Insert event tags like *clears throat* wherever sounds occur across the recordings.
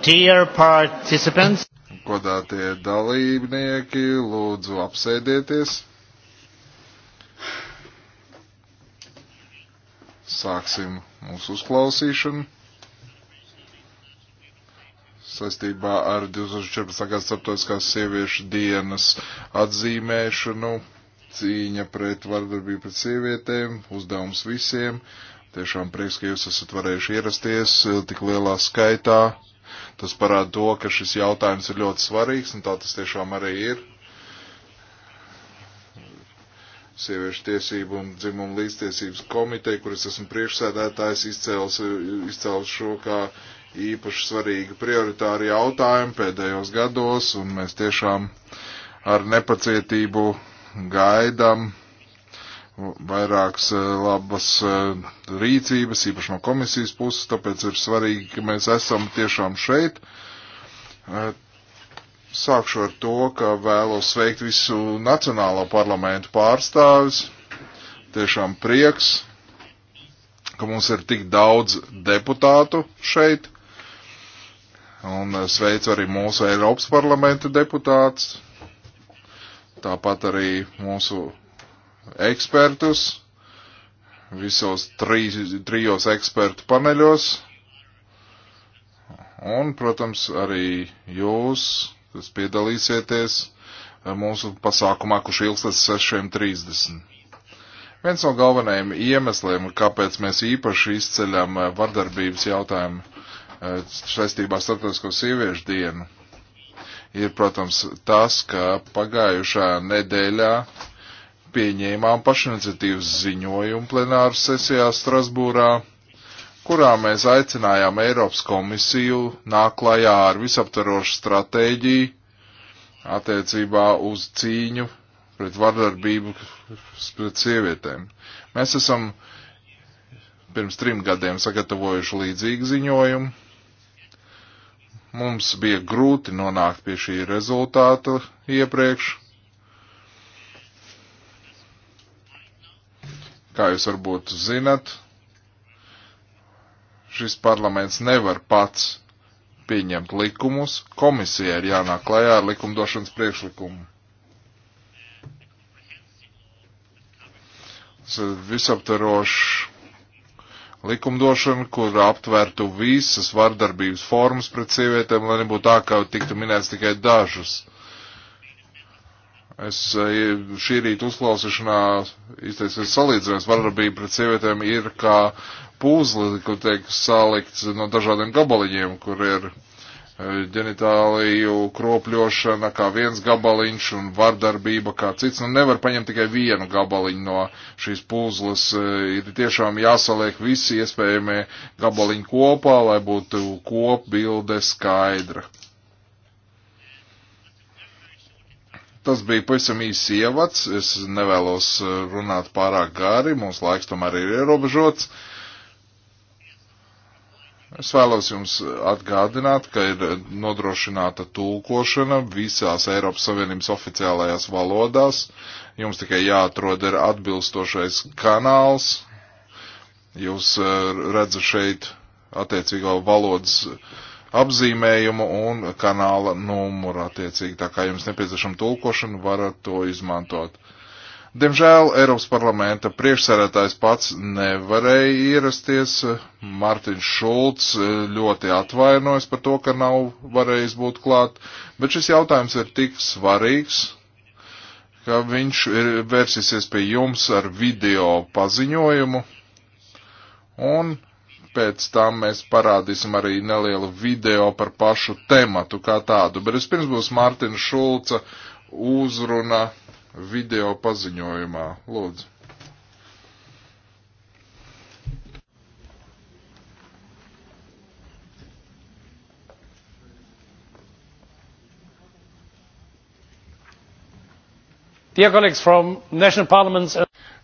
Dear participants. Godātie dalībnieki, lūdzu apsēdieties. Sāksim mūsu uzklausīšanu. Saistībā ar 2014. gada starptautiskās sieviešu dienas atzīmēšanu cīņa pret vardarbību pret sievietēm, uzdevums visiem. Tiešām prieks, ka jūs esat varējuši ierasties tik lielā skaitā Tas parāda to, ka šis jautājums ir ļoti svarīgs, un tā tas tiešām arī ir. Sieviešu tiesību un dzimumu līdztiesības komiteja, kuras esmu priekšsēdētājs, izcēlis, izcēlis šo kā īpaši svarīgu prioritāru jautājumu pēdējos gados, un mēs tiešām ar nepacietību gaidām Nu, vairākas eh, labas eh, rīcības, īpaši no komisijas puses, tāpēc ir svarīgi, ka mēs esam tiešām šeit. Eh, sākšu ar to, ka vēlos sveikt visu Nacionālo parlamentu pārstāvis. Tiešām prieks, ka mums ir tik daudz deputātu šeit. Un sveicu arī mūsu Eiropas parlamenta deputāts. Tāpat arī mūsu ekspertus visos trīs, trijos ekspertu paneļos. Un, protams, arī jūs, kas piedalīsieties eh, mūsu pasākumā, kurš ilgs līdz 6.30. Viens no galvenajiem iemesliem, kāpēc mēs īpaši izceļam eh, vardarbības jautājumu eh, saistībā starptautisko sieviešu dienu, ir, protams, tas, ka pagājušā nedēļā pieņēmām pašiniciatīvas ziņojumu plenāru sesijā Strasbūrā, kurā mēs aicinājām Eiropas komisiju nāklājā ar visaptarošu stratēģiju attiecībā uz cīņu pret vardarbību pret sievietēm. Mēs esam pirms trim gadiem sagatavojuši līdzīgu ziņojumu. Mums bija grūti nonākt pie šī rezultāta iepriekš Kā jūs varbūt zinat, šis parlaments nevar pats pieņemt likumus, komisija ir jānāk klajā ar likumdošanas priekšlikumu. Tas ir visaptarošs likumdošana, kur aptvērtu visas vardarbības formas pret sievietēm, lai nebūtu tā, ka tiktu minēts tikai dažas. Es eh, šī rīta uzklausīšanā izteiksies salīdzinājums vardarbība pret sievietēm ir kā puzli, kur tiek salikts no dažādiem gabaliņiem, kur ir eh, ģenitāliju kropļošana kā viens gabaliņš un vardarbība kā cits. Nu, nevar paņemt tikai vienu gabaliņu no šīs puzles. Eh, ir tiešām jāsaliek visi iespējamie gabaliņi kopā, lai būtu kopbilde skaidra. Tas bija pavisam īsts ievads. Es nevēlos eh, runāt pārāk gari. Mums laiks tomēr ir ierobežots. Es vēlos jums atgādināt, ka ir eh, nodrošināta tulkošana visās Eiropas Savienības oficiālajās valodās. Jums tikai jāatrod ir atbilstošais kanāls. Jūs eh, redzat šeit attiecīgo valodas uh, apzīmējumu un kanāla numuru attiecīgi. Tā kā jums nepieciešama tulkošana, varat to izmantot. Diemžēl Eiropas parlamenta priekšsēdētājs pats nevarēja ierasties. Mārtiņš Šulcs e, ļoti atvainojas par to, ka nav varējis būt klāt, bet šis jautājums ir tik svarīgs, ka viņš ir vērsīsies pie jums ar video paziņojumu. Un pēc tam mēs parādīsim arī nelielu video par pašu tematu kā tādu. Bet vispirms būs Mārtiņa Šulca uzruna video paziņojumā. Lūdzu.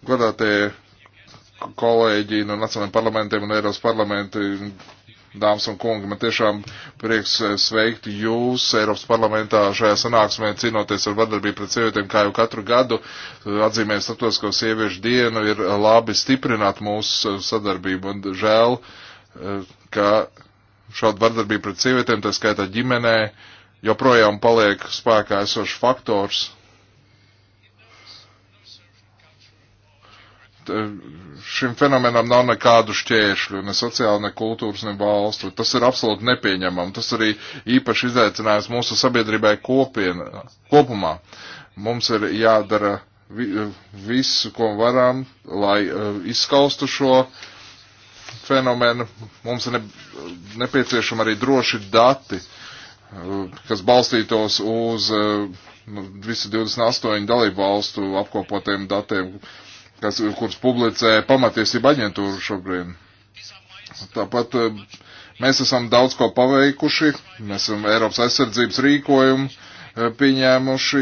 Godātie kolēģi no nacionālajiem parlamentiem un Eiropas parlamenta, dāmas un kungi. Man tiešām prieks eh, sveikt jūs Eiropas parlamentā šajā sanāksmē cīnoties ar vardarbību pret sievietēm, kā jau katru gadu eh, atzīmēja starptautisko sieviešu dienu, ir labi stiprināt mūsu sadarbību un žēl, eh, ka šāda vardarbība pret sievietēm, tā skaitā ģimenē, joprojām paliek spēkā esošs faktors Eh, šim fenomenam nav nekādu šķēršļu, ne sociāli, ne kultūras, ne valstu. Tas ir absolūti nepieņemam. Tas arī īpaši izaicinājums mūsu sabiedrībai kopien, kopumā. Mums ir jādara eh, visu, ko varam, lai eh, izskaustu šo fenomenu. Mums ir nepieciešama arī droši dati, kas balstītos uz nu, visu 28 dalību valstu apkopotiem datiem kas, kurus publicē pamatiesība aģentūra šobrīd. Tāpat eh, mēs esam daudz ko paveikuši, mēs esam Eiropas aizsardzības rīkojumu, pieņēmuši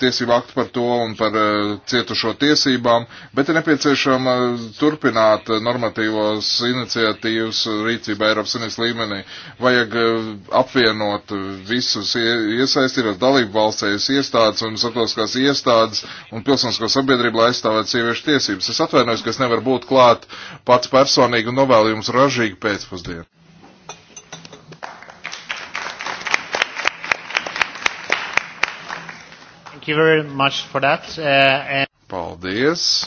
tiesību aktu par to un par eh, cietušo tiesībām, bet ir nepieciešama turpināt normatīvos iniciatīvas rīcībā Eiropas Savienības līmenī. Vajag eh, apvienot visus iesaistītos dalību valstējas iestādes un starptautiskās iestādes un pilsonisko sabiedrību, lai aizstāvētu sieviešu tiesības. Es atvainojos, ka es nevaru būt klāt pats personīgi un novēlu jums ražīgu pēcpusdienu. Thank you very much for that. Uh, and... Paldies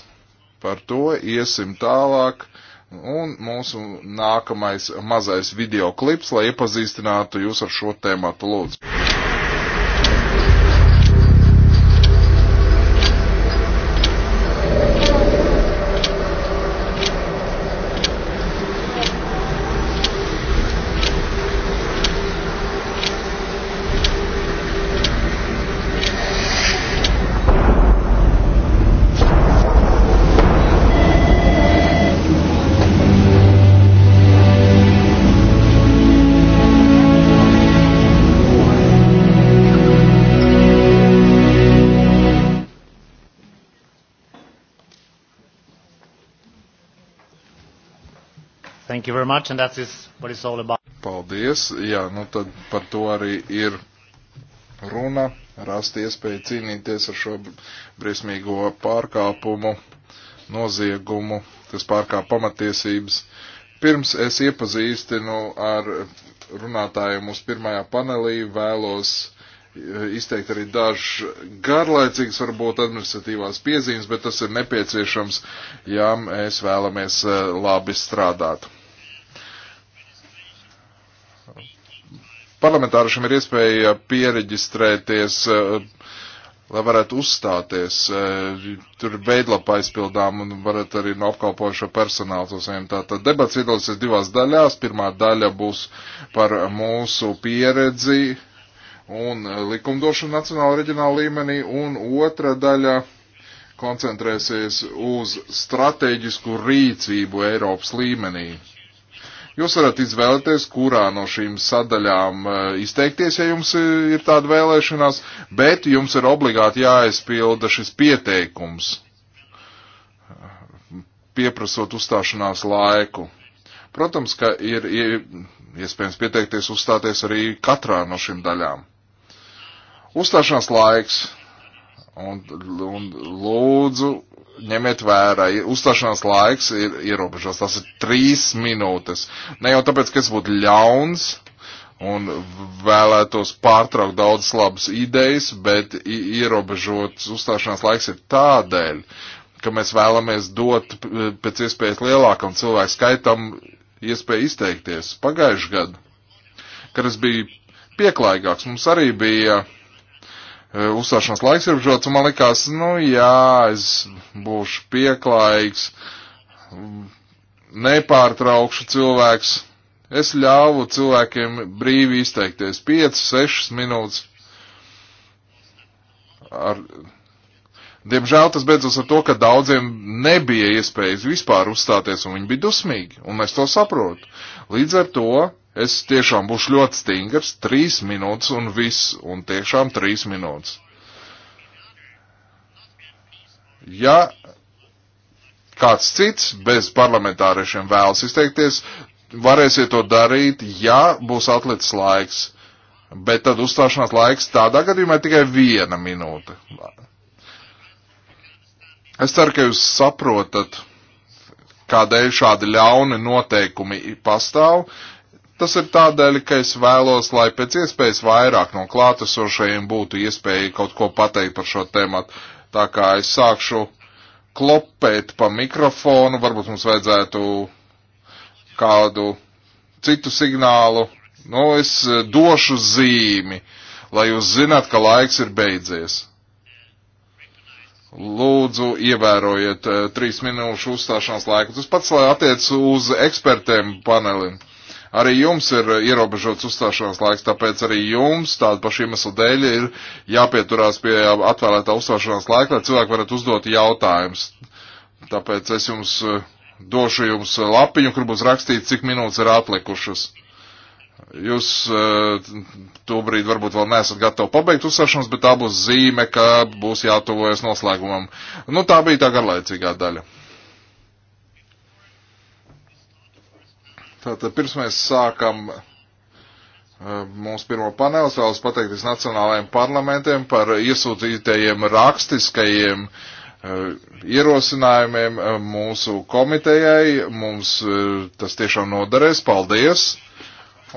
par to. Iesim tālāk. Un mūsu nākamais mazais video klips, lai iepazīstinātu jūs ar šo tēmatu lūdzu. Thank you very much, and that is what it's all about. Paldies. Jā, nu tad par to arī ir runa, rast iespēju cīnīties ar šo briesmīgo pārkāpumu, noziegumu, tas pārkāp pamatiesības. Pirms es iepazīstinu ar runātājiem uz pirmajā panelī, vēlos e, izteikt arī dažs garlaicīgs, varbūt administratīvās piezīmes, bet tas ir nepieciešams, ja mēs vēlamies e, labi strādāt. parlamentārišam ir iespēja piereģistrēties, eh, lai varētu uzstāties. Eh, tur ir veidlapa aizpildām un varat arī no apkalpojušo personālu to saņemt. Tātad debats iedalīsies divās daļās. Pirmā daļa būs par mūsu pieredzi un likumdošanu nacionāla reģionāla līmenī, un otra daļa koncentrēsies uz strateģisku rīcību Eiropas līmenī. Jūs varat izvēlēties, kurā no šīm sadaļām eh, izteikties, ja jums eh, ir tāda vēlēšanās, bet jums ir obligāti jāaizpilda šis pieteikums, pieprasot uzstāšanās laiku. Protams, ka ir iespējams pieteikties uzstāties arī katrā no šīm daļām. Uzstāšanās laiks un, un lūdzu ņemiet vērā, uzstāšanās laiks ir ierobežots, tas ir trīs minūtes. Ne jau tāpēc, ka es būtu ļauns un vēlētos pārtraukt daudzas labas idejas, bet ierobežots uzstāšanās laiks ir tādēļ, ka mēs vēlamies dot pēc iespējas lielākam cilvēku skaitam iespēju izteikties. Pagājuši gadu, kad es biju pieklājīgāks, mums arī bija uh, Eh, uzstāšanās laiks ierobežots, un man likās, nu jā, es būšu pieklājīgs, nepārtraukšu cilvēks. Es ļāvu cilvēkiem brīvi izteikties 5, 6 minūtes. Ar... Diemžēl tas beidzas ar to, ka daudziem nebija iespējas vispār uzstāties, un viņi bija dusmīgi, un es to saprotu. Līdz ar to Es tiešām būšu ļoti stingrs, trīs minūtes un viss, un tiešām trīs minūtes. Ja kāds cits bez parlamentāriešiem vēlas izteikties, varēsiet to darīt, ja būs atlicis laiks. Bet tad uzstāšanās laiks tādā gadījumā ir tikai viena minūte. Es ceru, ka jūs saprotat, kādēļ šādi ļauni noteikumi pastāv, Tas ir tādēļ, ka es vēlos, lai pēc iespējas vairāk no klātesošajiem būtu iespēja kaut ko pateikt par šo tēmatu. Tā kā es sākšu klopēt pa mikrofonu, varbūt mums vajadzētu kādu citu signālu. Nu, es došu zīmi, lai jūs zināt, ka laiks ir beidzies. Lūdzu, ievērojiet eh, trīs minūšu uzstāšanās laiku. Tas pats, lai attiec uz ekspertiem panelim. Arī jums ir uh, ierobežots uzstāšanās laiks, tāpēc arī jums tādu pašu iemeslu dēļ ir jāpieturās pie uh, atvēlētā uzstāšanās laika, lai cilvēki varētu uzdot jautājumus. Tāpēc es jums uh, došu jums lapiņu, kur būs rakstīts, cik minūtes ir atlikušas. Jūs to brīdi varbūt vēl neesat gatavi pabeigt uzsāšanas, bet tā būs zīme, ka būs jātuvojas noslēgumam. Nu, tā bija tā garlaicīgā daļa. Tātad pirms mēs sākam eh, mūsu pirmo paneli, vēlos pateikties nacionālajiem parlamentiem par iesūtītajiem rakstiskajiem eh, ierosinājumiem eh, mūsu komitejai. Mums tas tiešām noderēs. Paldies!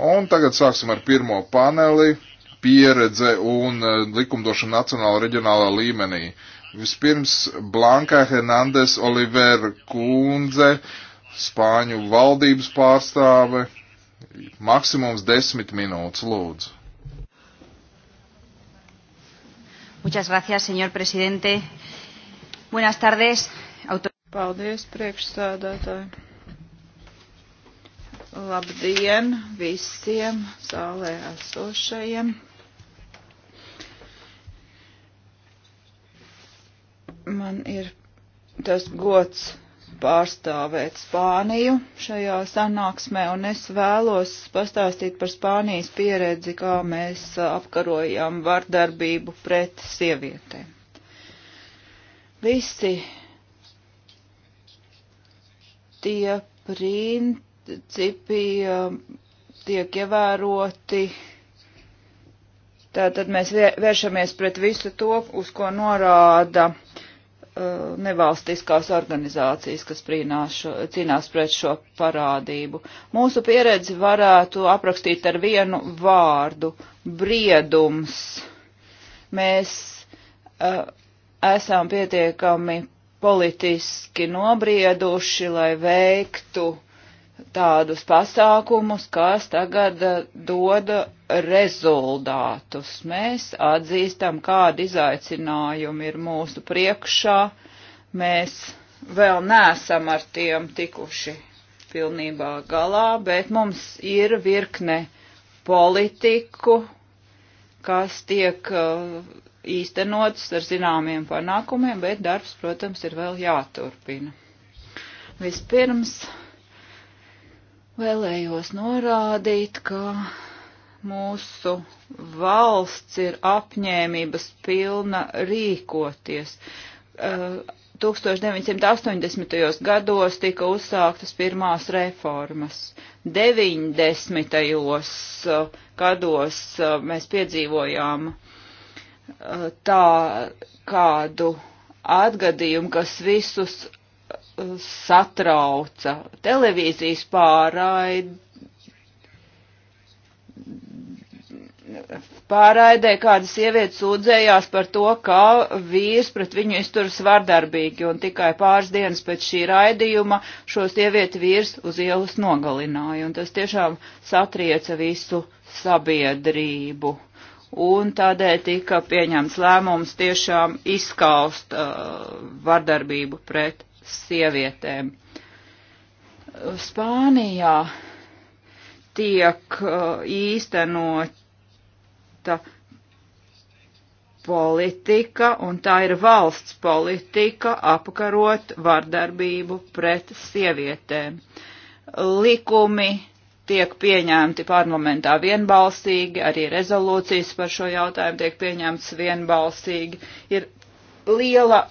Un tagad sāksim ar pirmo paneli - pieredze un likumdošana nacionāla reģionālā līmenī. Vispirms Blanka Hernandez Oliver Kunze Spāņu valdības pārstāve. Maksimums desmit minūtes, lūdzu. Muchas gracias, señor presidente. Buenas tardes. Autor... Paldies, priekšsādātāji. Labdien visiem zālē esošajiem. Man ir tas gods pārstāvēt Spāniju šajā sanāksmē, un es vēlos pastāstīt par Spānijas pieredzi, kā mēs apkarojam vardarbību pret sievietēm. Visi tie principi um, tiek ievēroti. Tātad mēs vēršamies pret visu to, uz ko norāda uh, Uh, nevalstiskās organizācijas, kas šo, cīnās pret šo parādību. Mūsu pieredzi varētu aprakstīt ar vienu vārdu - briedums. Mēs uh, esam pietiekami politiski nobrieduši, lai veiktu tādus pasākumus, kas tagad uh, doda rezultātus. Mēs atzīstam, kādi izaicinājumi ir mūsu priekšā. Mēs vēl neesam ar tiem tikuši pilnībā galā, bet mums ir virkne politiku, kas tiek uh, īstenotas ar zināmiem panākumiem, bet darbs, protams, ir vēl jāturpina. Vispirms vēlējos norādīt, ka mūsu valsts ir apņēmības pilna rīkoties. 1980. Eh, gados tika uzsāktas pirmās reformas. 90. Eh, gados eh, mēs piedzīvojām tā kādu atgadījumu, kas visus satrauca. Televīzijas pārraid pārraidē kāda sieviete sūdzējās par to, ka vīrs pret viņu izturas vardarbīgi, un tikai pāris dienas pēc šī raidījuma šo sievieti vīrs uz ielas nogalināja, un tas tiešām satrieca visu sabiedrību. Un tādēļ tika pieņemts lēmums tiešām izskaust uh, vardarbību pret sievietēm. Spānijā tiek uh, īstenot budžeta politika, un tā ir valsts politika apkarot vardarbību pret sievietēm. Likumi tiek pieņemti parlamentā vienbalsīgi, arī rezolūcijas par šo jautājumu tiek pieņemts vienbalsīgi. Ir liela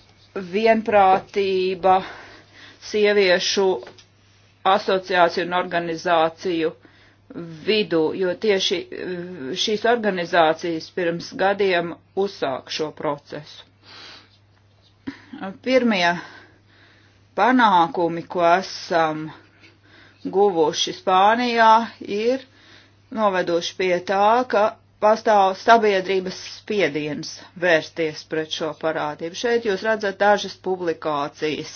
vienprātība sieviešu asociāciju un organizāciju uh, vidū, jo tieši eh, šīs organizācijas pirms gadiem uzsāk šo procesu. Pirmie panākumi, ko esam guvuši Spānijā, ir noveduši pie tā, ka pastāv sabiedrības spiediens vērsties pret šo parādību. Šeit jūs redzat dažas publikācijas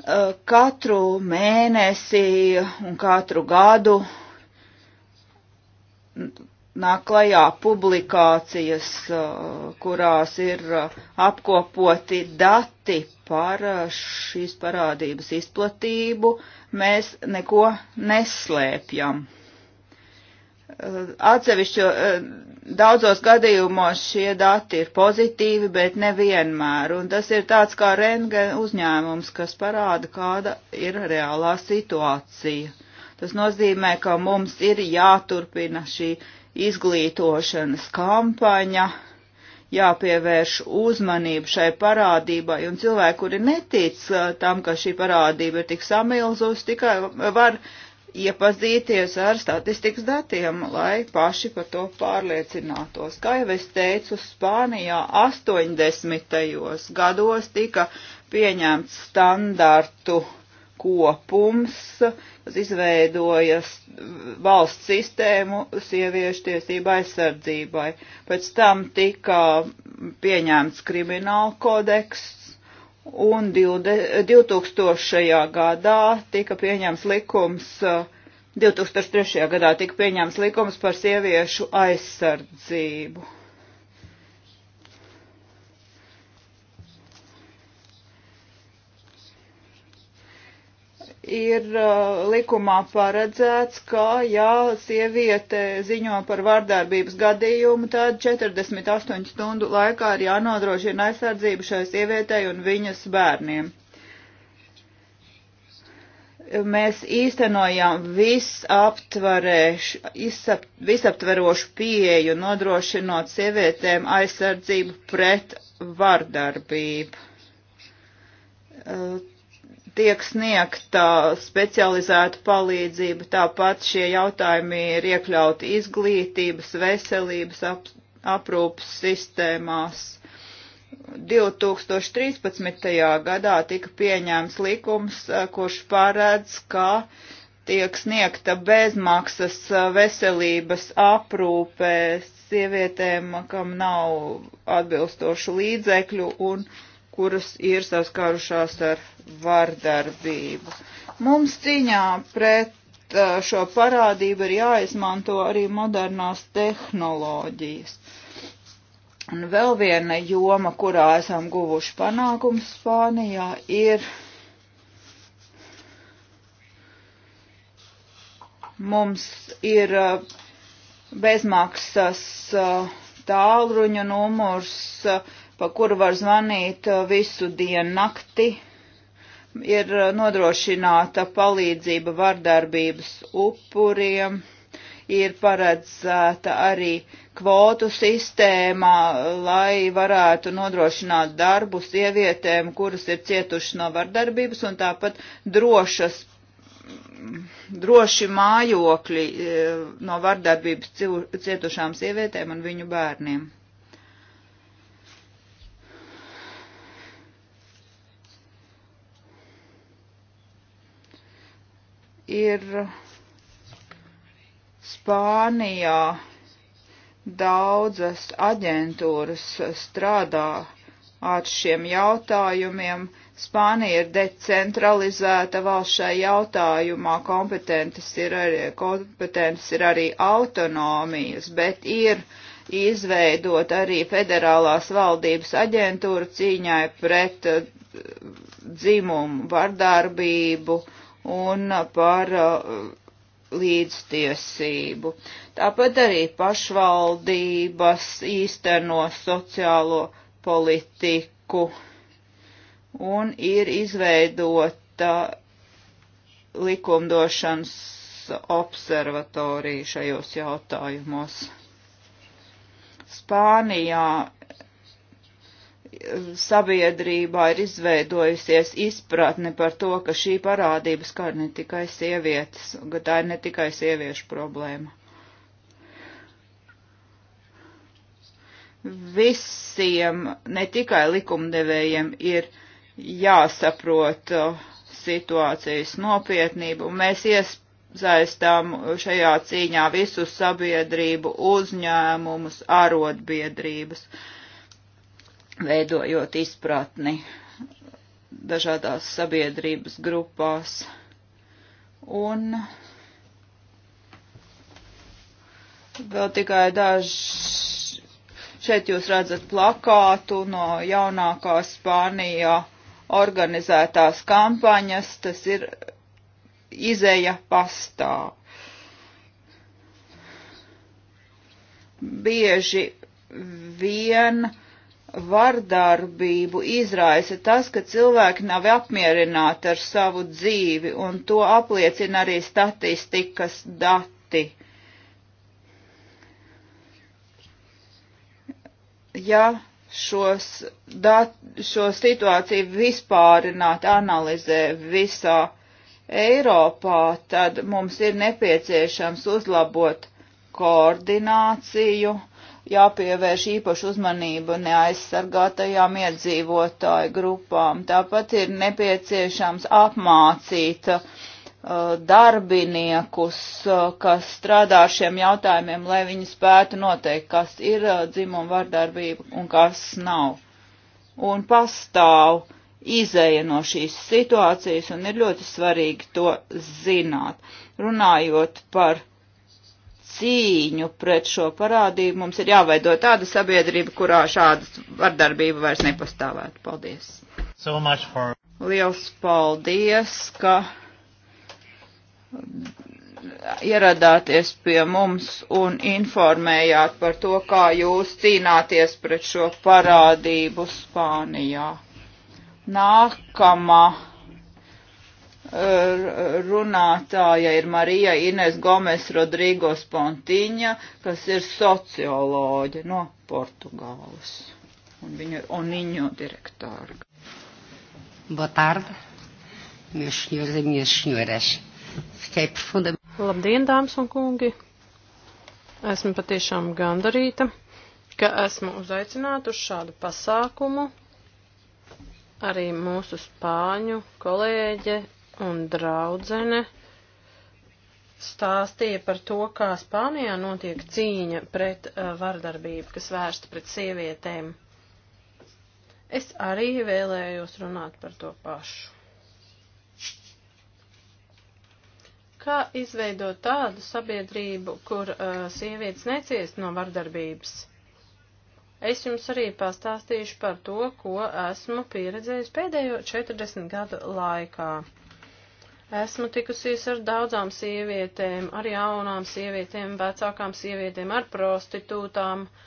Eh, katru mēnesi un katru gadu nāk klajā publikācijas, eh, kurās ir eh, apkopoti dati par šīs parādības izplatību, mēs neko neslēpjam. Atsevišķo eh, daudzos gadījumos šie dati ir pozitīvi, bet nevienmēr. Un tas ir tāds kā rengen uzņēmums, kas parāda, kāda ir reālā situācija. Tas nozīmē, ka mums ir jāturpina šī izglītošanas kampaņa, jāpievērš uzmanību šai parādībai, un cilvēki, kuri netic eh, tam, ka šī parādība ir tik samilzus, tikai var iepazīties ar statistikas datiem, lai paši par to pārliecinātos. Kā jau es teicu, Spānijā 80. gados tika pieņemts standartu kopums, kas izveidoja valsts sistēmu sieviešu tiesību aizsardzībai. Pēc tam tika pieņemts krimināla kodeks un 2000. gadā tika pieņems likums, 2003. gadā tika pieņems likums par sieviešu aizsardzību. ir uh, likumā paredzēts, ka, ja sieviete ziņo par vārdarbības gadījumu, tad 48 stundu laikā ir jānodrošina aizsardzība šai sievietei un viņas bērniem. Mēs īstenojām visaptverošu pieeju, nodrošinot sievietēm aizsardzību pret vardarbību. Uh, tiek sniegta specializēta palīdzība, tāpat šie jautājumi ir iekļauti izglītības, veselības ap, aprūpas sistēmās. 2013. gadā tika pieņēmts likums, eh, kurš paredz, ka tiek sniegta bezmaksas eh, veselības aprūpē sievietēm, kam nav atbilstošu līdzekļu un uh, kuras ir saskārušās ar vardarbību. Mums cīņā pret uh, šo parādību ir jāizmanto arī modernās tehnoloģijas. Un vēl viena joma, kurā esam guvuši panākums Spānijā, ir mums ir uh, bezmaksas uh, tālruņa numurs pa kuru var zvanīt uh, visu dienu nakti, ir uh, nodrošināta palīdzība vardarbības upuriem, ir paredzēta arī kvotu sistēmā, lai varētu nodrošināt darbu sievietēm, kuras ir cietuši no vardarbības, un tāpat drošas, droši mājokļi uh, no vardarbības cietušām sievietēm un viņu bērniem. ir Spānijā daudzas aģentūras strādā ar šiem jautājumiem. Spānija ir decentralizēta valsts šai jautājumā, kompetentas ir arī, kompetentas ir arī autonomijas, bet ir izveidot arī federālās valdības aģentūra cīņai pret eh, dzimumu vardarbību un par uh, līdztiesību. Tāpat arī pašvaldības īsteno sociālo politiku un ir izveidota likumdošanas observatorija šajos jautājumos. Spānijā sabiedrībā ir izveidojusies izpratne par to, ka šī parādība skar ne tikai sievietes, ka tā ir ne tikai sieviešu problēma. Visiem, ne tikai likumdevējiem, ir jāsaprot situācijas nopietnību. Mēs iesaistām šajā cīņā visu sabiedrību, uzņēmumus, arotbiedrības. Uh, veidojot izpratni dažādās sabiedrības grupās. Un vēl tikai daži, šeit jūs redzat plakātu no jaunākā Spānijā organizētās kampaņas, tas ir izēja pastāv. Bieži vien uh, vardarbību izraisa tas, ka cilvēki nav apmierināti ar savu dzīvi, un to apliecina arī statistikas dati. Ja šos dat, šo situāciju vispārināt analizē visā Eiropā, tad mums ir nepieciešams uzlabot koordināciju jāpievērš īpašu uzmanību neaizsargātajām iedzīvotāju grupām. Tāpat ir nepieciešams apmācīt uh, darbiniekus, uh, kas strādā ar šiem jautājumiem, lai viņi spētu noteikt, kas ir uh, dzimuma vardarbība un kas nav. Un pastāv izēja no šīs situācijas un ir ļoti svarīgi to zināt. Runājot par cīņu pret šo parādību. Mums ir jāveido tāda sabiedrība, kurā šādas vardarbība vairs nepastāvētu. Paldies! So for... Liels paldies, ka ieradāties pie mums un informējāt par to, kā jūs cīnāties pret šo parādību Spānijā. Nākamā runātāja ir Marija Ines Gomes Rodrigo Spontiņa, kas ir socioloģe no Portugāles. Un viņa ir Oniņo direktora. Boa tarde, meus senhores e minhas senhoras. Fiquei profundamente. Labdien, dāmas un kungi! Esmu patiešām gandarīta, ka esmu uzaicināta uz šādu pasākumu. Arī mūsu spāņu kolēģe un draudzene stāstīja par to, kā Spānijā notiek cīņa pret uh, vardarbību, kas vērsta pret sievietēm. Es arī vēlējos runāt par to pašu. Kā izveidot tādu sabiedrību, kur uh, sievietes neciest no vardarbības? Es jums arī pastāstīšu par to, ko esmu pieredzējis pēdējo 40 gadu laikā. Esmu tikusies ar daudzām sievietēm, ar jaunām sievietēm, vecākām sievietēm, ar prostitūtām. Uh,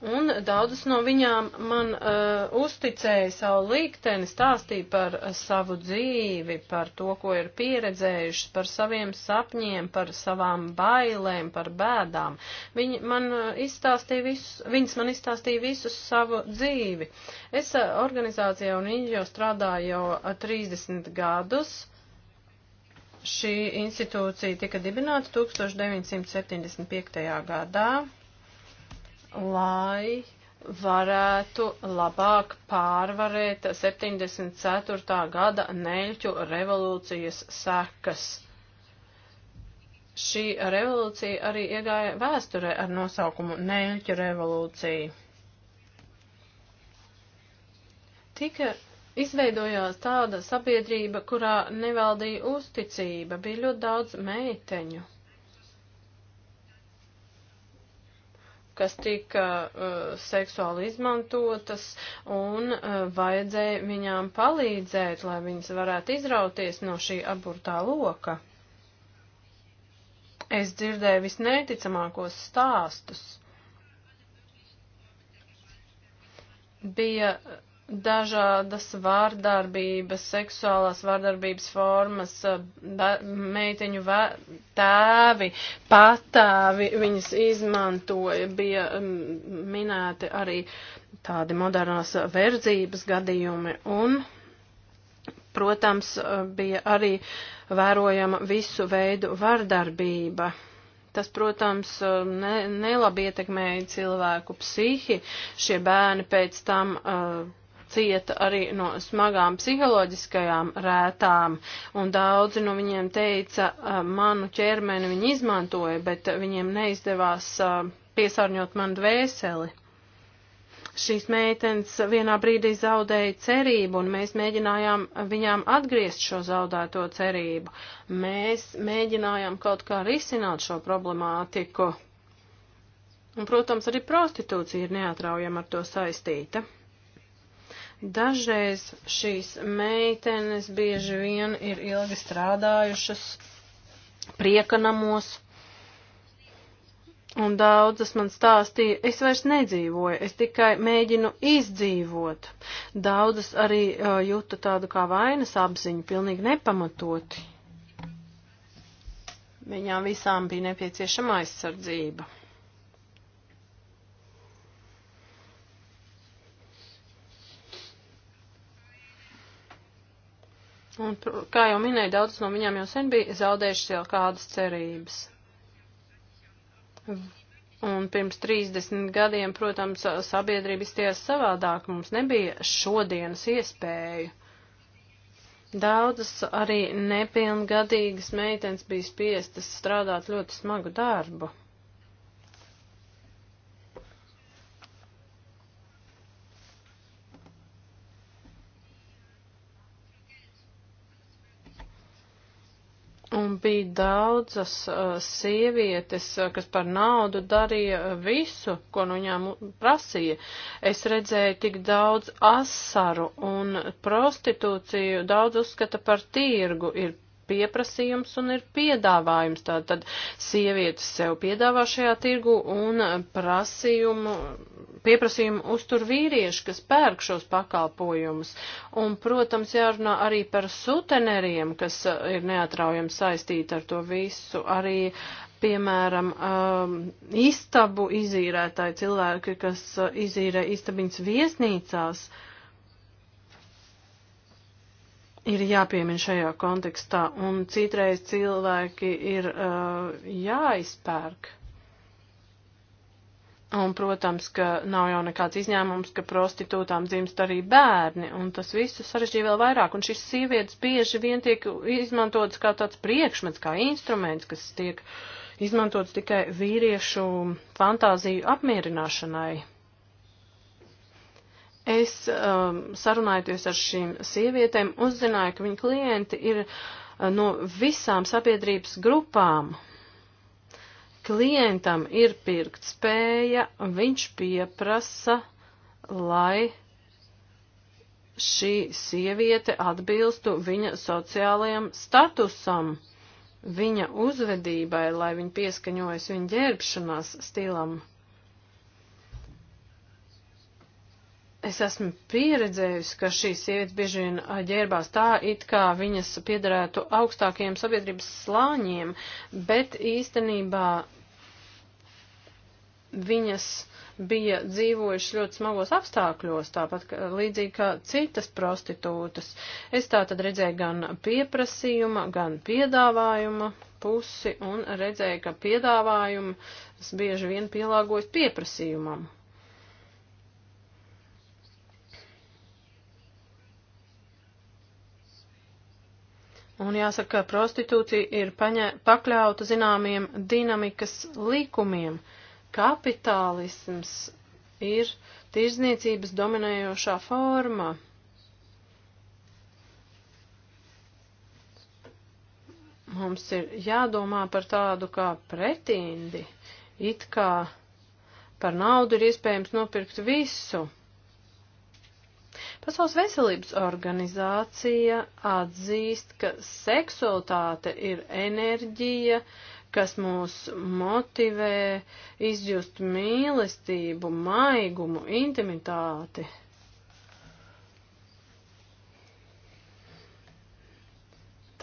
Un daudzas no viņām man uh, uzticēja savu likteni, stāstīja par uh, savu dzīvi, par to, ko ir pieredzējušas, par saviem sapņiem, par savām bailēm, par bēdām. Viņi man uh, izstāstīja visus, viņas man izstāstīja visus savu dzīvi. Es uh, organizācijā un inģio strādāju jau uh, 30 gadus. Šī institūcija tika dibināta 1975. gadā lai varētu labāk pārvarēt 74. gada neļķu revolūcijas sekas. Šī revolūcija arī iegāja vēsturē ar nosaukumu Neļķu revolūcija. Tika izveidojās tāda sabiedrība, kurā nevaldīja uzticība, bija ļoti daudz meiteņu. kas tika uh, seksuāli izmantotas, un uh, vajadzēja viņām palīdzēt, lai viņas varētu izrauties no šī aburtā loka. Es dzirdēju visneiticamākos stāstus. Bija uh, dažādas vārdarbības, seksuālās vārdarbības formas, eh, meiteņu vē, tēvi, patāvi viņas izmantoja, bija mm, minēti arī tādi modernās verdzības gadījumi un, protams, bija arī vērojama visu veidu vardarbība tas, protams, ne, nelabi ietekmēja cilvēku psihi. Šie bērni pēc tam uh, cieta arī no smagām psiholoģiskajām rētām, un daudzi no viņiem teica, manu ķermeni viņi izmantoja, bet viņiem neizdevās piesārņot man dvēseli. Šīs meitenes vienā brīdī zaudēja cerību, un mēs mēģinājām viņām atgriezt šo zaudēto cerību. Mēs mēģinājām kaut kā risināt šo problemātiku. Un, protams, arī prostitūcija ir neatraujama ar to saistīta. Dažreiz šīs meitenes bieži vien ir ilgi strādājušas priekanamos, un daudzas man stāstīja, es vairs nedzīvoju, es tikai mēģinu izdzīvot. Daudzas arī uh, jūta tādu kā vainas apziņu, pilnīgi nepamatoti. Viņām visām bija nepieciešama aizsardzība. Un, kā jau minēju, daudzas no viņām jau sen bija zaudējušas jau kādas cerības. Un pirms 30 gadiem, protams, sabiedrība izties savādāk, mums nebija šodienas iespēju. Daudzas arī nepilngadīgas meitenes bija spiestas strādāt ļoti smagu darbu. bija daudzas uh, sievietes, uh, kas par naudu darīja uh, visu, ko no viņām prasīja. Es redzēju tik daudz asaru un prostitūciju, daudz uzskata par tirgu, ir pieprasījums un ir piedāvājums. Tātad sievietes sev piedāvā šajā tirgu un prasījumu, pieprasījumu uztur vīrieši, kas pērk šos pakalpojumus. Un, protams, jārunā arī par suteneriem, kas eh, ir neatraujami saistīti ar to visu. Arī, piemēram, um, istabu izīrētāji cilvēki, kas eh, izīrē istabiņas viesnīcās. Uh, ir jāpiemina šajā kontekstā, un citreiz cilvēki ir uh, jāizpērk. Un, protams, ka nav jau nekāds izņēmums, ka prostitūtām dzimst arī bērni, un tas visu sarežģīja vēl vairāk, un šis sievietes bieži vien tiek izmantotas kā tāds priekšmets, kā instruments, kas tiek izmantots tikai vīriešu fantāziju apmierināšanai es um, sarunājoties ar šīm sievietēm, uzzināju, ka viņu klienti ir uh, no visām sabiedrības grupām. Klientam ir pirkt spēja, viņš pieprasa, lai šī sieviete atbilstu viņa sociālajam statusam, viņa uzvedībai, lai viņa pieskaņojas viņa ģērbšanās stilam. es esmu pieredzējusi, ka šīs sievietes bieži vien ģērbās tā, it kā viņas piederētu augstākajiem sabiedrības slāņiem, bet īstenībā viņas bija dzīvojušas ļoti smagos apstākļos, tāpat kā, līdzīgi kā citas prostitūtas. Es tā tad redzēju gan pieprasījuma, gan piedāvājuma pusi un redzēju, ka piedāvājums bieži vien pielāgojas pieprasījumam. Un jāsaka, ka prostitūcija ir paņa, pakļauta zināmiem dinamikas likumiem. Kapitālisms ir tirzniecības dominējošā forma. Mums ir jādomā par tādu kā pretindi, it kā par naudu ir iespējams nopirkt visu. Pasaules veselības organizācija atzīst, ka seksualitāte ir enerģija, kas mūs motivē izjust mīlestību, maigumu, intimitāti.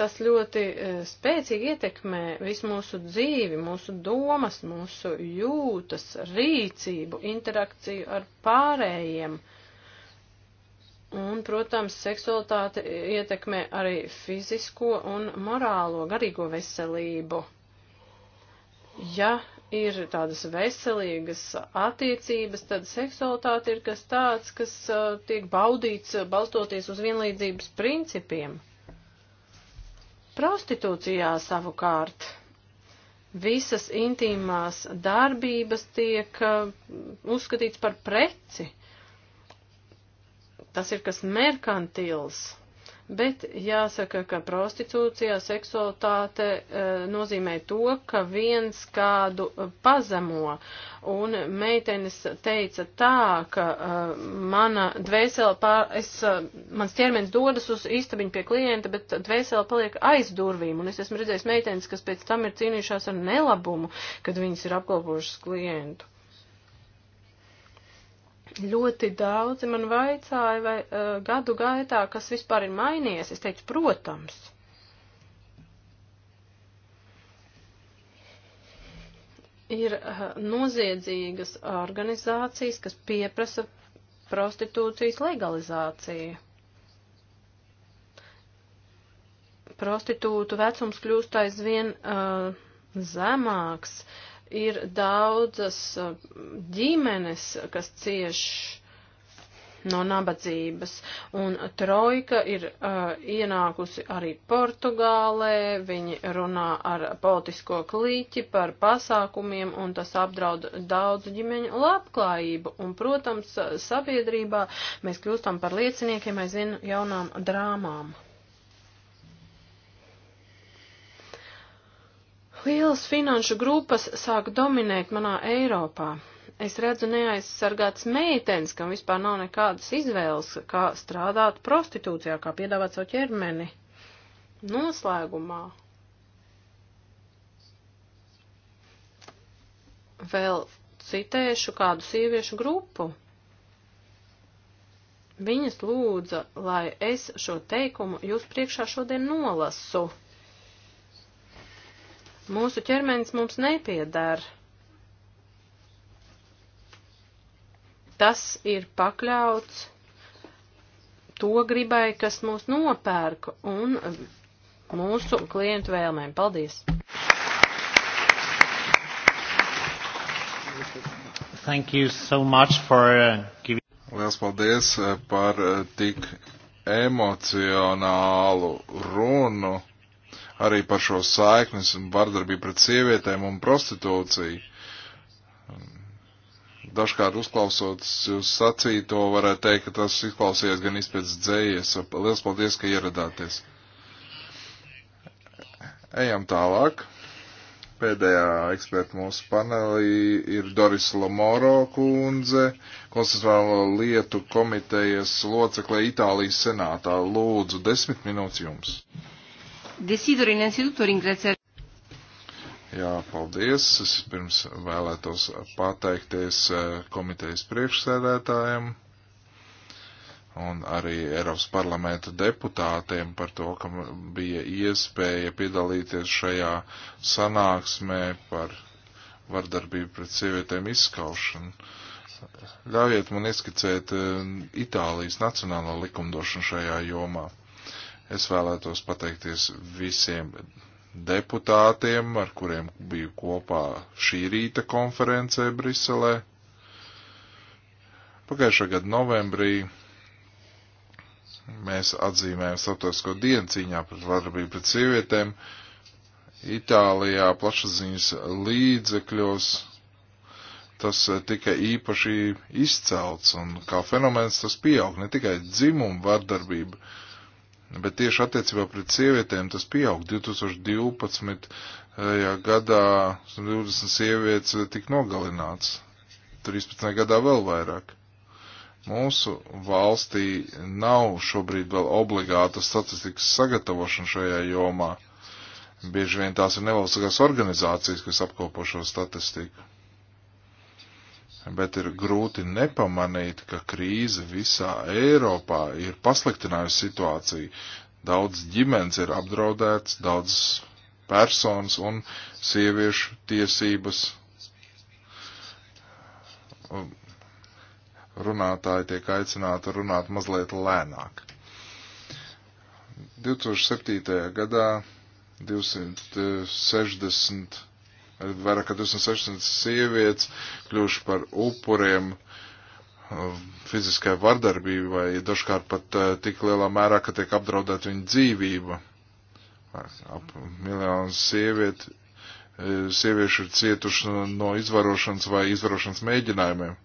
Tas ļoti e, spēcīgi ietekmē visu mūsu dzīvi, mūsu domas, mūsu jūtas, rīcību, interakciju ar pārējiem. Uh, Un, protams, seksualitāte ietekmē arī fizisko un morālo garīgo veselību. Ja ir tādas veselīgas attiecības, tad seksualitāte ir kas tāds, kas uh, tiek baudīts balstoties uz vienlīdzības principiem. Prostitūcijā savukārt visas intīmās darbības tiek uh, uzskatīts par preci. Uh, Tas ir kas merkantils. Bet jāsaka, ka prostitūcijā seksualitāte e, nozīmē to, ka viens kādu e, pazemo. Un meitenes teica tā, ka e, mana dvēsele, pār, es, e, mans ķermenis dodas uz istabiņu pie klienta, bet dvēsele paliek aiz durvīm. Un es esmu redzējis meitenes, kas pēc tam ir cīnījušās ar nelabumu, kad viņas ir apkalpojušas klientu. Ļoti daudzi man vaicāja, vai uh, gadu gaitā, kas vispār ir mainījies. Es teicu, protams. Ir uh, noziedzīgas organizācijas, kas pieprasa prostitūcijas legalizāciju. Prostitūtu vecums kļūst aizvien uh, zemāks. Uh, Ir daudzas uh, ģimenes, kas cieši no nabadzības. Un trojka ir uh, ienākusi arī Portugālē, viņi runā ar politisko klīķi par pasākumiem, un tas apdraud daudzu ģimeņu labklājību. Un, protams, sabiedrībā mēs kļūstam par lieciniekiem aizvien jaunām drāmām. Lielas finanšu grupas sāk dominēt manā Eiropā. Es redzu neaizsargāts meitenes, kam vispār nav nekādas izvēles, kā strādāt prostitūcijā, kā piedāvāt savu ķermeni. Noslēgumā vēl citēšu kādu sieviešu grupu. Viņas lūdza, lai es šo teikumu jūs priekšā šodien nolasu. Mūsu ķermenis mums nepiedara. Tas ir pakļauts to gribai, kas mūs nopērka un mūsu klientu vēlmēm. Paldies! Thank you so much for uh, giving. Liels paldies uh, par uh, tik emocionālu runu arī par šo saiknes un vardarbību pret sievietēm un prostitūciju. Dažkārt uzklausot jūs sacīto, varētu teikt, ka tas izklausījās gan izpēc dzējies. Liels paldies, ka ieradāties. Ejam tālāk. Pēdējā eksperta mūsu panelī ir Doris Lamoro kundze, konstitucionālo lietu komitejas locekle Itālijas senātā. Lūdzu, desmit minūtes jums. Desidero innanzitutto ringraziare. Jā, paldies. Es pirms vēlētos pateikties eh, komitejas priekšsēdētājiem un arī Eiropas parlamenta deputātiem par to, ka bija iespēja piedalīties šajā sanāksmē par vardarbību pret sievietēm izskaušanu. Ļaujiet man ieskicēt eh, Itālijas nacionālo likumdošanu šajā jomā. Es vēlētos pateikties visiem deputātiem, ar kuriem biju kopā šī rīta konferencē Briselē. Pagājušā gada novembrī mēs atzīmējam starptautisko dienu cīņā pret vardarbību pret sievietēm. Itālijā plašsaziņas līdzekļos tas eh, tika īpaši izcelts un kā fenomens tas pieaug ne tikai dzimumu vardarbība, uh, Bet tieši attiecībā pret sievietēm tas pieaug. 2012. gadā 20 sievietes tika nogalināts, 13. gadā vēl vairāk. Mūsu valstī nav šobrīd vēl obligāta statistikas sagatavošana šajā jomā. Bieži vien tās ir nevalstiskās organizācijas, kas apkopo šo statistiku bet ir grūti nepamanīt, ka krīze visā Eiropā ir pasliktinājusi situāciju. Daudz ģimenes ir apdraudēts, daudz personas un sieviešu tiesības. Runātāji tiek aicināti runāt mazliet lēnāk. 2007. gadā 260 vairāk kā 2600 sievietes kļuvuši par upuriem um, fiziskai vardarbībai, dažkārt pat uh, tik lielā mērā, ka tiek apdraudēta viņa dzīvība. Ap miljonu sievieti, uh, sieviešu ir cietuši no izvarošanas vai izvarošanas mēģinājumiem.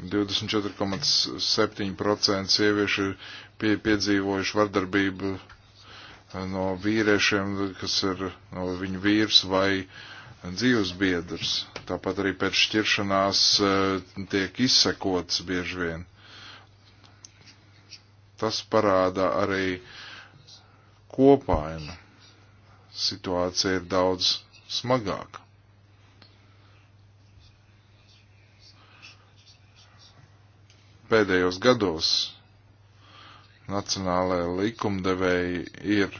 24,7% sieviešu ir pie, piedzīvojuši vardarbību eh, no vīriešiem, kas ir no viņu vīrs vai dzīves biedrs. Tāpat arī pēc šķiršanās eh, tiek izsekots bieži vien. Tas parāda arī kopainu. Situācija ir daudz smagāka. pēdējos gados nacionālajie likumdevēji ir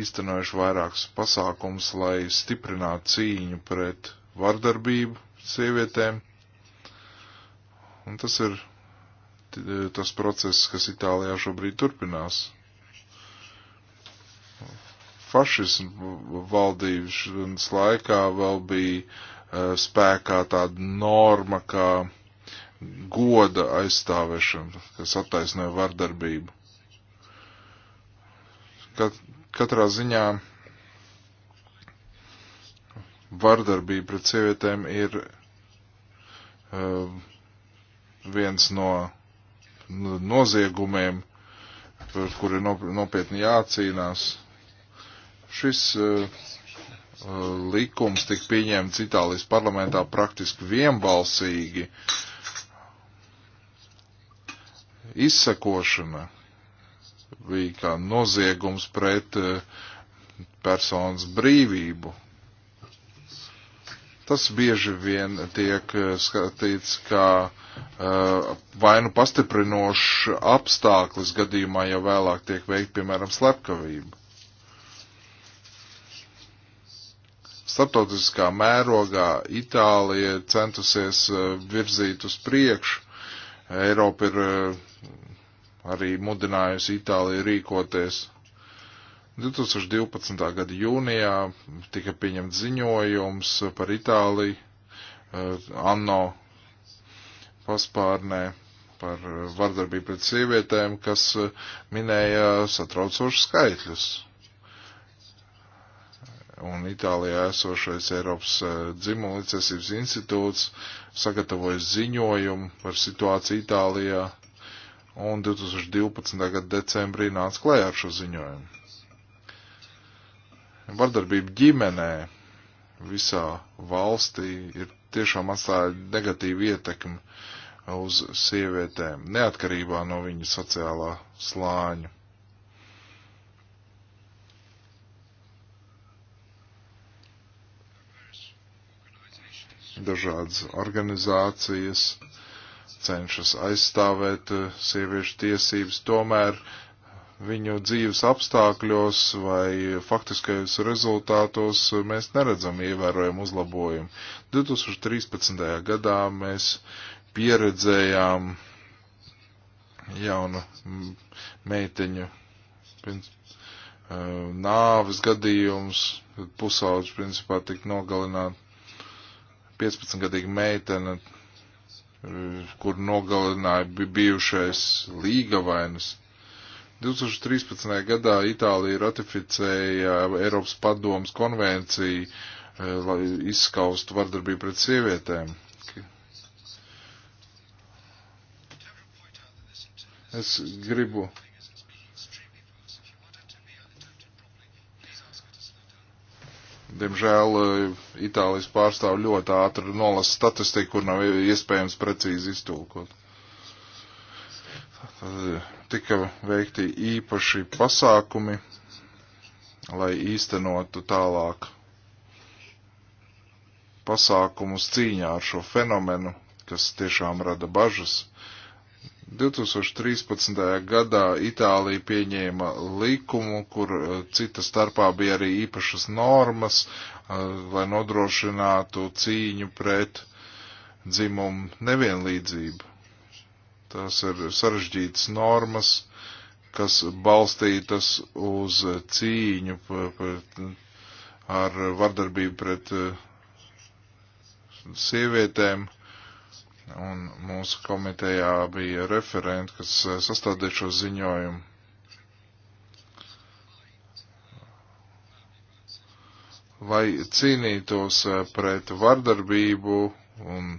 īstenojuši vairākus pasākums, lai stiprinātu cīņu pret vardarbību sievietēm. Un tas ir tas process, kas Itālijā šobrīd turpinās. Fašismu valdības laikā vēl bija uh, spēkā tāda norma, kā goda aizstāvēšana, kas attaisnoja vardarbību. Kat, katrā ziņā vardarbība pret sievietēm ir uh, viens no noziegumiem, par kuri nopietni jācīnās. Šis uh, uh, likums tika pieņemts Itālijas parlamentā praktiski vienbalsīgi. Uh, Izsekošana bija kā noziegums pret eh, personas brīvību. Tas bieži vien tiek eh, skatīts kā uh, eh, vainu pastiprinošs apstākļus gadījumā, ja vēlāk tiek veikt, piemēram, slepkavība. Startautiskā mērogā Itālija centusies virzīt uz priekšu Eiropa ir eh, arī mudinājusi Itāliju rīkoties. 2012. gada jūnijā tika pieņemts ziņojums par Itāliju eh, anno paspārnē par vardarbību pret sievietēm, kas eh, minēja satraucošus skaitļus un Itālijā esošais Eiropas eh, dzimumlicesības institūts sagatavojas ziņojumu par situāciju Itālijā, un 2012. gada decembrī nāca klējā ar šo ziņojumu. Vardarbība ģimenē visā valstī ir tiešām atstāja negatīvu ietekmi uz sievietēm, neatkarībā no viņu sociālā slāņa. Dažādas organizācijas cenšas aizstāvēt eh, sieviešu tiesības, tomēr viņu dzīves apstākļos vai faktiskajos rezultātos eh, mēs neredzam ievērojumu uzlabojumu. 2013. gadā mēs pieredzējām jaunu mm, meiteņu pirms, eh, nāves gadījums, pusaudži principā tika nogalināti 15-gadīga meitene, kur nogalināja bijušais līgavainas. 2013. gadā Itālija ratificēja Eiropas padomas konvenciju, eh, lai izskaustu vardarbību pret sievietēm. Es gribu Diemžēl eh, Itālijas pārstāv ļoti ātri nolasa statistiku, kur nav iespējams precīzi iztulkot. Eh, tika veikti īpaši pasākumi, lai īstenotu tālāk pasākumus cīņā ar šo fenomenu, kas tiešām rada bažas 2013. gadā Itālija pieņēma likumu, kur eh, cita starpā bija arī īpašas normas, eh, lai nodrošinātu cīņu pret dzimumu nevienlīdzību. Tas ir sarežģītas normas, kas balstītas uz cīņu ar vardarbību pret eh, sievietēm un mūsu komitejā bija referenti, kas eh, sastādīja šo ziņojumu. Lai cīnītos eh, pret vardarbību un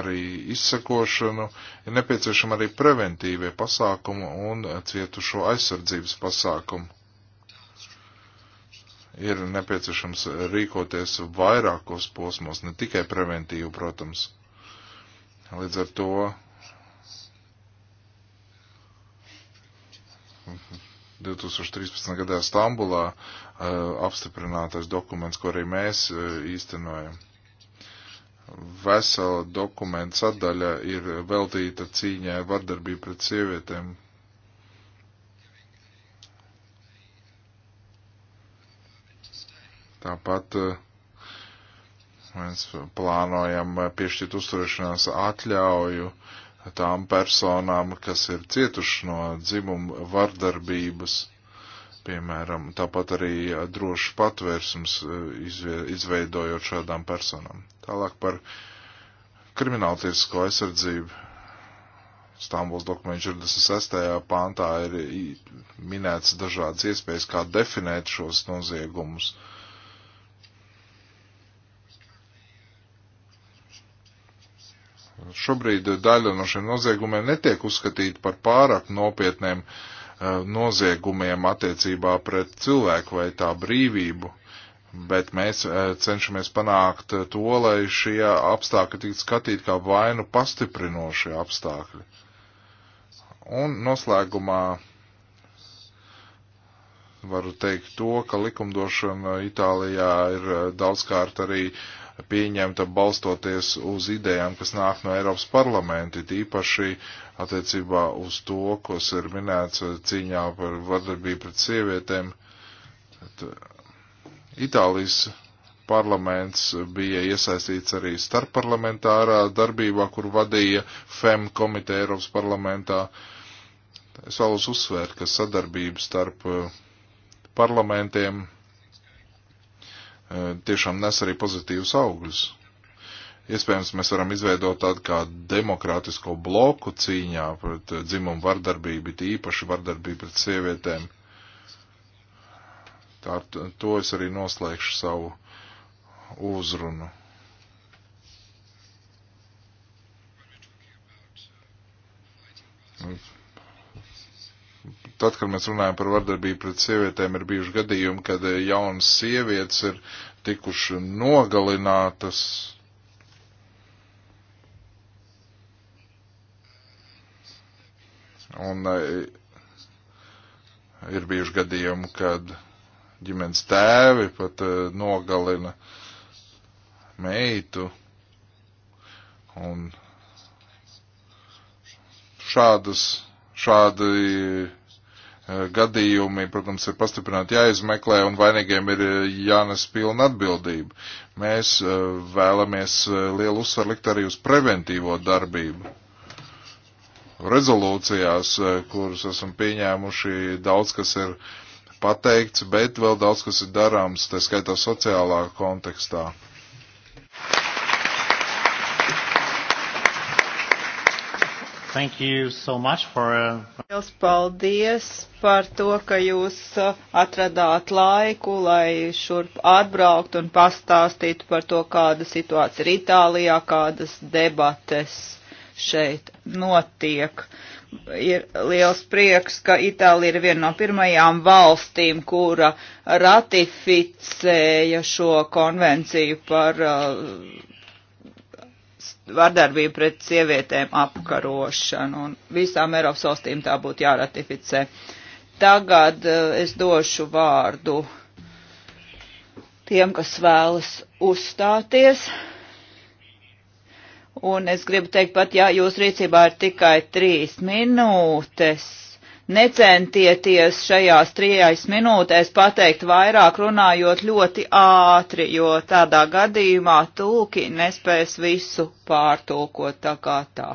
arī izsakošanu, ir nepieciešama arī preventīvie pasākumi un cietušo aizsardzības pasākumi. Ir nepieciešams rīkoties vairākos posmos, ne tikai preventīvu, protams. Līdz ar to Mhm. 2013. gadā Stambulā uh, apstiprinātais dokuments, ko arī mēs uh, īstenojam. Vesela dokumenta sadaļa ir veltīta cīņai vardarbību pret sievietēm. Tāpat uh, Mēs plānojam piešķirt uzturēšanās atļauju tām personām, kas ir cietuši no dzimuma vardarbības, piemēram, tāpat arī droši patvērsums e, izveidojot šādām personām. Tālāk par krimināltiesisko aizsardzību. Stambuls dokumentu 46. pāntā ir minēts dažādas iespējas, kā definēt šos noziegumus. Uh, Šobrīd eh, daļa no šiem noziegumiem netiek uzskatīta par pārāk nopietniem eh, noziegumiem attiecībā pret cilvēku vai tā brīvību, bet mēs eh, cenšamies panākt to, lai šie apstākļi tiktu skatīti kā vainu pastiprinošie apstākļi. Un noslēgumā varu teikt to, ka likumdošana Itālijā ir daudzkārt arī uh, pieņemta balstoties uz idejām, kas nāk no Eiropas parlamenta, tīpaši attiecībā uz to, kas ir minēts cīņā par vardarbību pret sievietēm. Eh, Itālijas parlaments bija iesaistīts arī starpparlamentārā darbībā, kur vadīja FEM komiteja Eiropas parlamentā. Es vēlos uzsvērt, ka sadarbība starp eh, parlamentiem tiešām nes arī pozitīvus augļus. Iespējams, mēs varam izveidot tādu kā demokrātisko bloku cīņā pret dzimumu vardarbību, īpaši vardarbību pret sievietēm. Tā, to es arī noslēgšu savu uzrunu tad, kad mēs runājam par vardarbību pret sievietēm, ir bijuši gadījumi, kad eh, jaunas sievietes ir tikuši nogalinātas. Un eh, ir bijuši gadījumi, kad ģimenes tēvi pat eh, nogalina meitu. Un šādas, šādi Eh, gadījumi, protams, ir pastiprināti jāizmeklē un vainīgiem ir eh, jānes pilna atbildība. Mēs eh, vēlamies lielu uzsvaru likt arī uz preventīvo darbību. Rezolūcijās, kuras esam pieņēmuši, daudz kas ir pateikts, bet vēl daudz kas ir darāms, tā skaitā sociālā kontekstā. Thank you so much for. Uh... Liels paldies par to, ka jūs uh, atradāt laiku, lai šurp atbraukt un pastāstītu par to, kāda situācija ir Itālijā, kādas debates šeit notiek. Ir liels prieks, ka Itālija ir viena no pirmajām valstīm, kura ratificēja šo konvenciju par uh, vardarbību pret sievietēm apkarošanu, un visām Eiropas valstīm tā būtu jāratificē. Tagad eh, es došu vārdu tiem, kas vēlas uzstāties. Un es gribu teikt pat, ja jūs rīcībā ir tikai trīs minūtes, Necentieties šajās trijās minūtēs pateikt vairāk runājot ļoti ātri, jo tādā gadījumā tulki nespēs visu pārtulkot tā kā tā.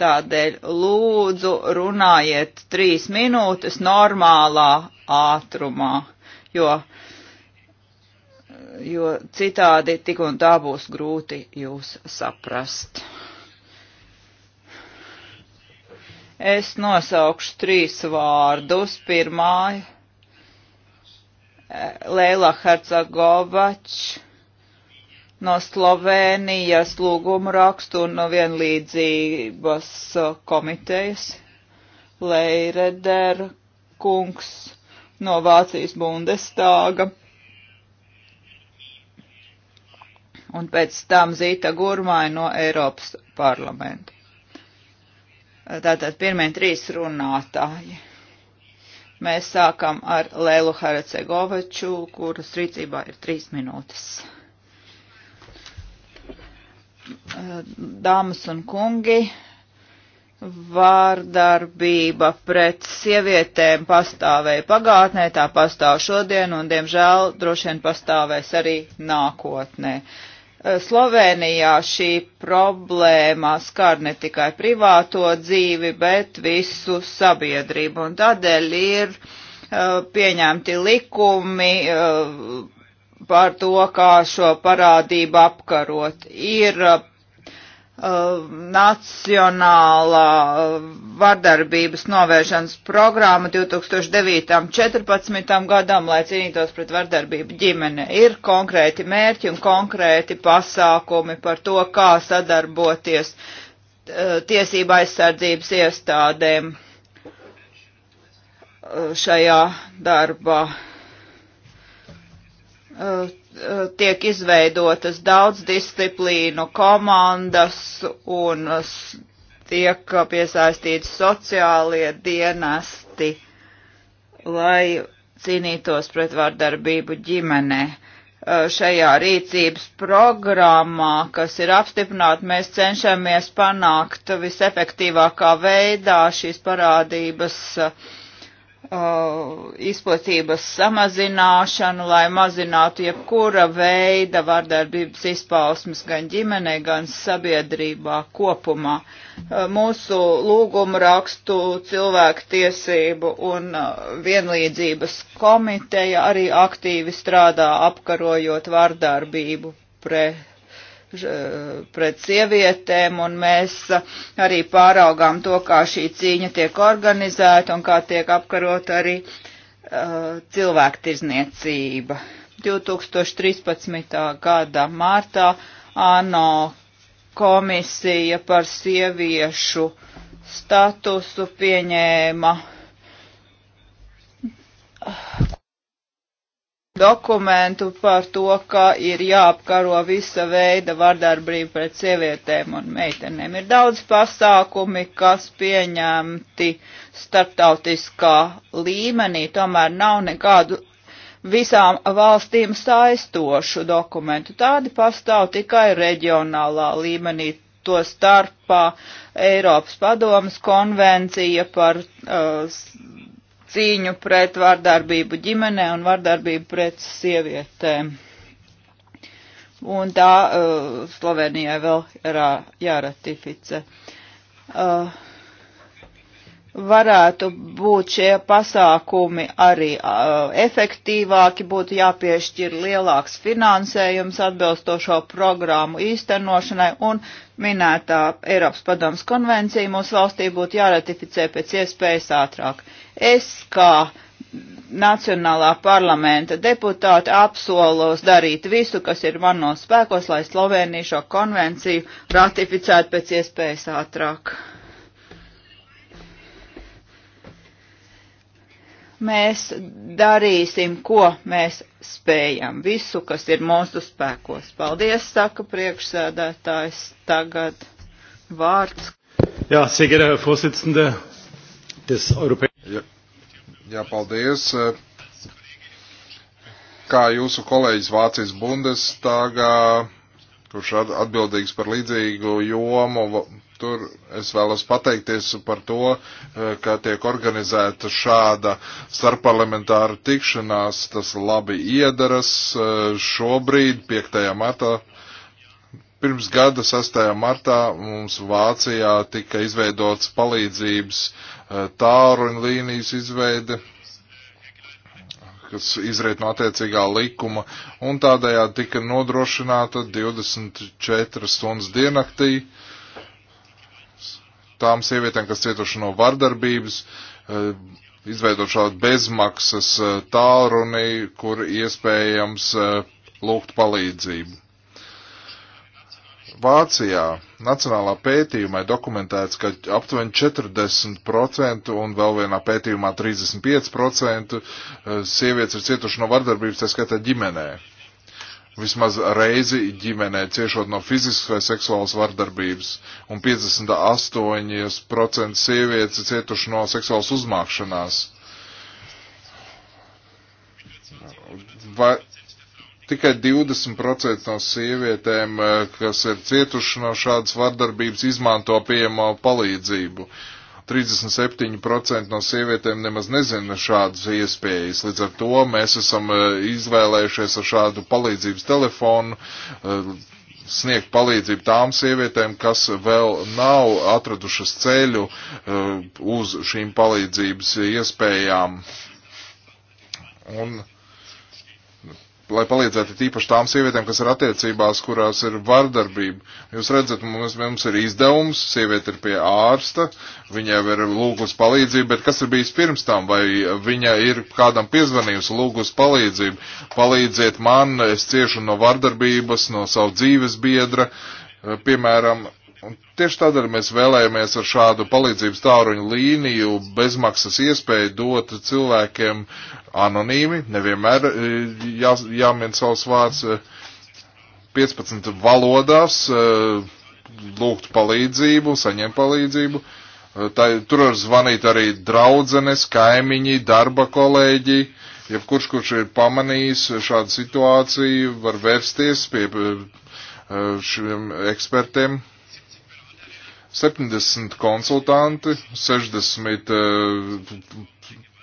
Tādēļ lūdzu runājiet trīs minūtes normālā ātrumā, jo, jo citādi tik un tā būs grūti jūs saprast. Es nosaukšu trīs vārdus. Pirmā eh, Leila Hercegovačs no Slovēnijas lūgumu rakstu un no vienlīdzības eh, komitejas. Leireder kungs no Vācijas Bundestāga. Un pēc tam Zīta Gurmai no Eiropas parlamenta. Tātad pirmie trīs runātāji. Mēs sākam ar Lēlu Harecegovaču, kuras rīcībā ir trīs minūtes. Dāmas un kungi, Vārdarbība pret sievietēm pastāvēja pagātnē, tā pastāv šodien un, diemžēl, droši vien pastāvēs arī nākotnē. Eh, Slovenijā šī problēma skar ne tikai privāto dzīvi, bet visu sabiedrību, un tādēļ ir eh, pieņemti likumi eh, par to, kā šo parādību apkarot. Ir Uh, Nacionālā uh, vardarbības novēršanas programma 2009-2014 gadam, lai cīnītos pret vardarbību ģimene. Ir konkrēti mērķi un konkrēti pasākumi par to, kā sadarboties uh, tiesība aizsardzības iestādēm šajā darbā Eh, tiek izveidotas daudz disciplīnu komandas un tiek eh, piesaistīti sociālie dienesti, lai cīnītos pret vardarbību ģimenē. Eh, šajā rīcības programmā, kas ir apstiprināta, mēs cenšamies panākt visefektīvākā veidā šīs parādības uh, Uh, izplatības samazināšanu, lai mazinātu jebkura veida vardarbības izpausmes gan ģimenē, gan sabiedrībā kopumā. Uh, mūsu lūgumu rakstu cilvēku tiesību un uh, vienlīdzības komiteja arī aktīvi strādā apkarojot vardarbību pret pret sievietēm, un mēs arī pāraugām to, kā šī cīņa tiek organizēta un kā tiek apkarot arī uh, cilvēktirzniecība. 2013. gada martā ANO komisija par sieviešu statusu pieņēma dokumentu par to, ka ir jāapkaro visa veida vardarbība pret sievietēm un meitenēm. Ir daudz pasākumi, kas pieņemti starptautiskā līmenī, tomēr nav nekādu visām valstīm saistošu dokumentu. Tādi pastāv tikai reģionālā līmenī, to starpā Eiropas padomas konvencija par uh, cīņu pret vārdarbību ģimenē un vārdarbību pret sievietēm. Un tā uh, Slovenijai vēl rā, jāratificē. Uh, varētu būt šie pasākumi arī uh, efektīvāki, būtu jāpiešķir lielāks finansējums atbilstošo programmu īstenošanai un minētā Eiropas padomas konvencija mūsu valstī būtu jāratificē pēc iespējas ātrāk. Es kā Nacionālā parlamenta deputāti apsolos darīt visu, kas ir manos spēkos, lai Slovenija šo konvenciju ratificētu pēc iespējas ātrāk. Mēs darīsim, ko mēs spējam, visu, kas ir mūsu spēkos. Paldies, saka priekšsēdētājs. Tagad vārds. Jā, sehr geehrter Herr Vorsitzender des Europäischen. Jā, jā paldies. Kā jūsu kolēģis Vācijas Bundestagā, kurš atbildīgs par līdzīgu jomu, tur es vēlos pateikties par to, e, ka tiek organizēta šāda starparlamentāra tikšanās. Tas labi iedaras e, šobrīd, 5. martā Pirms gada 6. martā mums Vācijā tika izveidots palīdzības eh, tāruņu līnijas izveide, kas izriet no attiecīgā likuma, un tādējādi tika nodrošināta 24 stundas diennaktī tām sievietēm, kas cietuši no vardarbības, eh, izveidot šādu bezmaksas eh, tālruni, kur iespējams lūgt palīdzību. Vācijā nacionālā pētījumā ir dokumentēts, ka aptuveni 40% un vēl vienā pētījumā 35% eh, sievietes ir cietuši no vardarbības, tā skaitā ģimenē. Vismaz reizi ģimenē ciešot no fiziskas vai seksuālas vardarbības, un 58% sievietes ir cietuši no seksuālas uzmākšanās. Vai Tikai 20% no sievietēm, eh, kas ir cietuši no šādas vardarbības, izmanto pieejamo palīdzību. 37% no sievietēm nemaz nezina šādas iespējas. Līdz ar to mēs esam eh, izvēlējušies ar šādu palīdzības telefonu eh, sniegt palīdzību tām sievietēm, kas vēl nav atradušas ceļu uz šīm palīdzības iespējām. Un uh, lai palīdzētu tīpaši tām sievietēm, kas ir attiecībās, kurās ir vardarbība. Jūs redzat, mums, mums ir izdevums, sieviete ir pie ārsta, viņa jau ir lūgus palīdzību, bet kas ir bijis pirms tam, vai viņa ir kādam piezvanījusi lūgus palīdzību, palīdziet man, es ciešu no vardarbības, no savu dzīves biedra, piemēram, Un tieši tādēļ mēs vēlējāmies ar šādu palīdzības tāruņu līniju bezmaksas iespēju dot cilvēkiem anonīmi, nevienmēr e, jā, jāmin savs vārds, 15 e, valodās, e, lūgt palīdzību, saņemt palīdzību. Tā, tur var zvanīt arī draudzenes, kaimiņi, darba kolēģi, jebkurš, kurš ir pamanījis šādu situāciju, var vērsties pie šiem ekspertiem 70 konsultanti, 60 eh,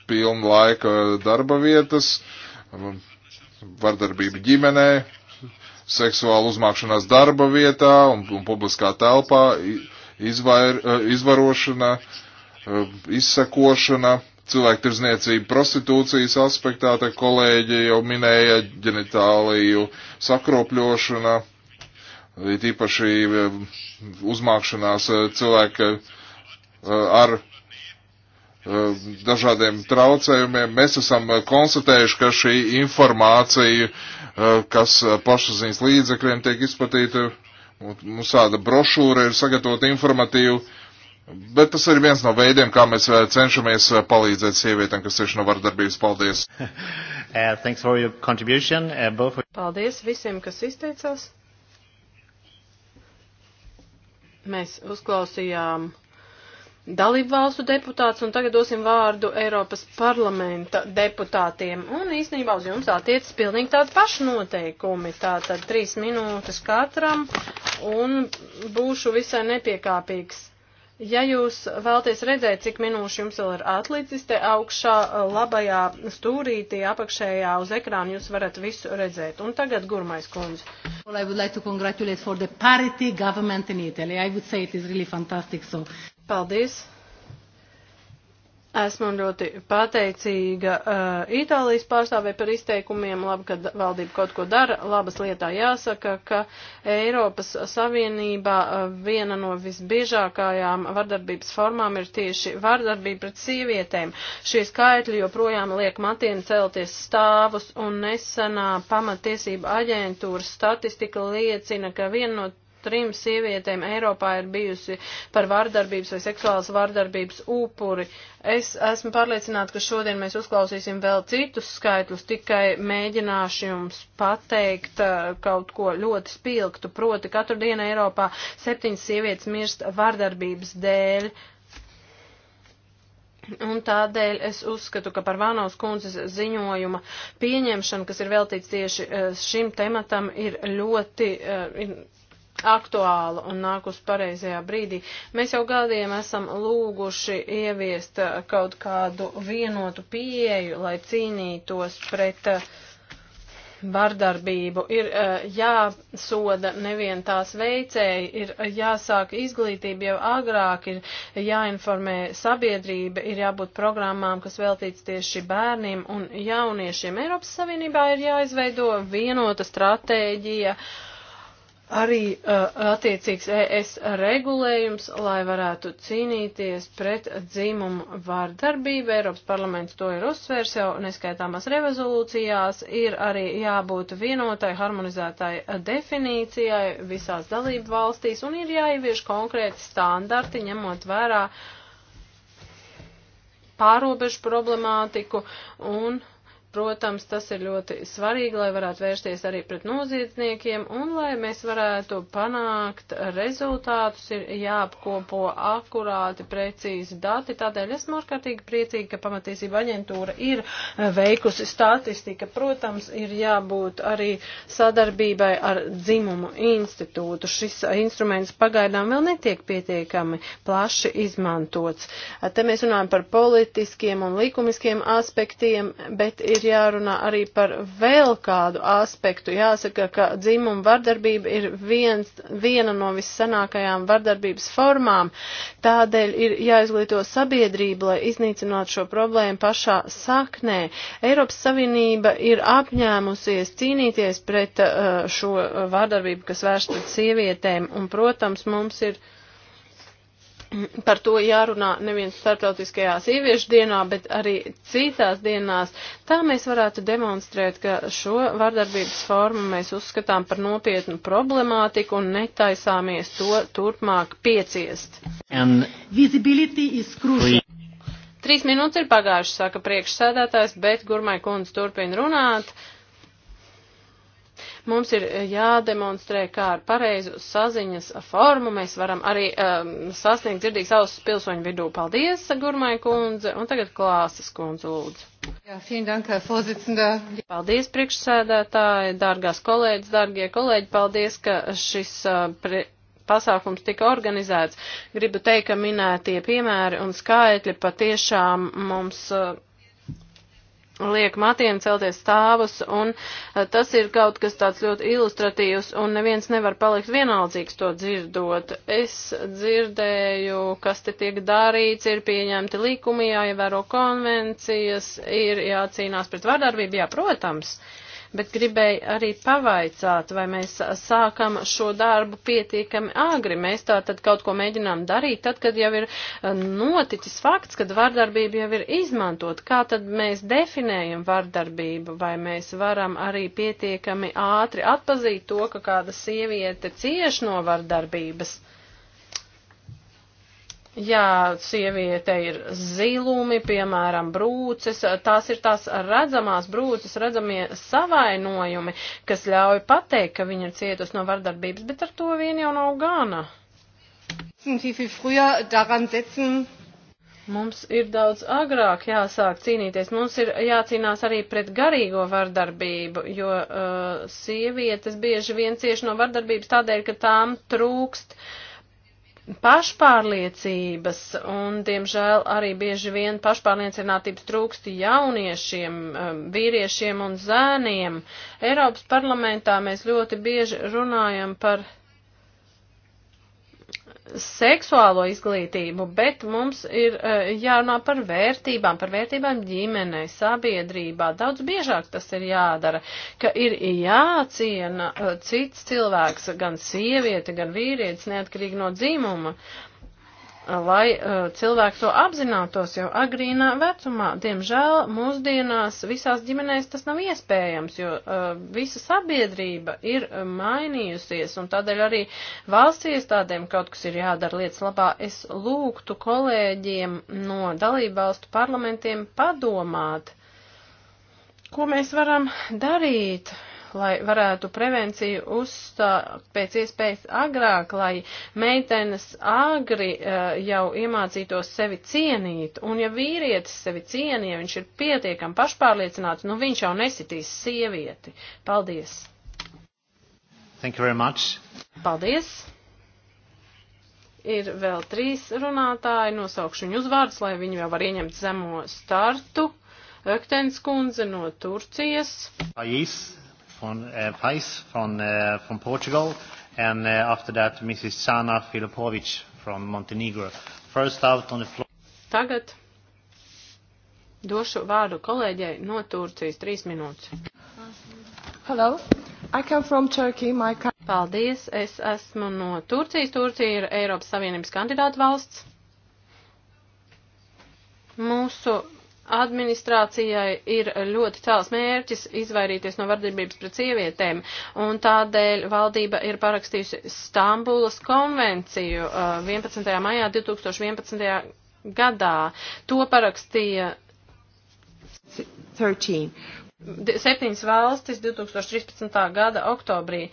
pilna laika darba vietas, vardarbība ģimenē, seksuāla uzmākšanās darba vietā un, un publiskā telpā, izvair, eh, izvarošana, eh, izsekošana, cilvēktirzniecība prostitūcijas aspektā, te kolēģi jau minēja ģenitāliju sakropļošana It īpaši eh, uzmākšanās eh, cilvēka eh, ar dažādiem traucējumiem. Mēs esam konstatējuši, ka šī informācija, kas plašsaziņas līdzekļiem tiek izplatīta, mums tāda brošūra ir sagatavota informatīva, bet tas ir viens no veidiem, kā mēs cenšamies palīdzēt sievietēm, kas cieši no vardarbības. Paldies! *laughs* Uh, uh, Paldies visiem, kas izteicās! Mēs uzklausījām dalību valstu deputāts un tagad dosim vārdu Eiropas parlamenta deputātiem. Un īstenībā uz jums attiecas pilnīgi tādi paši noteikumi. Tātad trīs minūtes katram un būšu visai nepiekāpīgs Ja jūs vēlties redzēt, cik minūšu jums vēl ir atlicis, te augšā labajā stūrītī apakšējā uz ekrāna jūs varat visu redzēt. Un tagad gurmais kundze. Well, I would like to congratulate for the parity government in Italy. I would say it is really fantastic. So. Paldies. Esmu ļoti pateicīga uh, Itālijas pārstāvē par izteikumiem. Labi, ka valdība kaut ko dara. Labas lietā jāsaka, ka Eiropas Savienībā uh, viena no visbiežākajām vardarbības formām ir tieši vardarbība pret sievietēm. Šie skaitļi joprojām liek matiem celties stāvus, un nesenā pamatiesība aģentūras statistika liecina, ka viena no trim sievietēm Eiropā ir bijusi par vārdarbības vai seksuālas vārdarbības upuri. Es esmu pārliecināta, ka šodien mēs uzklausīsim vēl citus skaitļus, tikai mēģināšu jums pateikt eh, kaut ko ļoti spilgtu. Proti, katru dienu Eiropā septiņas sievietes mirst vārdarbības dēļ. Un tādēļ es uzskatu, ka par Vānaus kundzes ziņojuma pieņemšanu, kas ir veltīts tieši eh, šim tematam, ir ļoti eh, ir aktuāla un nāk uz pareizajā brīdī. Mēs jau gadiem esam lūguši ieviest kaut kādu vienotu pieeju, lai cīnītos pret uh, vardarbību, ir eh, jāsoda nevien tās veicēji, ir jāsāk izglītība jau agrāk, ir jāinformē sabiedrība, ir jābūt programmām, kas veltīts tieši bērniem un jauniešiem. Eiropas Savienībā ir jāizveido vienota stratēģija. Uh, arī uh, attiecīgs ES regulējums, lai varētu cīnīties pret dzimumu vārdarbību. Eiropas parlaments to ir uzsvērs jau neskaitāmās revolūcijās. Ir arī jābūt vienotai, harmonizētai definīcijai visās dalību valstīs un ir jāievieš konkrēti standarti, ņemot vērā pārobežu problemātiku un uh, Protams, tas ir ļoti svarīgi, lai varētu vērsties arī pret noziedzniekiem un lai mēs varētu panākt rezultātus, ir jāapkopo akurāti, precīzi dati. Tādēļ esmu ārkārtīgi priecīgi, ka pamatiesība aģentūra ir veikusi statistika. Protams, ir jābūt arī sadarbībai ar dzimumu institūtu. Šis instruments pagaidām vēl netiek pietiekami plaši izmantots. Te mēs runājam par politiskiem un likumiskiem aspektiem, bet ir jārunā arī par vēl kādu aspektu. Jāsaka, ka dzimuma vardarbība ir viens, viena no vissanākajām vardarbības formām. Tādēļ ir jāizglīto sabiedrība, lai iznīcinātu šo problēmu pašā saknē. Eiropas Savienība ir apņēmusies cīnīties pret uh, šo vardarbību, kas vērsta pret sievietēm, un, protams, mums ir. Uh, par to jārunā neviens starptautiskajā sieviešu dienā, bet arī citās dienās. Tā mēs varētu demonstrēt, ka šo vardarbības formu mēs uzskatām par nopietnu problemātiku un netaisāmies to turpmāk pieciest. Trīs minūtes ir pagājušas, saka priekšsēdētājs, bet Gurmai kundze turpina runāt. Uh, Mums ir eh, jādemonstrē, kā ar pareizu saziņas formu mēs varam arī um, sasniegt dzirdīgas ausis pilsoņu vidū. Paldies, Gurmai kundze, un tagad klāsas kundze lūdzu. Jā, dank, paldies, priekšsēdētāji, dārgās kolēģis, dārgie kolēģi, paldies, ka šis. Uh, pre pasākums tika organizēts. Gribu teikt, ka minētie piemēri un skaitļi patiešām mums eh, liek matiem celties stāvus, un eh, tas ir kaut kas tāds ļoti ilustratīvs, un neviens nevar palikt vienaldzīgs to dzirdot. Es dzirdēju, kas te tiek darīts, ir pieņemti likumi, jāievēro konvencijas, ir jācīnās pret vardarbību, jā, protams. Uh, bet gribēju arī pavaicāt, vai mēs sākam šo darbu pietiekami āgri. Mēs tā tad kaut ko mēģinām darīt, tad, kad jau ir eh, noticis fakts, kad vardarbība jau ir izmantot. Kā tad mēs definējam vardarbību, vai mēs varam arī pietiekami ātri atpazīt to, ka kāda sieviete cieš no vardarbības? Jā, sieviete ir zilumi, piemēram, brūces, tās ir tās redzamās brūces, redzamie savainojumi, kas ļauj pateikt, ka viņa ir cietusi no vardarbības, bet ar to vien jau nav gana. Mums ir daudz agrāk jāsāk cīnīties. Mums ir jācīnās arī pret garīgo vardarbību, jo uh, sievietes bieži vien cieši no vardarbības tādēļ, ka tām trūkst uh, pašpārliecības un, diemžēl, arī bieži vien pašpārliecinātības trūksti jauniešiem, um, vīriešiem un zēniem. Eiropas parlamentā mēs ļoti bieži runājam par seksuālo izglītību, bet mums ir uh, jārunā par vērtībām, par vērtībām ģimenē, sabiedrībā. Daudz biežāk tas ir jādara, ka ir jāciena uh, cits cilvēks, gan sieviete, gan vīrietis, neatkarīgi no dzimuma. Uh, lai uh, cilvēks to apzinātos jau agrīnā vecumā. Diemžēl mūsdienās visās ģimenēs tas nav iespējams, jo uh, visa sabiedrība ir uh, mainījusies un tādēļ arī valsts iestādēm kaut kas ir jādara lietas labā. Es lūgtu kolēģiem no dalībvalstu parlamentiem padomāt, ko mēs varam darīt lai varētu prevenciju uzstāt pēc iespējas agrāk, lai meitenes agri eh, jau iemācītos sevi cienīt, un ja vīrietis sevi cienīja, ja viņš ir pietiekami pašpārliecināts, nu viņš jau nesitīs sievieti. Paldies! Thank you very much. Paldies! ir vēl trīs runātāji, nosaukšu viņu uzvārdus, lai viņi jau var ieņemt zemo startu. Öktens kundze no Turcijas. Pais von, uh, Pais from, uh, eh, from Portugal, and uh, after that Mrs. Sana Filipovic from Montenegro. First out on the floor. Tagad došu vārdu kolēģei no Turcijas. Trīs minūtes. Hello. I come from Turkey. My Paldies. Es esmu no Turcijas. Turcija ir Eiropas Savienības kandidāta valsts. Mūsu administrācijai ir ļoti cēls mērķis izvairīties no vardarbības pret sievietēm, un tādēļ valdība ir parakstījusi Stambulas konvenciju 11. Uh, maijā 2011. gadā. To parakstīja 13. septiņas valstis 2013. gada oktobrī.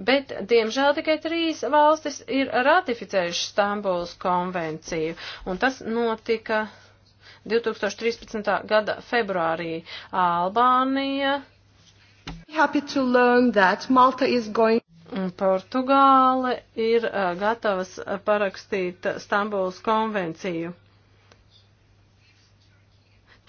Bet, diemžēl, tikai trīs valstis ir ratificējušas Stambulas konvenciju, un tas notika 2013. gada februārī Albānija. Happy to learn that Malta is going. Portugāle ir uh, gatavas parakstīt Stambuls konvenciju.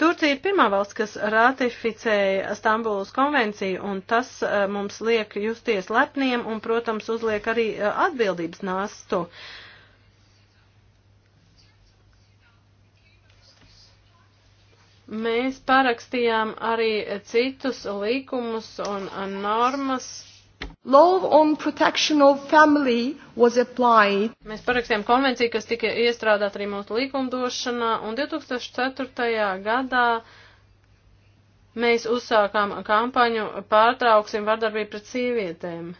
Turcija ir pirmā valsts, kas ratificēja Stambulas konvenciju, un tas uh, mums liek justies lepniem un, protams, uzliek arī uh, atbildības nāstu. Uh, Mēs parakstījām arī citus likumus un normas. Law on protection of family was applied. Mēs parakstījām konvenciju, kas tika iestrādāta arī mūsu likumdošanā, un 2004. gadā mēs uzsākām kampaņu pārtrauksim vardarbību pret sievietēm.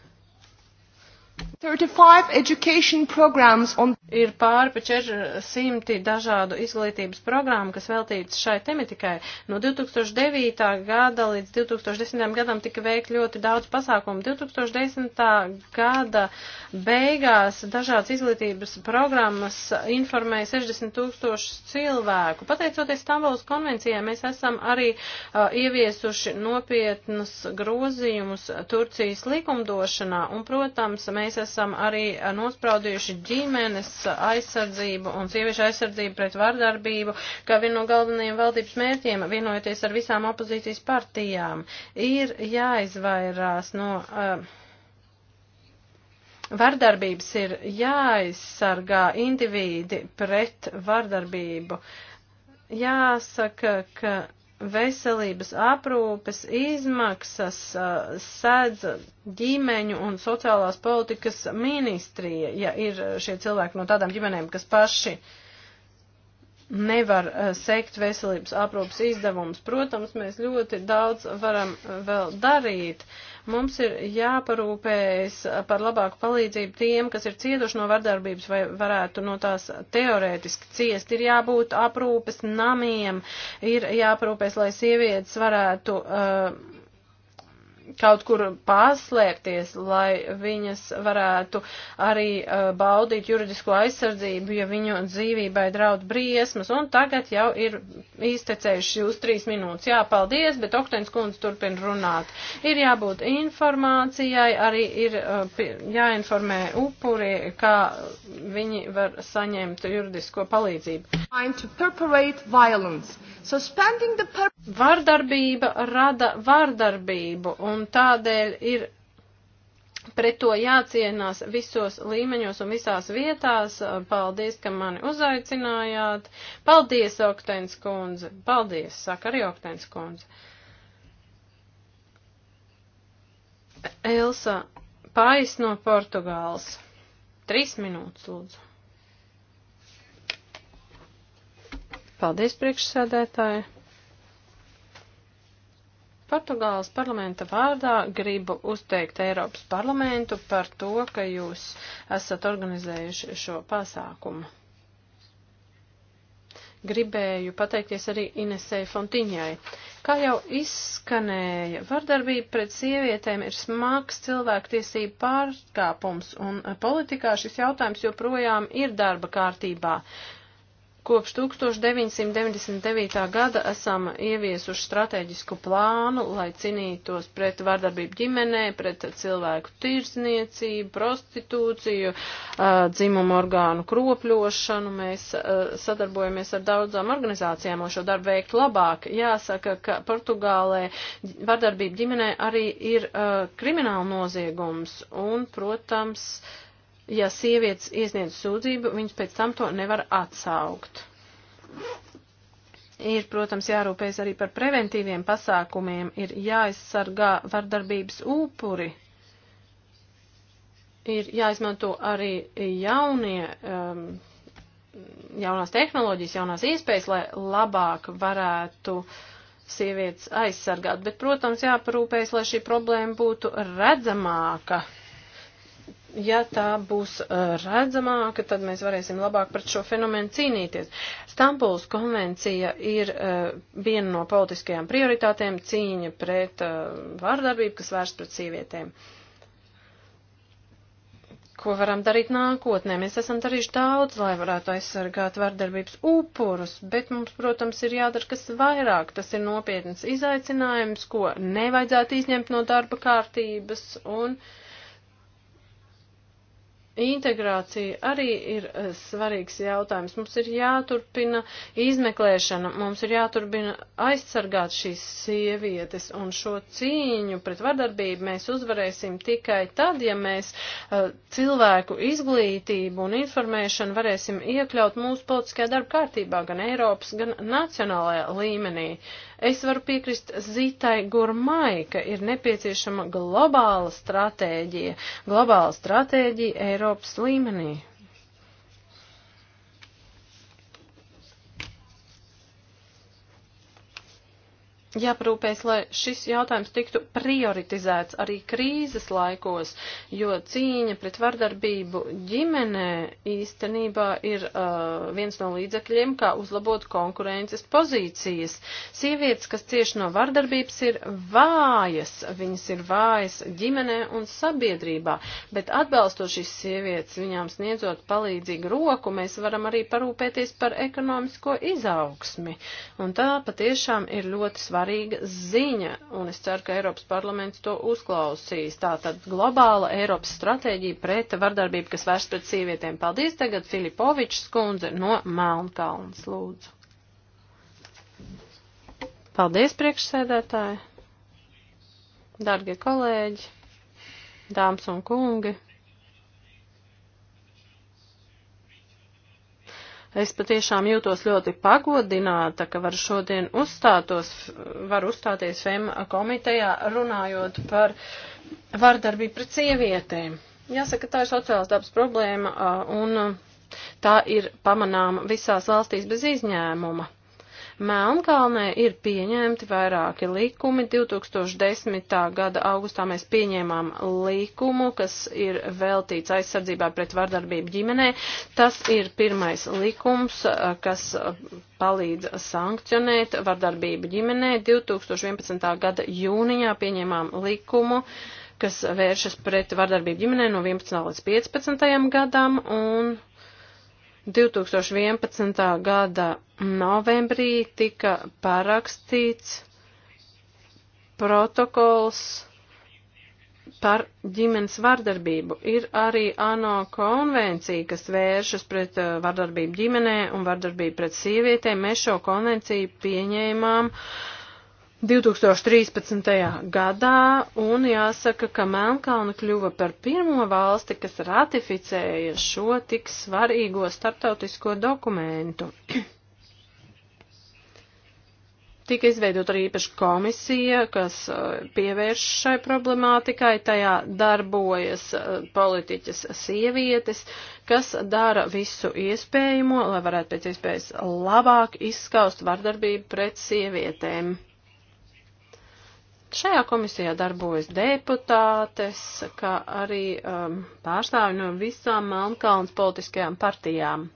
On... Ir pāri pa 400 dažādu izglītības programmu, kas veltīts šai tematikai. No 2009. gada līdz 2010. gadam tika veikt ļoti daudz pasākumu. 2010. gada beigās dažādas izglītības programmas informēja 60 tūkstošus cilvēku. Pateicoties Stambulas konvencijai, mēs esam arī uh, ieviesuši nopietnus grozījumus Turcijas likumdošanā. Un, protams, mēs mēs esam arī nospraudījuši ģimenes aizsardzību un sieviešu aizsardzību pret vardarbību, kā vienu no galvenajiem valdības mērķiem, vienojoties ar visām opozīcijas partijām. Ir jāizvairās no. Uh, Vardarbības ir jāaizsargā indivīdi pret vardarbību. Jāsaka, ka veselības aprūpes izmaksas uh, sēdz ģimeņu un sociālās politikas ministrija, ja ir šie cilvēki no tādām ģimenēm, kas paši nevar uh, sekt veselības aprūpes izdevumus. Protams, mēs ļoti daudz varam vēl darīt. Uh, Mums ir jāparūpējas par labāku palīdzību tiem, kas ir cietuši no vardarbības vai varētu no tās teorētiski ciest. Ir jābūt aprūpes namiem, ir jāparūpēs, lai sievietes varētu. Uh, kaut kur pārslēpties, lai viņas varētu arī uh, baudīt juridisko aizsardzību, ja viņu dzīvībai draud briesmas. Un tagad jau ir iztecējuši jūs trīs minūtes. Jā, paldies, bet Oktens kundze turpina runāt. Ir jābūt informācijai, arī ir uh, jāinformē upuri, kā viņi var saņemt juridisko palīdzību. So the... Vardarbība rada vardarbību. Un un tādēļ ir pret to jācienās visos līmeņos un visās vietās. Paldies, ka mani uzaicinājāt. Paldies, Oktens kundze. Paldies, saka arī Oktens kundze. Elsa Pais no Portugāles. Trīs minūtes, lūdzu. Paldies, priekšsēdētāji. Portugāles parlamenta vārdā gribu uzteikt Eiropas parlamentu par to, ka jūs esat organizējuši šo pasākumu. Gribēju pateikties arī Inesei Fontiņai. Kā jau izskanēja, vardarbība pret sievietēm ir smags cilvēktiesību pārkāpums, un politikā šis jautājums joprojām ir darba kārtībā. Kopš 1999. gada esam ieviesuši strateģisku plānu, lai cīnītos pret vardarbību ģimenē, pret cilvēku tirzniecību, prostitūciju, dzimumu orgānu kropļošanu. Mēs sadarbojamies ar daudzām organizācijām, lai šo darbu veikt labāk. Jāsaka, ka Portugālē vardarbība ģimenē arī ir krimināla noziegums un, protams, ja sievietes iesniedz sūdzību, viņas pēc tam to nevar atsaukt. Ir, protams, jārūpējas arī par preventīviem pasākumiem, ir jāaizsargā vardarbības upuri, ir jāizmanto arī jaunie, um, jaunās tehnoloģijas, jaunās iespējas, lai labāk varētu sievietes aizsargāt. Bet, protams, jāparūpējas, lai šī problēma būtu redzamāka ja tā būs uh, redzamāka, tad mēs varēsim labāk pret šo fenomenu cīnīties. Stambuls konvencija ir uh, viena no politiskajām prioritātēm cīņa pret uh, vārdarbību, kas vērsts pret sievietēm. Ko varam darīt nākotnē? Mēs esam darījuši daudz, lai varētu aizsargāt vardarbības upurus, bet mums, protams, ir jādara kas vairāk. Tas ir nopietns izaicinājums, ko nevajadzētu izņemt no darba kārtības un uh, Integrācija arī ir eh, svarīgs jautājums. Mums ir jāturpina izmeklēšana, mums ir jāturpina aizsargāt šīs sievietes un šo cīņu pret vardarbību mēs uzvarēsim tikai tad, ja mēs uh, cilvēku izglītību un informēšanu varēsim iekļaut mūsu politiskajā darba kārtībā gan Eiropas, gan nacionālajā līmenī. Uh, Es varu piekrist Zītai Gurmai, ka ir nepieciešama globāla stratēģija, globāla stratēģija Eiropas līmenī. jāprūpēs, lai šis jautājums tiktu prioritizēts arī krīzes laikos, jo cīņa pret vardarbību ģimenē īstenībā ir uh, viens no līdzekļiem, kā uzlabot konkurences pozīcijas. Sievietes, kas cieši no vardarbības, ir vājas, viņas ir vājas ģimenē un sabiedrībā, bet atbalstot šīs sievietes, viņām sniedzot palīdzīgu roku, mēs varam arī parūpēties par ekonomisko izaugsmi. Un tā patiešām ir ļoti svarīgi svarīga ziņa, un es ceru, ka Eiropas parlaments to uzklausīs. Tātad globāla Eiropas stratēģija pret vardarbību, kas vērsts pret sievietēm. Paldies tagad Filipovičs skundze no Melnkalnas, lūdzu. Paldies, priekšsēdētāji, dargie kolēģi, dāmas un kungi. Es patiešām jūtos ļoti pagodināta, ka var šodien uzstātos, var uzstāties FEM komitejā runājot par vardarbību pret sievietēm. Jāsaka, tā ir sociāls dabas problēma un tā ir pamanām visās valstīs bez izņēmuma. Melnkalnē ir pieņemti vairāki likumi. 2010. gada augustā mēs pieņēmām likumu, kas ir veltīts aizsardzībā pret vardarbību ģimenē. Tas ir pirmais likums, eh, kas eh, palīdz sankcionēt vardarbību ģimenē. 2011. gada jūnijā pieņēmām likumu kas vēršas pret vardarbību ģimenē no 11 līdz 15 gadam, un 2011. gada novembrī tika parakstīts protokols par ģimenes vardarbību. Ir arī ANO konvencija, kas vēršas pret eh, vardarbību ģimenē un vardarbību pret sievietēm. Mēs šo konvenciju pieņēmām uh, 2013. gadā, un jāsaka, ka Melnkalna kļuva par pirmo valsti, kas ratificēja šo tik svarīgo starptautisko dokumentu. *clears throat* Tika izveidot arī īpaša komisija, kas uh, pievērš šai problemātikai, tajā darbojas uh, politiķas sievietes, kas dara visu iespējamo, lai varētu pēc iespējas labāk izskaust vardarbību pret sievietēm. Šajā komisijā darbojas deputātes, kā arī um, pārstāvi no visām Melnkalnas politiskajām partijām.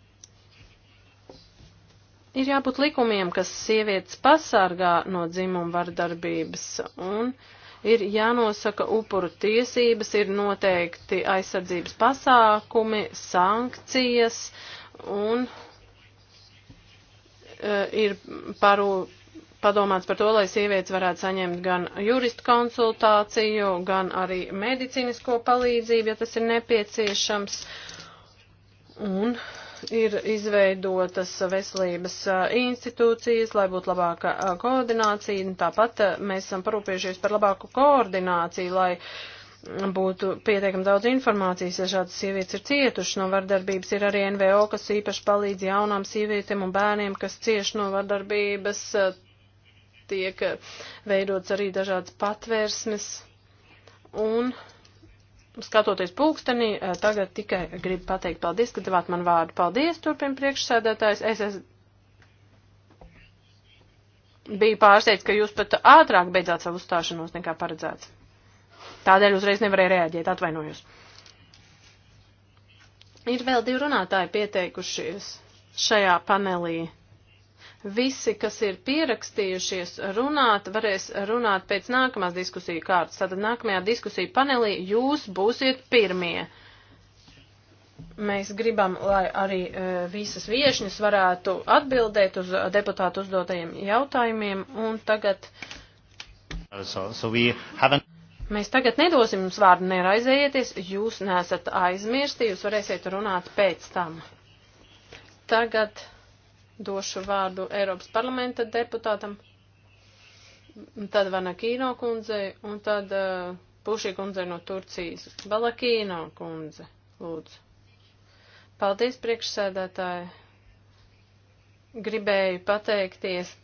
Ir jābūt likumiem, kas sievietes pasargā no dzimuma vardarbības, un ir jānosaka upuru tiesības, ir noteikti aizsardzības pasākumi, sankcijas, un uh, ir parūpīgi padomāts par to, lai sievietes varētu saņemt gan juristu konsultāciju, gan arī medicīnisko palīdzību, ja tas ir nepieciešams. Un ir izveidotas veselības institūcijas, lai būtu labāka koordinācija, un tāpat mēs esam parūpējušies par labāku koordināciju, lai būtu pietiekami daudz informācijas, ja šādas sievietes ir cietušas no vardarbības. Ir arī NVO, kas īpaši palīdz jaunām sievietēm un bērniem, kas cieši no vardarbības tiek veidots arī dažādas patvērsmes. Un skatoties pulkstenī, eh, tagad tikai gribu pateikt paldies, ka devāt man vārdu. Paldies, turpin priekšsēdētājs. Es esmu biju pārsteigts, ka jūs pat ātrāk beidzāt savu uzstāšanos nekā paredzēts. Tādēļ uzreiz nevarēju reaģēt, atvainojos. Ir vēl divi runātāji pieteikušies šajā panelī. Visi, kas ir pierakstījušies runāt, varēs runāt pēc nākamās diskusiju kārtas. Tātad nākamajā diskusiju panelī jūs būsiet pirmie. Mēs gribam, lai arī e, visas viešņas varētu atbildēt uz deputātu uzdotajiem jautājumiem. Un tagad. So, so Mēs tagad nedosim jums vārdu, neraizējieties, jūs nesat aizmirsti, jūs varēsiet runāt pēc tam. Tagad Došu vārdu Eiropas parlamenta deputātam, tad Vanakīno kundzei un tad uh, Pušī kundzei no Turcijas. Balakīno kundze, lūdzu. Paldies, priekšsēdētāji. Gribēju pateikties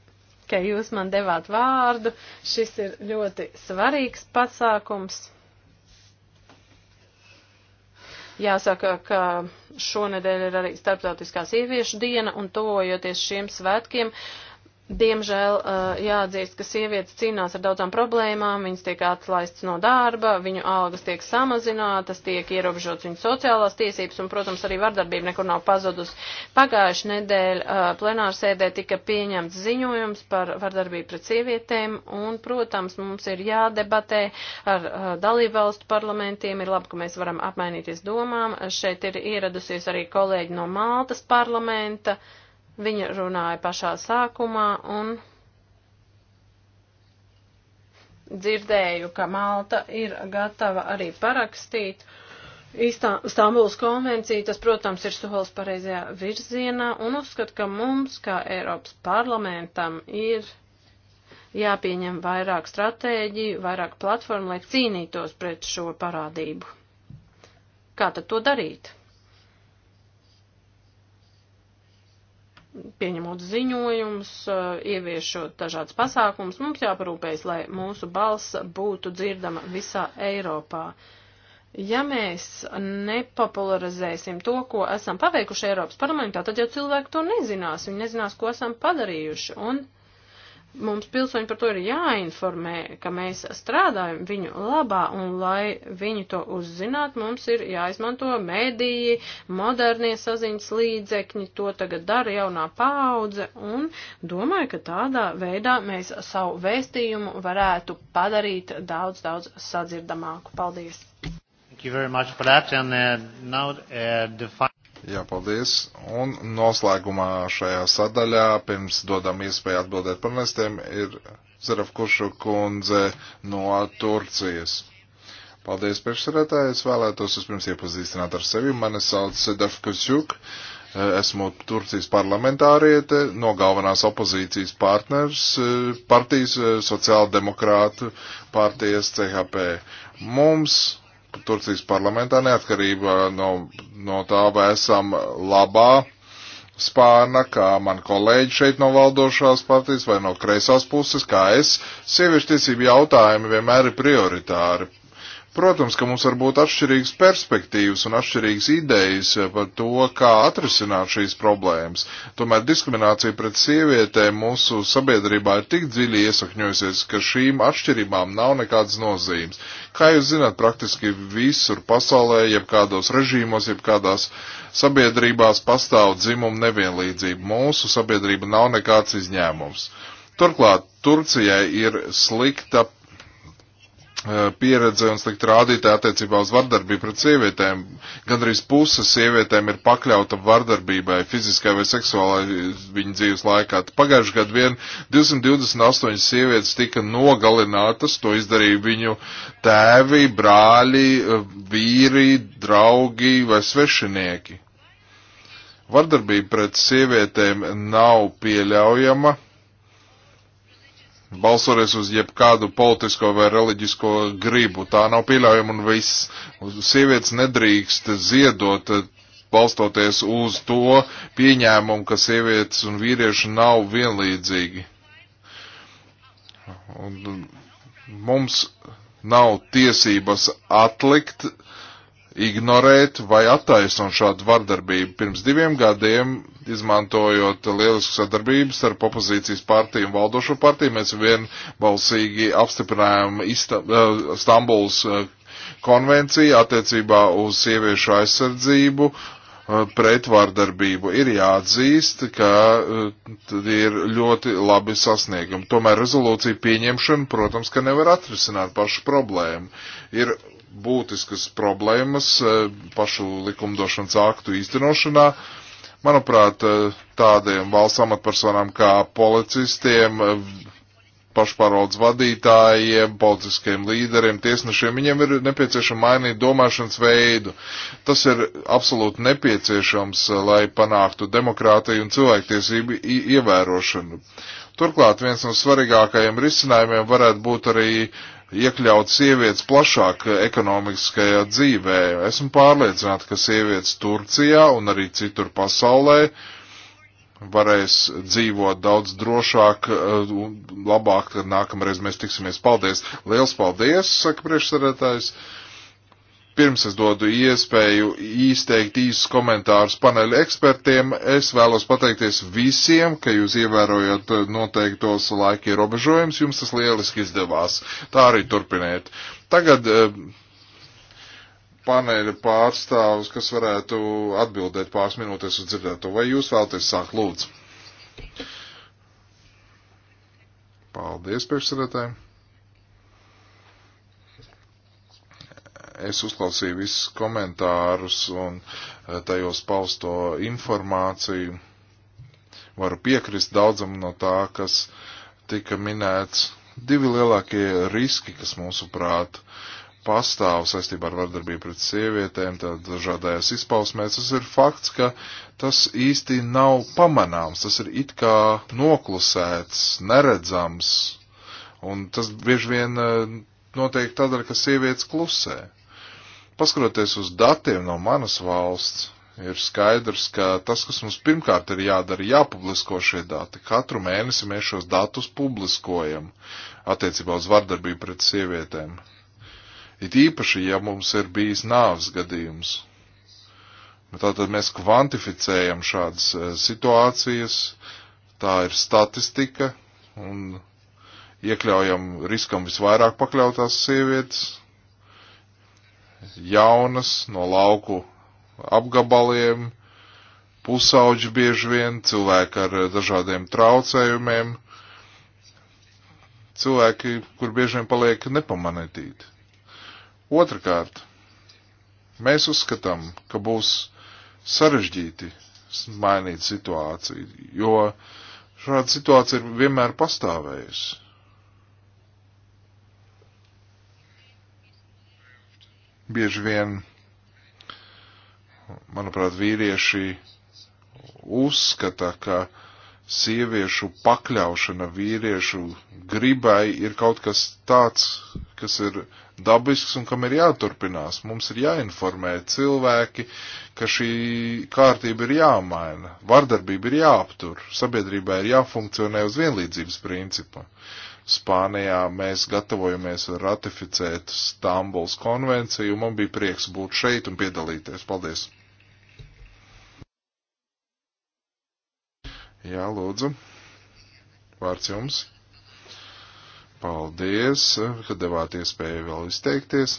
ka jūs man devāt vārdu. Šis ir ļoti svarīgs pasākums. Jāsaka, ka šonedēļ ir arī starptautiskā sieviešu diena un tuvojoties šiem svētkiem. Uh, Diemžēl uh, jāatzīst, ka sievietes cīnās ar daudzām problēmām, viņas tiek atlaistas no darba, viņu algas tiek samazinātas, tiek ierobežotas viņu sociālās tiesības un, protams, arī vardarbība nekur nav pazudusi. Pagājuši nedēļ uh, plenārsēdē tika pieņemts ziņojums par vardarbību pret sievietēm un, protams, mums ir jādebatē ar uh, dalībvalstu parlamentiem. Ir labi, ka mēs varam apmainīties domām. Šeit ir ieradusies arī kolēģi no Maltas parlamenta. Uh, Viņa runāja pašā sākumā un dzirdēju, ka Malta ir gatava arī parakstīt Istambuls konvenciju. Tas, protams, ir solis pareizajā virzienā un uzskatu, ka mums, kā Eiropas parlamentam, ir jāpieņem vairāk stratēģiju, vairāk platformu, lai cīnītos pret šo parādību. Kā tad to darīt? pieņemot ziņojumus, eh, ieviešot dažādas pasākumus, mums jāparūpējas, lai mūsu balss būtu dzirdama visā Eiropā. Ja mēs nepopularizēsim to, ko esam paveikuši Eiropas parlamentā, tad jau cilvēki to nezinās, viņi nezinās, ko esam padarījuši. Un Mums pilsoņi par to ir jāinformē, ka mēs strādājam viņu labā, un lai viņi to uzzinātu, mums ir jāizmanto mediji, modernie saziņas līdzekļi, to tagad dara jaunā paudze, un domāju, ka tādā veidā mēs savu vēstījumu varētu padarīt daudz, daudz sadzirdamāku. Paldies! Thank you very much for that, and uh, now uh, the Jā, paldies. Un noslēgumā šajā sadaļā, pirms dodam iespēju atbildēt par nestiem, ir Zerafkušu kundze no Turcijas. Paldies, priekšsarētāji. Es vēlētos vispirms iepazīstināt ar sevi. Mani sauc Sedef Kusjuk. Esmu Turcijas parlamentāriete, no galvenās opozīcijas partners, partijas eh, sociāldemokrātu partijas CHP. Mums Turcijas parlamentā, neatkarībā no, no tā, vai esam labā spārna, kā man kolēģi šeit no valdošās partijas vai no kreisās puses, kā es, sieviešu tiesību jautājumi vienmēr ir prioritāri Protams, ka mums var būt atšķirīgas perspektīvas un atšķirīgas idejas par to, kā atrisināt šīs problēmas. Tomēr diskriminācija pret sievietēm mūsu sabiedrībā ir tik dziļi iesakņojusies, ka šīm atšķirībām nav nekādas nozīmes. Kā jūs zināt, praktiski visur pasaulē, jeb kādos režīmos, jeb kādās sabiedrībās pastāv dzimuma nevienlīdzība. Mūsu sabiedrība nav nekāds izņēmums. Turklāt Turcijai ir slikta Eh, pieredze un slikti rādītāji attiecībā uz vardarbību pret sievietēm. Gandrīz puse sievietēm ir pakļauta vardarbībai, fiziskai vai seksuālai viņu dzīves laikā. Pagājušajā gadā vien 228 sievietes tika nogalinātas, to izdarīja viņu tēvi, brāļi, eh, vīri, draugi vai svešinieki. Vardarbība pret sievietēm nav pieļaujama balsoties uz jebkādu politisko vai reliģisko gribu. Tā nav pieļaujama un viss. Sievietes nedrīkst ziedot balstoties uz to pieņēmumu, ka sievietes un vīrieši nav vienlīdzīgi. Un mums nav tiesības atlikt ignorēt vai attaisnot šādu vardarbību. Pirms diviem gadiem, izmantojot lielisku sadarbības ar opozīcijas partiju un valdošo partiju, mēs vienbalsīgi apstiprinājām Ista eh, Stambuls eh, konvenciju attiecībā uz sieviešu aizsardzību eh, pretvārdarbību ir jāatzīst, ka ir ļoti labi sasniegumi. Tomēr rezolūcija pieņemšana, protams, ka nevar atrisināt pašu problēmu. Ir būtiskas problēmas e, pašu likumdošanas aktu īstenošanā. Manuprāt, e, tādiem valsts amatpersonām kā policistiem, e, pašpārvaldes vadītājiem, politiskajiem līderiem, tiesnešiem, viņiem ir nepieciešama mainīt domāšanas veidu. Tas ir absolūti nepieciešams, lai panāktu demokrātiju un cilvēktiesību ievērošanu. Turklāt viens no svarīgākajiem risinājumiem varētu būt arī iekļaut sievietes plašāk ekonomiskajā dzīvē. Esmu pārliecināta, ka sievietes Turcijā un arī citur pasaulē varēs dzīvot daudz drošāk, eh, labāk, kad nākamreiz mēs tiksimies. Paldies! Liels paldies, saka priekšsarētājs! Pirms es dodu iespēju izteikt īsus komentārus paneļa ekspertiem, es vēlos pateikties visiem, ka jūs ievērojat noteiktos laika ierobežojumus, jums tas lieliski izdevās. Tā arī turpiniet. Tagad eh, paneļa pārstāvus, kas varētu atbildēt pāris minūtes uz dzirdēto, vai jūs vēlaties sākt lūdzu? Paldies, priekšsēdētāji! Es uzklausīju visus komentārus un eh, tajos pausto informāciju. Varu piekrist daudzam no tā, kas tika minēts. Divi lielākie riski, kas mūsuprāt pastāv saistībā ar vardarbību pret sievietēm, tad dažādajās izpausmēs, tas ir fakts, ka tas īsti nav pamanāms, tas ir it kā noklusēts, neredzams, un tas bieži vien eh, notiek tādēļ, ka sievietes klusē. Paskatoties uz datiem no manas valsts, ir skaidrs, ka tas, kas mums pirmkārt ir jādara, jāpublisko šie dati. Katru mēnesi mēs šos datus publiskojam attiecībā uz vardarbību pret sievietēm. It īpaši, ja mums ir bijis nāves gadījums. Nu, tātad mēs kvantificējam šādas e, situācijas, tā ir statistika, un iekļaujam riskam visvairāk pakļautās sievietes, jaunas, no lauku apgabaliem, pusauģi bieži vien, cilvēki ar dažādiem traucējumiem, cilvēki, kur bieži vien paliek nepamanītīti. Otrakārt, mēs uzskatām, ka būs sarežģīti mainīt situāciju, jo šāda situācija ir vienmēr pastāvējusi. Bieži vien, manuprāt, vīrieši uzskata, ka sieviešu pakļaušana vīriešu gribai ir kaut kas tāds, kas ir dabisks un kam ir jāturpinās. Mums ir jāinformē cilvēki, ka šī kārtība ir jāmaina, vardarbība ir jāaptur, sabiedrībai ir jāfunkcionē uz vienlīdzības principa. Spānijā mēs gatavojamies ratificēt Stambuls konvenciju. Man bija prieks būt šeit un piedalīties. Paldies! Jā, lūdzu. Vārds jums. Paldies, ka devāt iespēju vēl izteikties.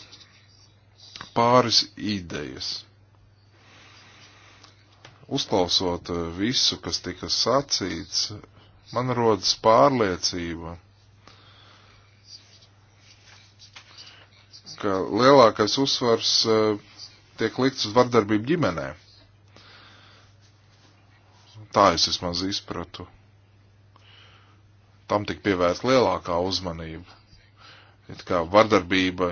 Pāris idejas. Uzklausot visu, kas tika sacīts, man rodas pārliecība, ka lielākais uzsvars eh, tiek likts uz vardarbību ģimenē. Tā es vismaz izpratu. Tam tik pievērst lielākā uzmanība. It kā vardarbība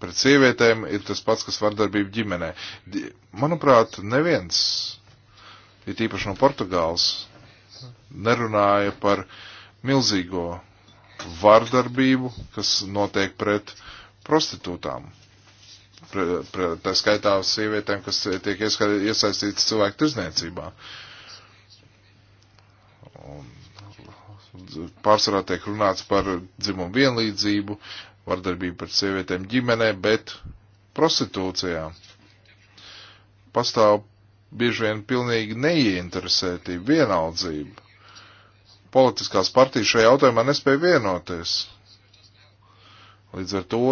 pret sievietēm ir tas pats, kas vardarbība ģimenē. Manuprāt, neviens, ir īpaši no Portugāles, nerunāja par milzīgo vardarbību, kas notiek pret prostitūtām. Tā skaitā sievietēm, kas tiek iesaistītas cilvēku tirzniecībā. Pārsvarā tiek runāts par dzimumu vienlīdzību, vardarbību pret sievietēm ģimenē, bet prostitūcijā pastāv bieži vien pilnīgi neieinteresētība, vienaldzība. Politiskās partijas šajā jautājumā nespēja vienoties. Līdz ar to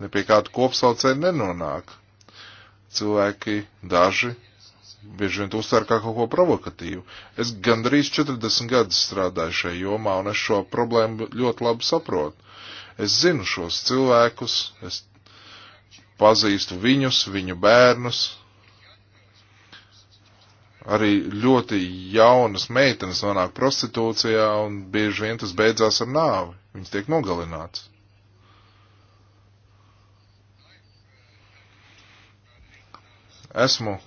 ne pie kāda kopsaucēja nenonāk. Cilvēki daži bieži vien to uztver kā kaut ko provokatīvu. Es gandrīz 40 gadus strādāju šajā jomā, un es šo problēmu ļoti labi saprotu. Es zinu šos cilvēkus, es pazīstu viņus, viņu bērnus. Arī ļoti jaunas meitenes nonāk prostitūcijā, un bieži vien tas beidzās ar nāvi. Viņas tiek nogalināts. Esmu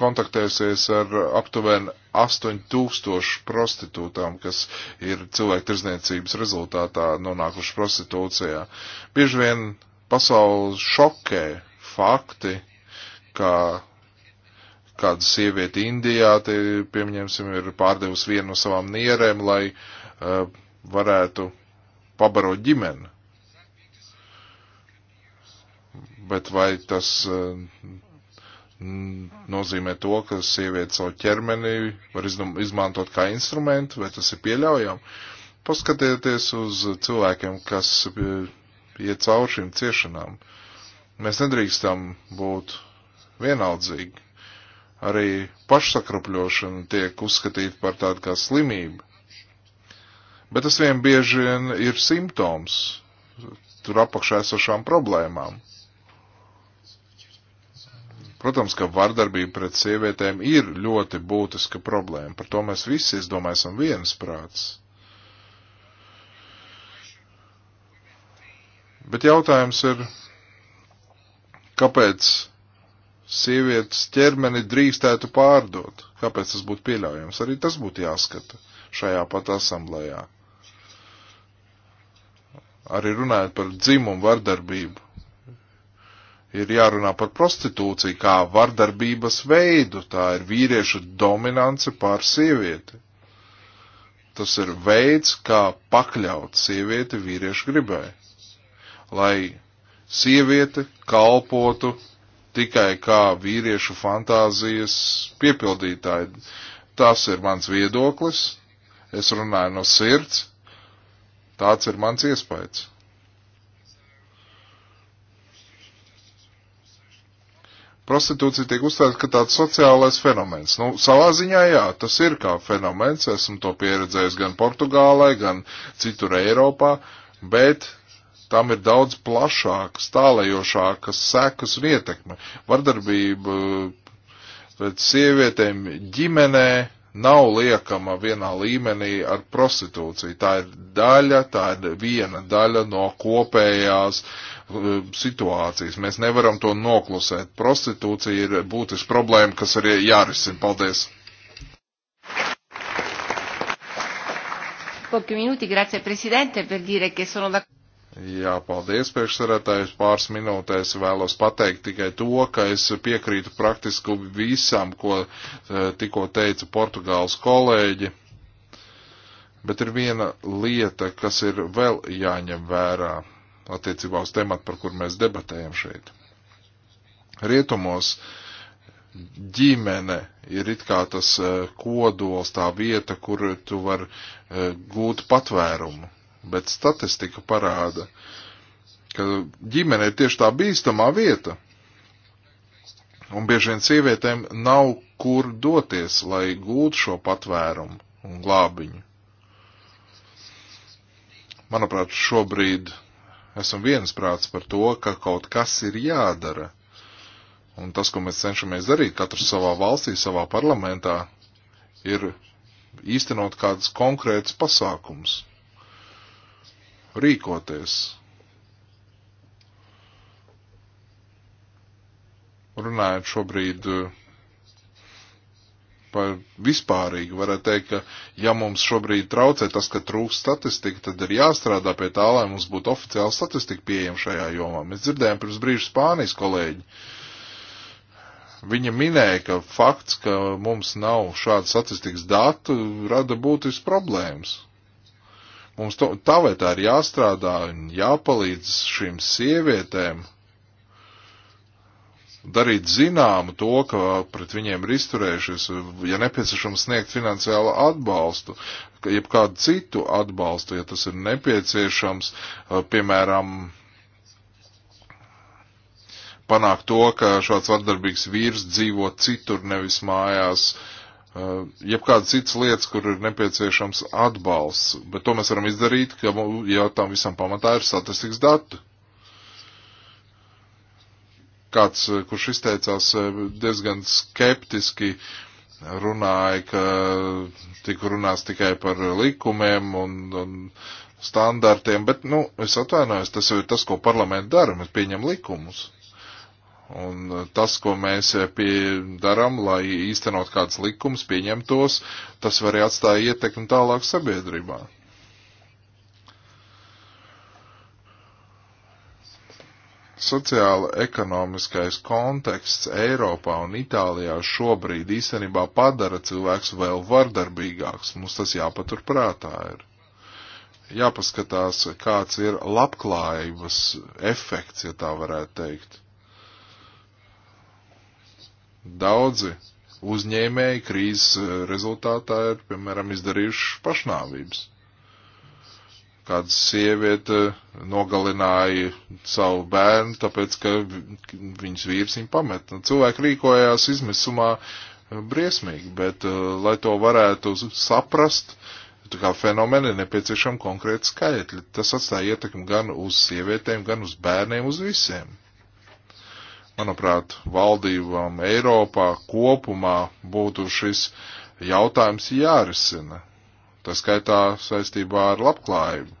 kontaktējusies ar aptuveni 8000 prostitūtām, kas ir cilvēku tirzniecības rezultātā nonākuši prostitūcijā. Bieži vien pasaules šokē fakti, ka kāda sieviete Indijā, te, pieņemsim, ir pārdevusi vienu no savām nierēm, lai uh, varētu pabarot ģimeni. Bet vai tas uh, Mm, nozīmē to, ka sieviete savu ķermeni var izmantot kā instrumentu, vai tas ir pieļaujami. Paskatieties uz cilvēkiem, kas iet cauri šīm ciešanām. Mēs nedrīkstam būt vienaldzīgi. Arī pašsakrupļošana tiek uzskatīta par tādu kā slimību. Bet tas vien bieži vien ir simptoms tur apakšā esošām problēmām Protams, ka vardarbība pret sievietēm ir ļoti būtiska problēma. Par to mēs visi, es domāju, esam viensprāts. Bet jautājums ir, kāpēc sievietes ķermeni drīkstētu pārdot? Kāpēc tas būtu pieļaujams? Arī tas būtu jāskata šajā pat asamblējā. Arī runājot par dzimumu vardarbību ir jārunā par prostitūciju kā vardarbības veidu. Tā ir vīriešu dominance pār sievieti. Tas ir veids, kā pakļaut sievieti vīriešu gribai. Lai sieviete kalpotu tikai kā vīriešu fantāzijas piepildītāji. Tas ir mans viedoklis. Es runāju no sirds. Tāds ir mans iespējas. prostitūcija tiek uztvērta kā tāds sociālais fenomens. Nu, savā ziņā jā, tas ir kā fenomens, esmu to pieredzējis gan Portugālē, gan citur Eiropā, bet tam ir daudz plašākas, tālējošākas sekas un ietekme. Vardarbība pret sievietēm ģimenē nav liekama vienā līmenī ar prostitūciju. Tā ir daļa, tā ir viena daļa no kopējās uh, Eh, situācijas. Mēs nevaram to noklusēt. Prostitūcija ir būtiska problēma, kas arī jārisina. Paldies! Pochi minuti, grazie Presidente, per dire che sono d'accordo. Jā, paldies, priekšsarētājs. Pāris minūtēs vēlos pateikt tikai to, ka es piekrītu praktiski visam, ko eh, tikko teica Portugāles kolēģi. Bet ir viena lieta, kas ir vēl jāņem vērā attiecībā uz tematu, par kur mēs debatējam šeit. Rietumos ģimene ir it kā tas e, kodols, tā vieta, kur tu var e, gūt patvērumu, bet statistika parāda, ka ģimene ir tieši tā bīstamā vieta. Un bieži vien sievietēm nav kur doties, lai gūtu šo patvērumu un glābiņu. Manuprāt, šobrīd esam viensprāts par to, ka kaut kas ir jādara. Un tas, ko mēs cenšamies darīt katrs savā valstī, savā parlamentā, ir īstenot kādus konkrētus pasākums, rīkoties. Runājot šobrīd uh, par vispārīgu. Varētu teikt, ka ja mums šobrīd traucē tas, ka trūks statistika, tad ir jāstrādā pie tā, lai mums būtu oficiāla statistika pieejama šajā jomā. Mēs dzirdējām pirms brīža Spānijas kolēģi. Viņa minēja, ka fakts, ka mums nav šādu statistikas datu, rada būtisks problēmas. Mums to, tā vai tā ir jāstrādā un jāpalīdz šīm sievietēm, darīt zināmu to, ka pret viņiem ir izturējušies, ja nepieciešams sniegt finansiālu atbalstu, jeb kādu citu atbalstu, ja tas ir nepieciešams, piemēram, panākt to, ka šāds vardarbīgs vīrs dzīvo citur, nevis mājās, jeb kādas citas lietas, kur ir nepieciešams atbalsts. Bet to mēs varam izdarīt, ja, ja tam visam pamatā ir statistikas datu kāds, eh, kurš izteicās eh, diezgan skeptiski, runāja, ka tik runās tikai par likumiem un, un standartiem, bet, nu, es atvainojos, tas jau ir tas, ko parlamenti dara, mēs pieņem likumus. Un eh, tas, ko mēs pie, daram, lai īstenot kāds likums pieņemtos, tas var arī atstāja ietekmi tālāk sabiedrībā. Sociāla-ekonomiskais konteksts Eiropā un Itālijā šobrīd īstenībā padara cilvēks vēl vardarbīgāks. Mums tas jāpatur prātā ir. Jāpaskatās, kāds ir labklājības efekts, ja tā varētu teikt. Daudzi uzņēmēji krīzes eh, rezultātā ir, piemēram, izdarījuši pašnāvības kāda sieviete nogalināja savu bērnu, tāpēc, ka viņas vīrs viņu pamet. Nu, cilvēki rīkojās izmisumā eh, briesmīgi, bet, eh, lai to varētu saprast, kā fenomeni ir nepieciešami konkrēti skaitļi. Tas atstāja ietekmi gan uz sievietēm, gan uz bērniem, uz visiem. Manuprāt, valdībām Eiropā kopumā būtu šis jautājums jārisina. Tā skaitā saistībā ar labklājību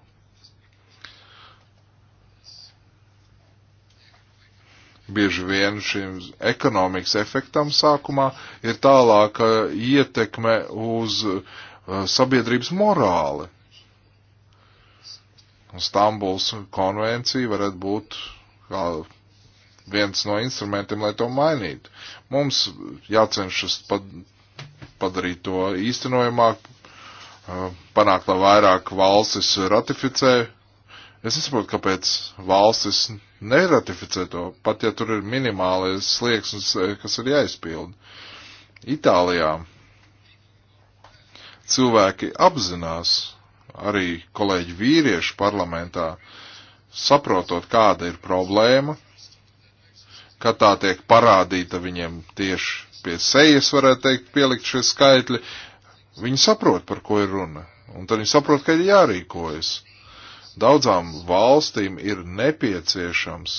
bieži vien šim ekonomikas efektam sākumā ir tālāka ietekme uz uh, sabiedrības morāli. Stambuls konvencija varētu būt kā viens no instrumentiem, lai to mainītu. Mums jācenšas padarīt to īstenojamāk, uh, panākt, lai vairāk valstis ratificē Es saprotu, kāpēc valstis neratificē to, pat ja tur ir minimālais slieksnis, eh, kas ir jāizpilda. Itālijā cilvēki apzinās, arī kolēģi vīrieši parlamentā, saprotot, kāda ir problēma, ka tā tiek parādīta viņiem tieši pie sejas, varētu teikt, pielikt šie skaitļi, viņi saprot, par ko ir runa. Un tad viņi saprot, ka ir jārīkojas. Daudzām valstīm ir nepieciešams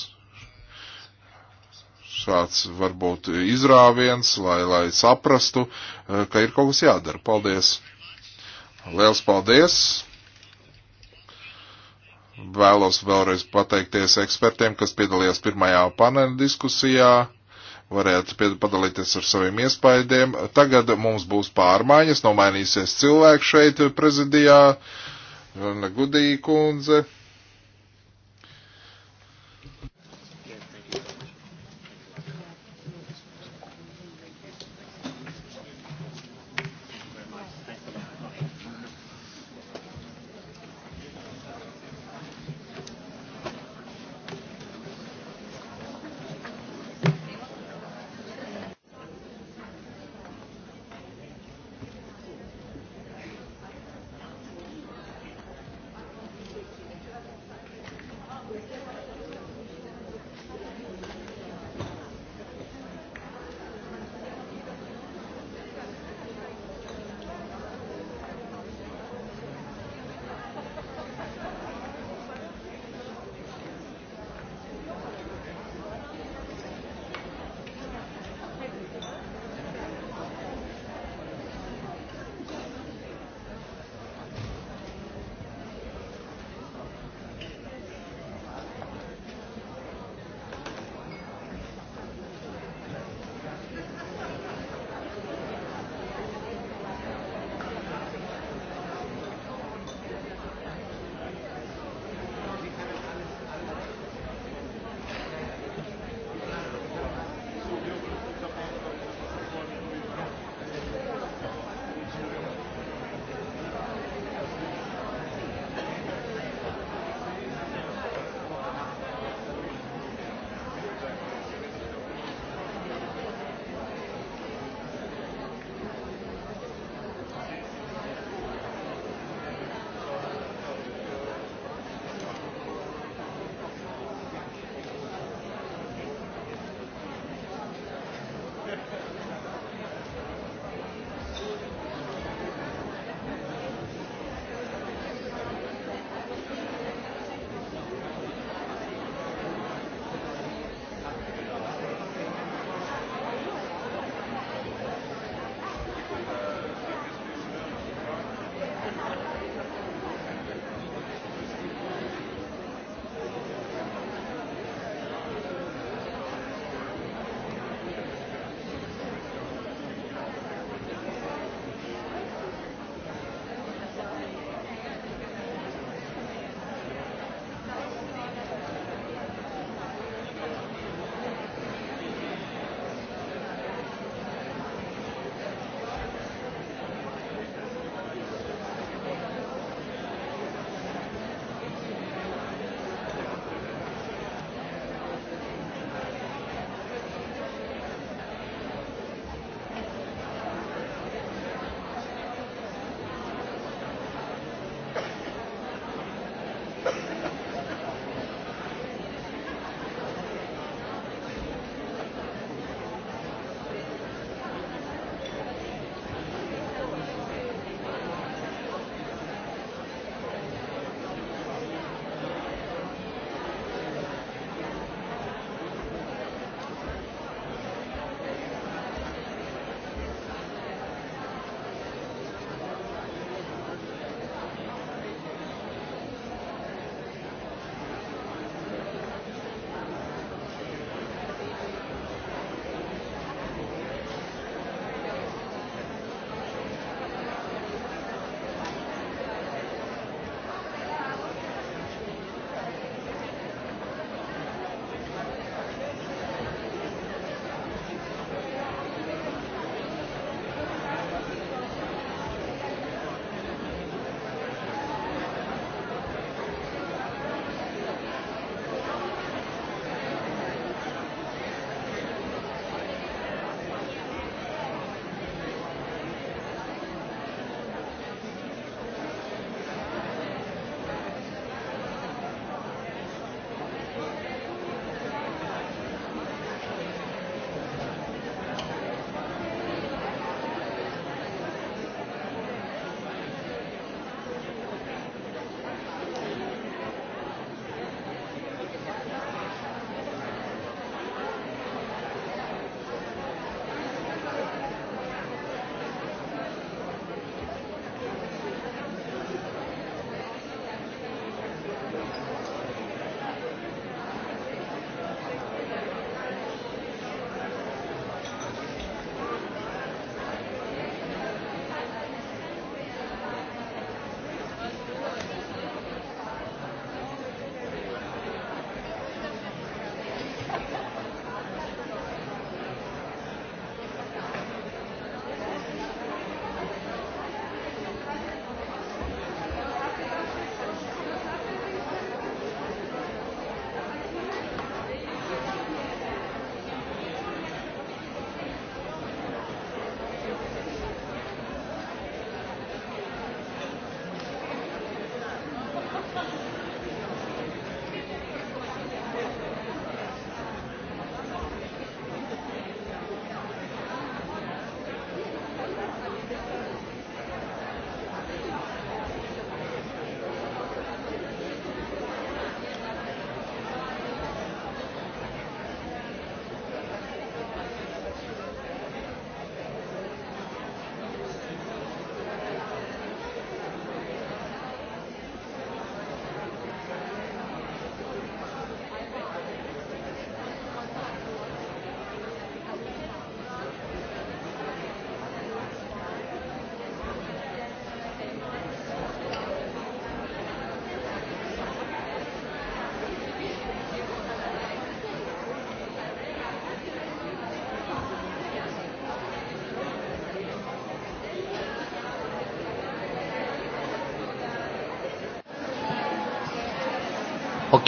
šāds varbūt izrāviens, lai, lai saprastu, eh, ka ir kaut kas jādara. Paldies! Liels paldies! Vēlos vēlreiz pateikties ekspertiem, kas piedalījās pirmajā paneļa diskusijā, varētu padalīties ar saviem iespaidiem. Tagad mums būs pārmaiņas, nomainīsies cilvēki šeit prezidijā. Žana Gudīja kundze.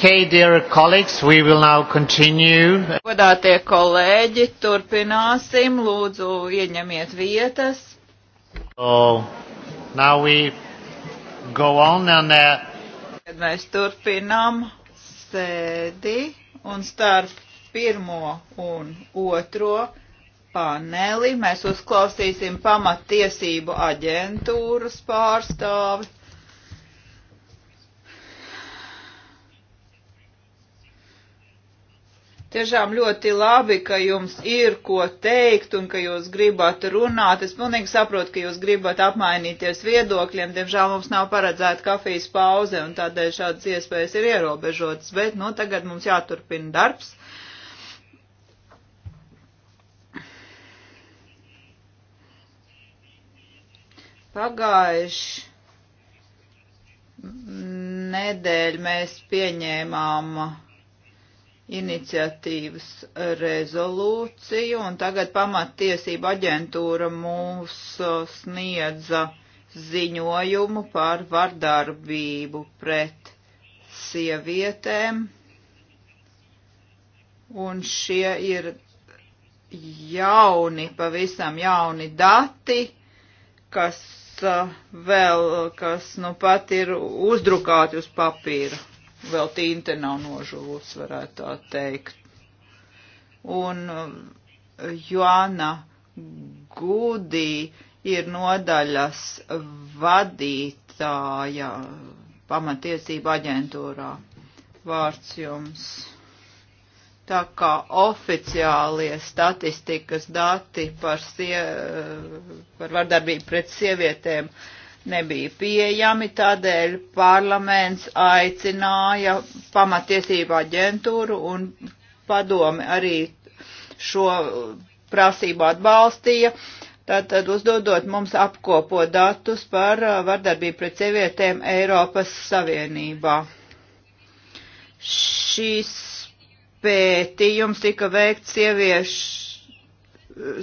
Okay, dear colleagues, we will now continue. Godātie kolēģi, turpināsim, lūdzu, ieņemiet vietas. So, now we go on and... Uh... Kad mēs turpinām sēdi un starp pirmo un otro paneli mēs uzklausīsim pamatiesību aģentūras pārstāvi. Tiešām ļoti labi, ka jums ir ko teikt un ka jūs gribat runāt. Es pilnīgi saprotu, ka jūs gribat apmainīties viedokļiem. Diemžēl mums nav paredzēta kafijas pauze un tādēļ šādas iespējas ir ierobežotas. Bet, nu, tagad mums jāturpina darbs. Pagājuši nedēļ mēs pieņēmām uh, iniciatīvas rezolūciju, un tagad pamattiesība aģentūra mūs sniedza ziņojumu par vardarbību pret sievietēm, un šie ir jauni, pavisam jauni dati, kas vēl, kas nu pat ir uzdrukāti uz papīra vēl tinte nav nožuvusi, varētu tā teikt. Un uh, Joana Gudī ir nodaļas vadītāja pamatiesība aģentūrā. Vārds jums. Tā kā oficiālie statistikas dati par, sie, uh, par vardarbību pret sievietēm uh, nebija pieejami, tādēļ parlaments aicināja pamatiesību aģentūru un padomi arī šo prasību atbalstīja. Tātad uzdodot mums apkopot datus par uh, vardarbību pret sievietēm Eiropas Savienībā. Šis pētījums tika veikts sieviešu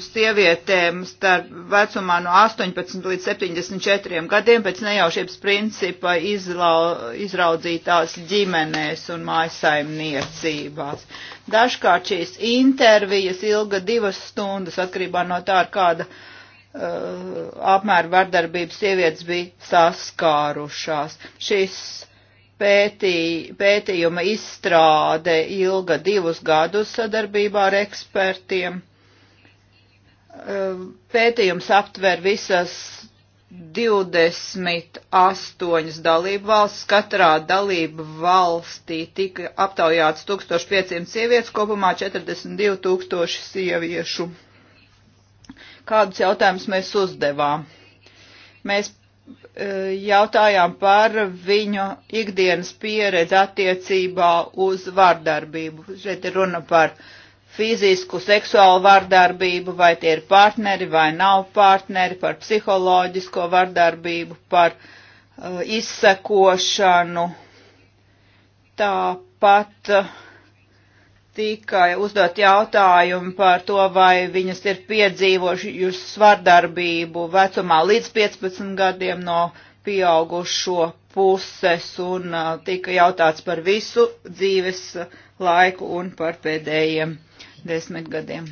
sievietēm starp vecumā no 18 līdz 74 gadiem pēc nejaušības principa izlau, izraudzītās ģimenēs un mājasaimniecībās. Dažkārt šīs intervijas ilga divas stundas atkarībā no tā, ar kāda uh, apmēra vardarbības sievietes bija saskārušās. Šis pētī, pētījuma izstrāde ilga divus gadus sadarbībā ar ekspertiem Um, pētījums aptver visas 28 dalību valsts. Katrā dalību valstī tika aptaujāts 1500 sievietes, kopumā 42 tūkstoši sieviešu. Kādus jautājumus mēs uzdevām? Mēs e, jautājām par viņu ikdienas pieredzi attiecībā uz vardarbību. Šeit ir runa par uh, fizisku, seksuālu vardarbību, vai tie ir partneri vai nav partneri, par psiholoģisko vardarbību, par uh, izsekošanu. Tāpat uh, tika uzdot jautājumu par to, vai viņas ir piedzīvojušas vardarbību vecumā līdz 15 gadiem no pieaugušo puses un uh, tika jautāts par visu dzīves uh, laiku un par pēdējiem desmitgadiem.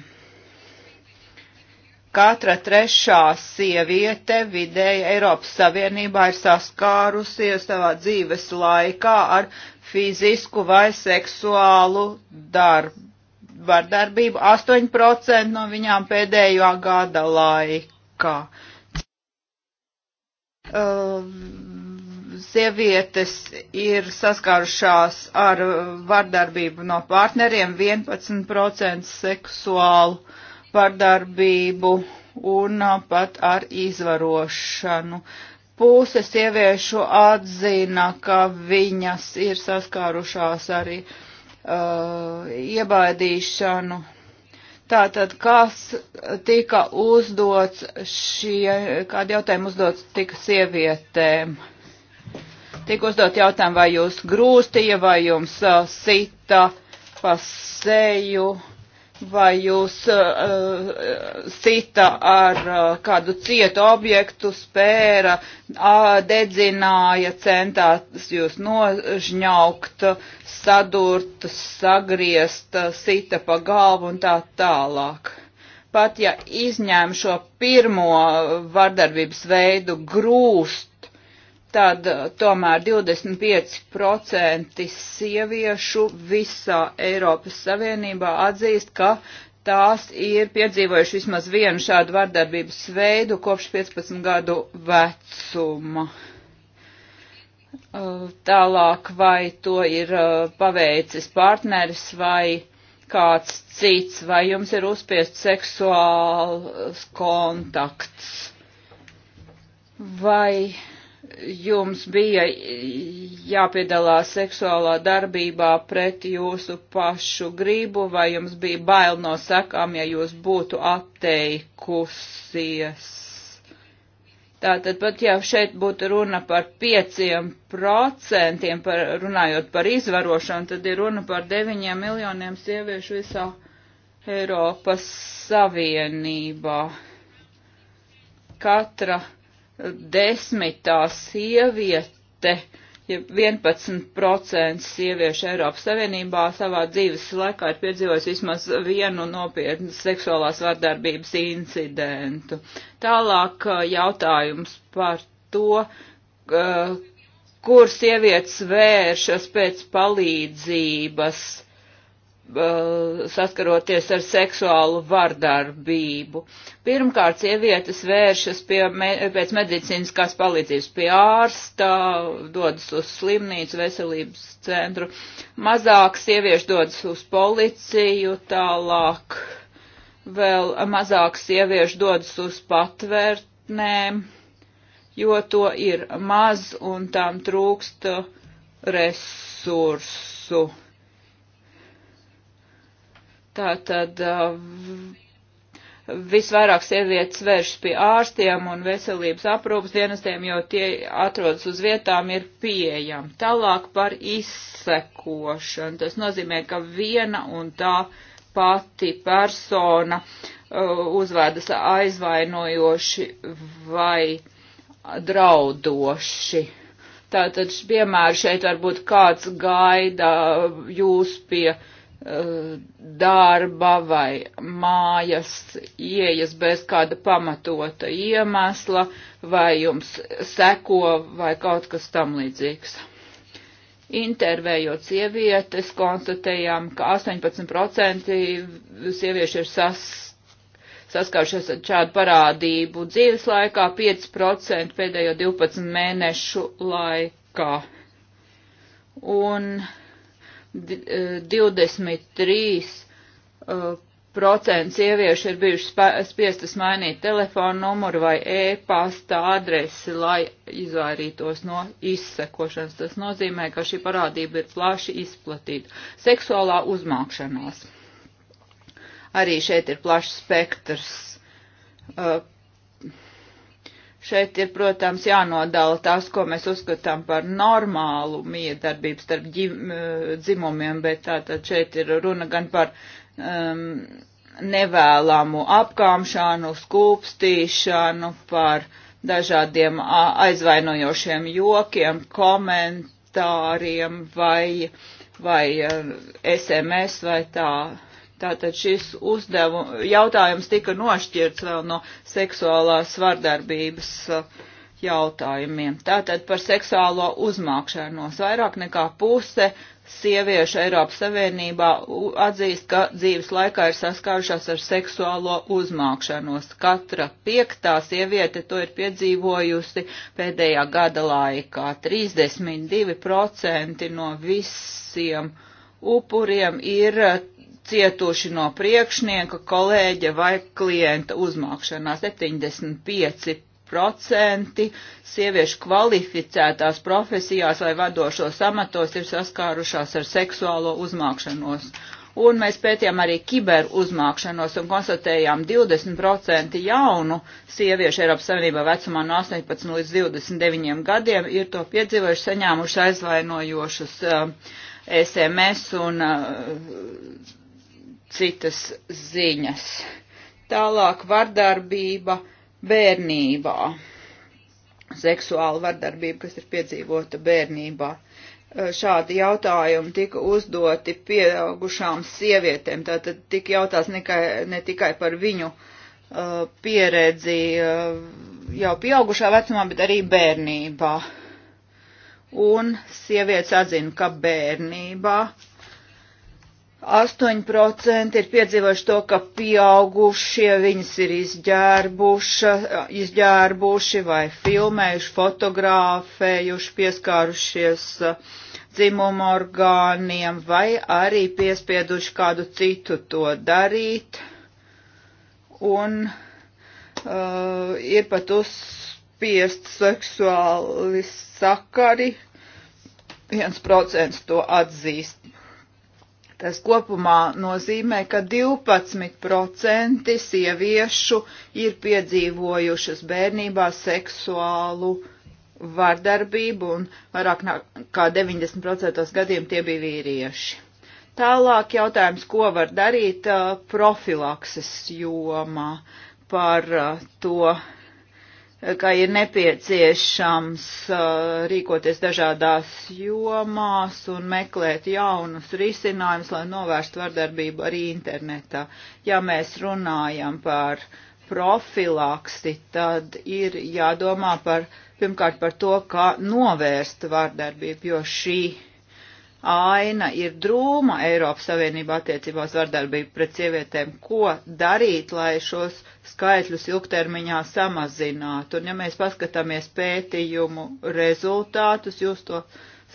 Katra trešā sieviete vidēja Eiropas Savienībā ir saskārusies savā dzīves laikā ar fizisku vai seksuālu darbu. Vardarbību 8% no viņām pēdējo gada laikā. Uh, sievietes ir saskārušās ar vardarbību no partneriem, 11% seksuālu vardarbību un pat ar izvarošanu. Puse sieviešu atzina, ka viņas ir saskārušās arī uh, iebaidīšanu. Tātad, kas tika uzdots šie, kādi jautājumi uzdots tika sievietēm? Uh, Tik uzdot jautājumu, vai jūs grūstīja, vai jums sita pa seju, vai jūs uh, sita ar uh, kādu cietu objektu, spēra, uh, dedzināja, centās jūs nožņaukt, sadurt, sagriezt, sita pa galvu un tā tālāk pat ja izņēmu šo pirmo vardarbības veidu grūst tad eh, tomēr 25% sieviešu visā Eiropas Savienībā atzīst, ka tās ir piedzīvojuši vismaz vienu šādu vardarbības veidu kopš 15 gadu vecuma. Eh, tālāk vai to ir eh, paveicis partneris vai kāds cits, vai jums ir uzspiest seksuāls kontakts, vai jums bija jāpiedalās seksuālā darbībā pret jūsu pašu gribu, vai jums bija bail no sekām, ja jūs būtu atteikusies. Tātad pat jau šeit būtu runa par pieciem procentiem, par, runājot par izvarošanu, tad ir runa par deviņiem miljoniem sieviešu visā Eiropas Savienībā. Katra desmitā sieviete, ja 11% sieviešu Eiropas Savienībā savā dzīves laikā ir piedzīvojis vismaz vienu nopietnu seksuālās vardarbības incidentu. Tālāk eh, jautājums par to, eh, kur sievietes vēršas pēc palīdzības saskaroties ar seksuālu vardarbību. Pirmkārt, sievietes vēršas pie, me, pēc medicīniskās palīdzības pie ārsta, dodas uz slimnīcu, veselības centru. Mazāk sieviešu dodas uz policiju, tālāk vēl mazāk sieviešu dodas uz patvērtnēm, jo to ir maz un tām trūkst resursu Tātad uh, visvairāk sievietes vēršas pie ārstiem un veselības aprūpas dienestiem, jo tie atrodas uz vietām, ir pieejami. Tālāk par izsekošanu. Tas nozīmē, ka viena un tā pati persona uh, uzvedas aizvainojoši vai draudoši. Tātad, piemēram, šeit varbūt kāds gaida uh, jūs pie uh, darba vai mājas ieejas bez kāda pamatota iemesla, vai jums seko vai kaut kas tam līdzīgs. Intervējot sievietes, konstatējām, ka 18% sieviešu ir sas, saskāršies ar šādu parādību dzīves laikā, 5% pēdējo 12 mēnešu laikā. Un uh, 23 eh, eh, procents sieviešu ir bijušas spiestas mainīt telefonu numuru vai e-pasta adresi, lai izvairītos no izsekošanas. Tas nozīmē, ka šī parādība ir plaši izplatīta. Seksuālā uzmākšanās. Arī šeit ir plašs spektrs. Uh, Šeit ir, protams, jānodala tās, ko mēs uzskatām par normālu miedarbību starp ģim, eh, dzimumiem, bet tātad šeit ir runa gan par um, nevēlamu apkāmšanu, skūpstīšanu, par dažādiem aizvainojošiem jokiem, komentāriem vai, vai SMS eh, vai tā Tātad šis uzdevu, jautājums tika nošķirts vēl no seksuālās vardarbības uh, jautājumiem. Tātad par seksuālo uzmākšanos vairāk nekā puse sieviešu Eiropas Savienībā atzīst, ka dzīves laikā ir saskārušās ar seksuālo uzmākšanos. Katra piektā sieviete to ir piedzīvojusi pēdējā gada laikā. 32% no visiem upuriem ir cietuši no priekšnieka, kolēģa vai klienta uzmākšanā. 75% sieviešu kvalificētās profesijās vai vadošos amatos ir saskārušās ar seksuālo uzmākšanos. Un mēs pētījām arī kiberuzmākšanos un konstatējām 20% jaunu sieviešu Eiropas Savienībā vecumā no 18 līdz 29 gadiem ir to piedzīvojuši, saņēmuši aizvainojošus uh, SMS un uh, citas ziņas. Tālāk vardarbība bērnībā, seksuāla vardarbība, kas ir piedzīvota bērnībā. Šādi jautājumi tika uzdoti pieaugušām sievietēm, tātad tika jautās nekai, ne tikai par viņu uh, pieredzi uh, jau pieaugušā vecumā, bet arī bērnībā. Un sievietes atzina, ka bērnībā uh, 8% ir piedzīvojuši to, ka pieaugušie viņas ir izģērbuši vai filmējuši, fotografējuši, pieskārušies uh, dzimumu orgāniem vai arī piespieduši kādu citu to darīt. Un uh, ir pat uzspiest seksuāli sakari, 1% to atzīst Tas kopumā nozīmē, ka 12% sieviešu ir piedzīvojušas bērnībā seksuālu vardarbību un vairāk nekā 90% gadiem tie bija vīrieši. Tālāk jautājums, ko var darīt uh, profilakses jomā par uh, to ka ir nepieciešams uh, rīkoties dažādās jomās un meklēt jaunus risinājumus, lai novērstu vardarbību arī internetā. Ja mēs runājam par profilaksti, tad ir jādomā par, pirmkārt par to, kā novērst vardarbību, jo šī aina ir drūma Eiropas Savienībā attiecībā uz vardarbību pret sievietēm, ko darīt, lai šos skaitļus ilgtermiņā samazinātu. Un ja mēs paskatāmies pētījumu rezultātus, jūs to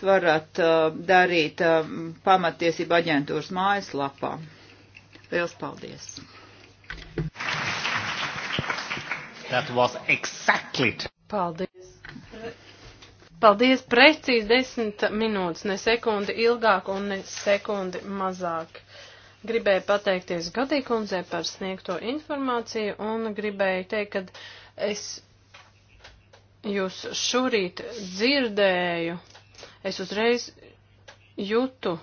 varat uh, darīt uh, pamatiesība aģentūras mājaslapā. Liels paldies! That was exactly. Paldies. Paldies, precīzi desmit minūtes, ne sekundi ilgāk un ne sekundi mazāk. Gribēju pateikties Gatīkundzē par sniegto informāciju un gribēju teikt, ka es jūs šorīt dzirdēju, es uzreiz jutu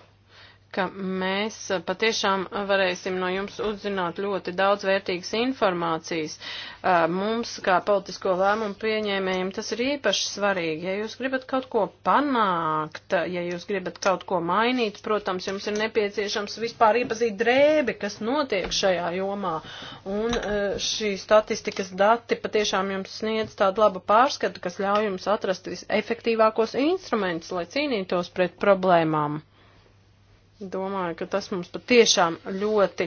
ka mēs patiešām varēsim no jums uzzināt ļoti daudz vērtīgas informācijas. Mums, kā politisko lēmumu pieņēmējiem, tas ir īpaši svarīgi. Ja jūs gribat kaut ko panākt, ja jūs gribat kaut ko mainīt, protams, jums ir nepieciešams vispār iepazīt drēbi, kas notiek šajā jomā. Un šī statistikas dati patiešām jums sniedz tādu labu pārskatu, kas ļauj jums atrast visefektīvākos instrumentus, lai cīnītos pret problēmām. Domāju, ka tas mums patiešām ļoti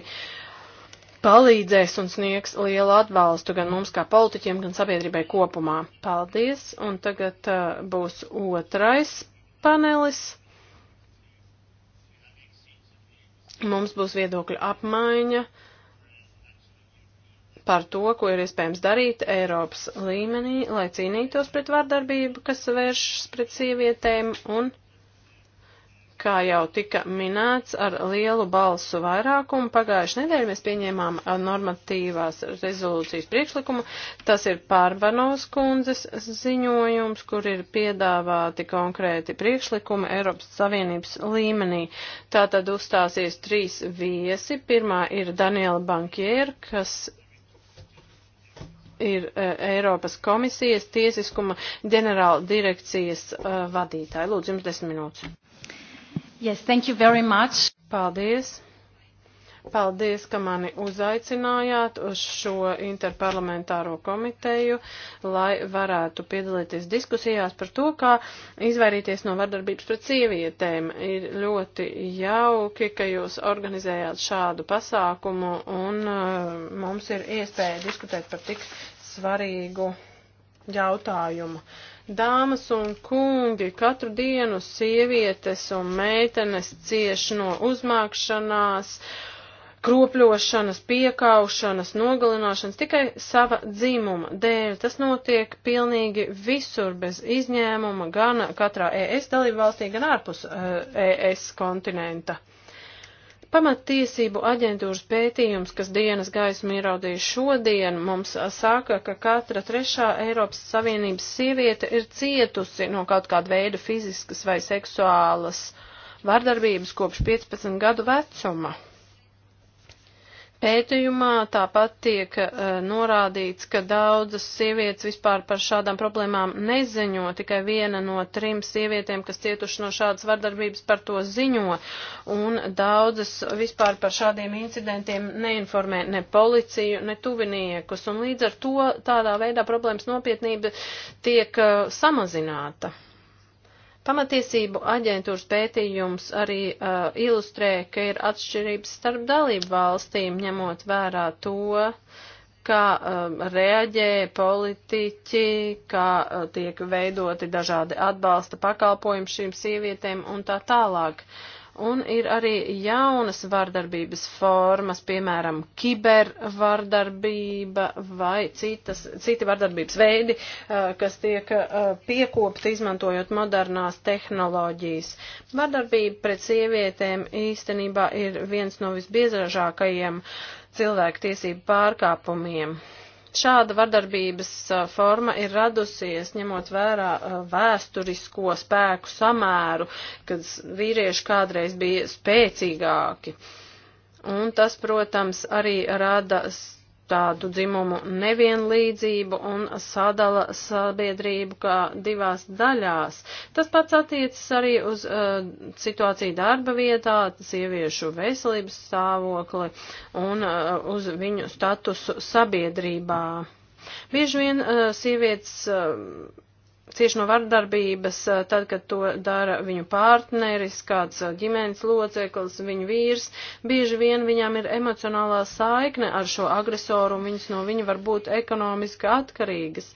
palīdzēs un sniegs lielu atbalstu gan mums kā politiķiem, gan sabiedrībai kopumā. Paldies! Un tagad uh, būs otrais panelis. Mums būs viedokļa apmaiņa par to, ko ir iespējams darīt Eiropas līmenī, lai cīnītos pret vārdarbību, kas vēršas pret sievietēm, un Kā jau tika minēts, ar lielu balsu vairākumu pagājušajā nedēļā mēs pieņēmām uh, normatīvās rezolūcijas priekšlikumu. Tas ir Pārvanovs kundzes ziņojums, kur ir piedāvāti konkrēti priekšlikumi Eiropas Savienības līmenī. Tātad uzstāsies trīs viesi. Pirmā ir Daniela Bankier, kas ir uh, Eiropas komisijas tiesiskuma ģenerāla direkcijas uh, vadītāja. Lūdzu, jums desmit minūtes. Yes, thank you very much. Paldies. Paldies, ka mani uzaicinājāt uz šo interparlamentāro komiteju, lai varētu piedalīties diskusijās par to, kā izvairīties no vardarbības pret sievietēm. Ir ļoti jauki, ka jūs organizējāt šādu pasākumu un uh, mums ir iespēja diskutēt par tik svarīgu jautājumu. Uh, Dāmas un kungi, katru dienu sievietes un meitenes cieš no uzmākšanās, kropļošanas, piekaušanas, nogalināšanas tikai sava dzimuma dēļ. Tas notiek pilnīgi visur bez izņēmuma, gan katrā ES dalību valstī, gan ārpus ES eh, e kontinenta. Pamattiesību aģentūras pētījums, kas dienas gaismu ieraudīja šodien, mums saka, ka katra trešā Eiropas Savienības sieviete ir cietusi no kaut kāda veida fiziskas vai seksuālas vardarbības kopš 15 gadu vecuma. Pētījumā tāpat tiek uh, norādīts, ka daudzas sievietes vispār par šādām problēmām neziņo, tikai viena no trim sievietēm, kas cietuši no šādas vardarbības, par to ziņo, un daudzas vispār par šādiem incidentiem neinformē ne policiju, ne tuviniekus, un līdz ar to tādā veidā problēmas nopietnība tiek uh, samazināta. Pamatiesību aģentūras pētījums arī uh, ilustrē, ka ir atšķirības starp dalību valstīm, ņemot vērā to, kā uh, reaģē politiķi, kā uh, tiek veidoti dažādi atbalsta pakalpojumi šīm sievietēm un tā tālāk. Uh, Un ir arī jaunas vardarbības formas, piemēram, kibervardarbība vai citas, citi vardarbības veidi, kas tiek piekopti izmantojot modernās tehnoloģijas. Vardarbība pret sievietēm īstenībā ir viens no visbiežākajiem cilvēku tiesību pārkāpumiem. Šāda vardarbības forma ir radusies ņemot vērā vēsturisko spēku samēru, kad vīrieši kādreiz bija spēcīgāki. Un tas, protams, arī rada tādu dzimumu nevienlīdzību un sadala sabiedrību kā divās daļās. Tas pats attiecas arī uz uh, situāciju darba vietā, sieviešu veselības stāvokli un uh, uz viņu statusu sabiedrībā. Bieži vien uh, sievietes. Uh, cieši no vardarbības, eh, tad, kad to dara viņu partneris, kāds eh, ģimenes loceklis, viņu vīrs, bieži vien viņām ir emocionālā saikne ar šo agresoru un viņas no viņa var būt ekonomiski atkarīgas.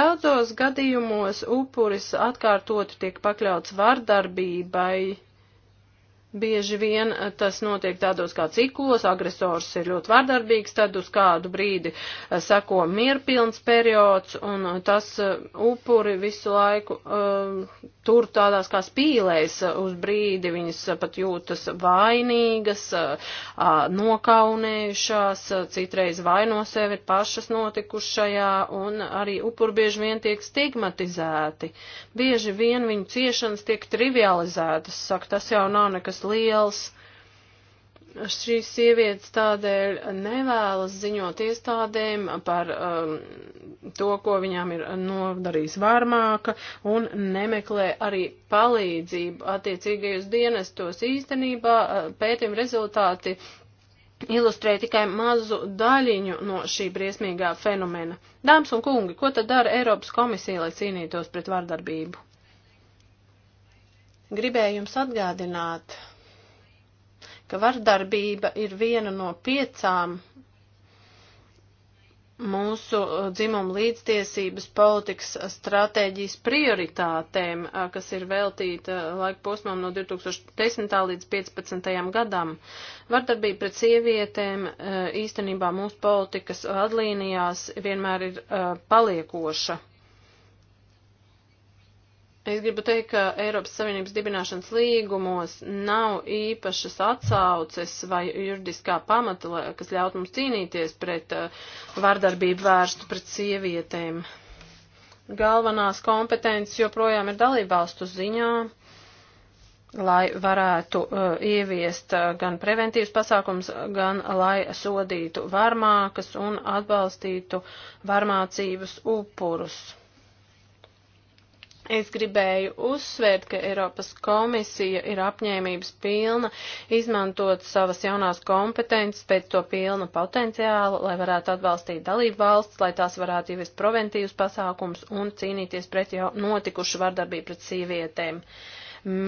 Daudzos gadījumos upuris atkārtoti tiek pakļauts vardarbībai, Bieži vien eh, tas notiek tādos kā ciklos, agresors ir ļoti vardarbīgs, tad uz kādu brīdi eh, seko mierpilns periods, un eh, tas upuri visu laiku uh, tur tādās kā spīlēs uz brīdi, viņas pat jūtas vainīgas, nokaunējušās, citreiz vaino sevi pašas notikušajā, un arī upuri bieži vien tiek stigmatizēti. Bieži vien viņu ciešanas tiek trivializētas, saka, tas jau nav nekas liels šīs sievietes tādēļ nevēlas ziņot iestādēm par um, to, ko viņām ir nodarījis varmāka, un nemeklē arī palīdzību attiecīgajos dienestos. Īstenībā uh, pētījuma rezultāti ilustrē tikai mazu daļiņu no šī briesmīgā fenomena. Dāmas un kungi, ko tad dara Eiropas komisija, lai cīnītos pret vardarbību? Gribēju jums atgādināt ka vardarbība ir viena no piecām mūsu uh, dzimumu līdztiesības politikas stratēģijas prioritātēm, uh, kas ir veltīta uh, laika posmām no 2010. līdz 2015. gadam. Vardarbība pret sievietēm īstenībā mūsu politikas vadlīnijās vienmēr ir paliekoša. Es gribu teikt, ka Eiropas Savienības dibināšanas līgumos nav īpašas atsauces vai juridiskā pamata, kas ļaut mums cīnīties pret uh, vardarbību vērstu pret sievietēm. Galvenās kompetences joprojām ir dalībvalstu ziņā lai varētu uh, ieviest uh, gan preventīvas pasākums, gan lai sodītu varmākas un atbalstītu varmācības upurus. Es gribēju uzsvērt, ka Eiropas komisija ir apņēmības pilna izmantot savas jaunās kompetences pēc to pilna potenciāla, lai varētu atbalstīt dalību valsts, lai tās varētu ieviest preventīvas pasākums un cīnīties pret jau notikušu vardarbību pret sievietēm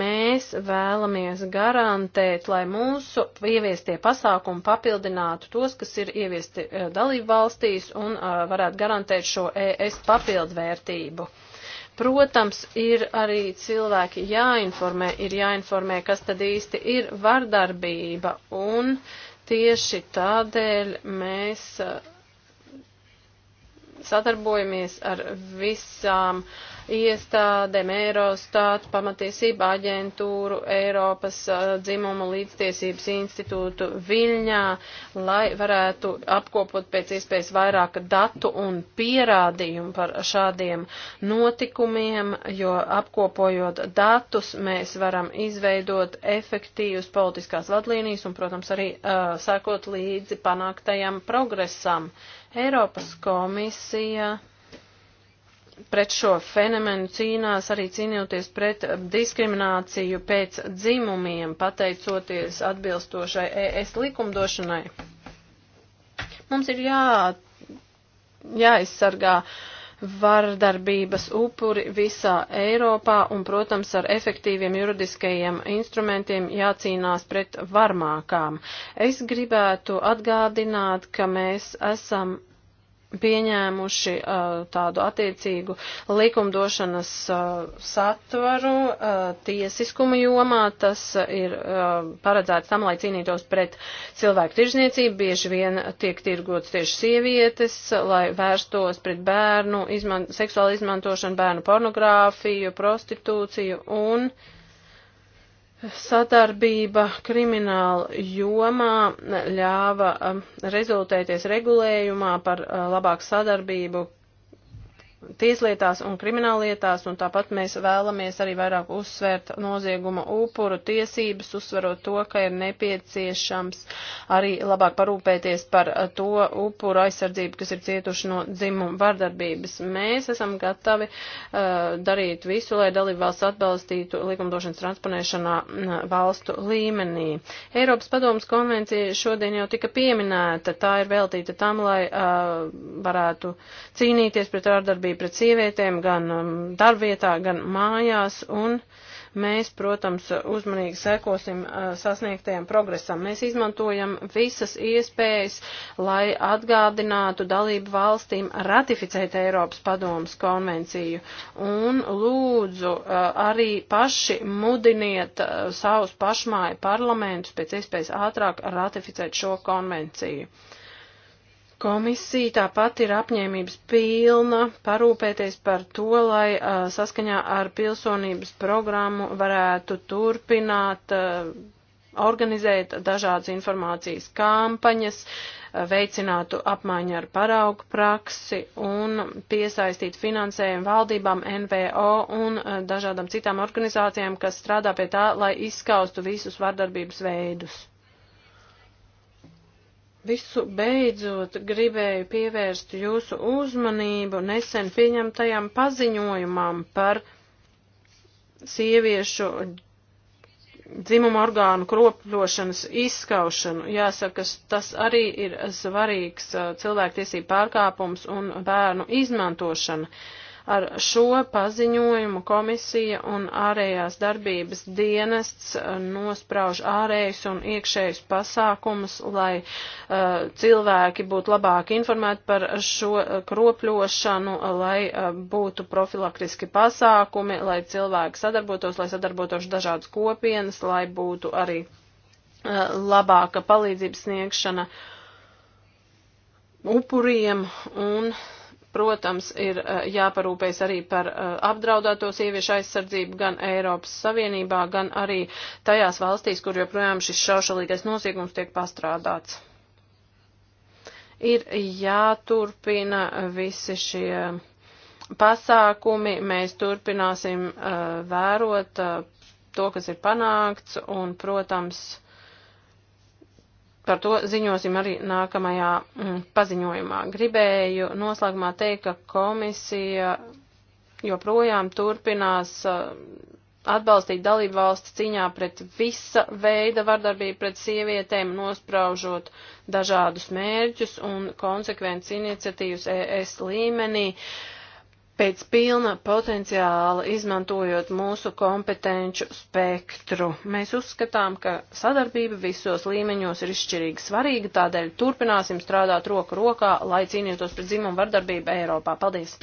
mēs vēlamies garantēt, lai mūsu ieviestie pasākumi papildinātu tos, kas ir ieviesti eh, dalību valstīs un eh, varētu garantēt šo ES papildvērtību. Protams, ir arī cilvēki jāinformē, ir jāinformē, kas tad īsti ir vardarbība, un tieši tādēļ mēs uh, sadarbojamies ar visām uh, iestādēm, Eurostātu, pamatiesību aģentūru, Eiropas dzimumu līdztiesības institūtu Viļņā, lai varētu apkopot pēc iespējas vairāk datu un pierādījumu par šādiem notikumiem, jo apkopojot datus mēs varam izveidot efektīvas politiskās vadlīnijas un, protams, arī uh, sākot līdzi panāktajam progresam. Eiropas komisija pret šo fenomenu cīnās arī cīnījoties pret diskrimināciju pēc dzimumiem, pateicoties atbilstošai ES likumdošanai. Mums ir jā, jāizsargā vardarbības upuri visā Eiropā un, protams, ar efektīviem juridiskajiem instrumentiem jācīnās pret varmākām. Es gribētu atgādināt, ka mēs esam pieņēmuši uh, tādu attiecīgu likumdošanas uh, satvaru uh, tiesiskuma jomā. Tas ir uh, paredzēts tam, lai cīnītos pret cilvēku tirzniecību. Bieži vien tiek tirgots tieši sievietes, lai vērstos pret bērnu izman seksuālu izmantošanu, bērnu pornogrāfiju, prostitūciju un uh, Sadarbība krimināla jomā ļāva um, rezultēties regulējumā par uh, labāku sadarbību tieslietās un krimināllietās, un tāpat mēs vēlamies arī vairāk uzsvērt nozieguma upuru tiesības, uzsverot to, ka ir nepieciešams arī labāk parūpēties par eh, to upuru aizsardzību, kas ir cietuši no dzimumu vardarbības. Mēs esam gatavi uh, darīt visu, lai dalībvalsts atbalstītu likumdošanas transponēšanā uh, valstu līmenī. Eiropas padomas konvencija šodien jau tika pieminēta, tā ir veltīta tam, lai uh, varētu cīnīties pret ārdarbību arī pret sievietēm gan um, darbvietā, gan mājās. Un, mēs, protams, uzmanīgi sekosim uh, sasniegtajam progresam. Mēs izmantojam visas iespējas, lai atgādinātu dalību valstīm ratificēt Eiropas padomas konvenciju. Un lūdzu uh, arī paši mudiniet uh, savus pašmāju parlamentus pēc iespējas ātrāk ratificēt šo konvenciju. Komisija tāpat ir apņēmības pilna parūpēties par to, lai uh, saskaņā ar pilsonības programmu varētu turpināt uh, organizēt dažādas informācijas kampaņas, veicinātu apmaiņu ar paraugu praksi un piesaistīt finansējumu valdībām, NVO un dažādām citām organizācijām, kas strādā pie tā, lai izskaustu visus vardarbības veidus. Visu beidzot gribēju pievērst jūsu uzmanību nesen pieņemtajam paziņojumam par sieviešu dzimuma orgānu kropļošanas izskaušanu. Jāsaka, tas arī ir svarīgs uh, cilvēktiesību pārkāpums un bērnu izmantošana. Uh, Ar šo paziņojumu komisija un ārējās darbības dienests eh, nosprauž ārējus un iekšējus pasākumus, lai uh, cilvēki būtu labāk informēti par šo eh, kropļošanu, lai uh, būtu profilaktiski pasākumi, lai cilvēki sadarbotos, lai sadarbotos dažādas kopienas, lai būtu arī labāka palīdzības sniegšana upuriem un Protams, ir eh, jāparūpējas arī par eh, apdraudēto sieviešu aizsardzību gan Eiropas Savienībā, gan arī tajās valstīs, kur joprojām šis šaušalīgais nosiegums tiek pastrādāts. Ir jāturpina visi šie pasākumi, mēs turpināsim uh, vērot uh, to, kas ir panākts, un, protams, Par to ziņosim arī nākamajā mm, paziņojumā. Gribēju noslēgumā teikt, ka komisija joprojām turpinās atbalstīt dalību valsts cīņā pret visa veida vardarbību pret sievietēm, nospraužot dažādus mērķus un konsekvences iniciatīvas ES līmenī. Uh, pēc pilna potenciāla izmantojot mūsu kompetenču spektru. Mēs uzskatām, ka sadarbība visos līmeņos ir izšķirīgi svarīga, tādēļ turpināsim strādāt roku rokā, lai cīnītos pret dzimumu vardarbību Eiropā. Paldies!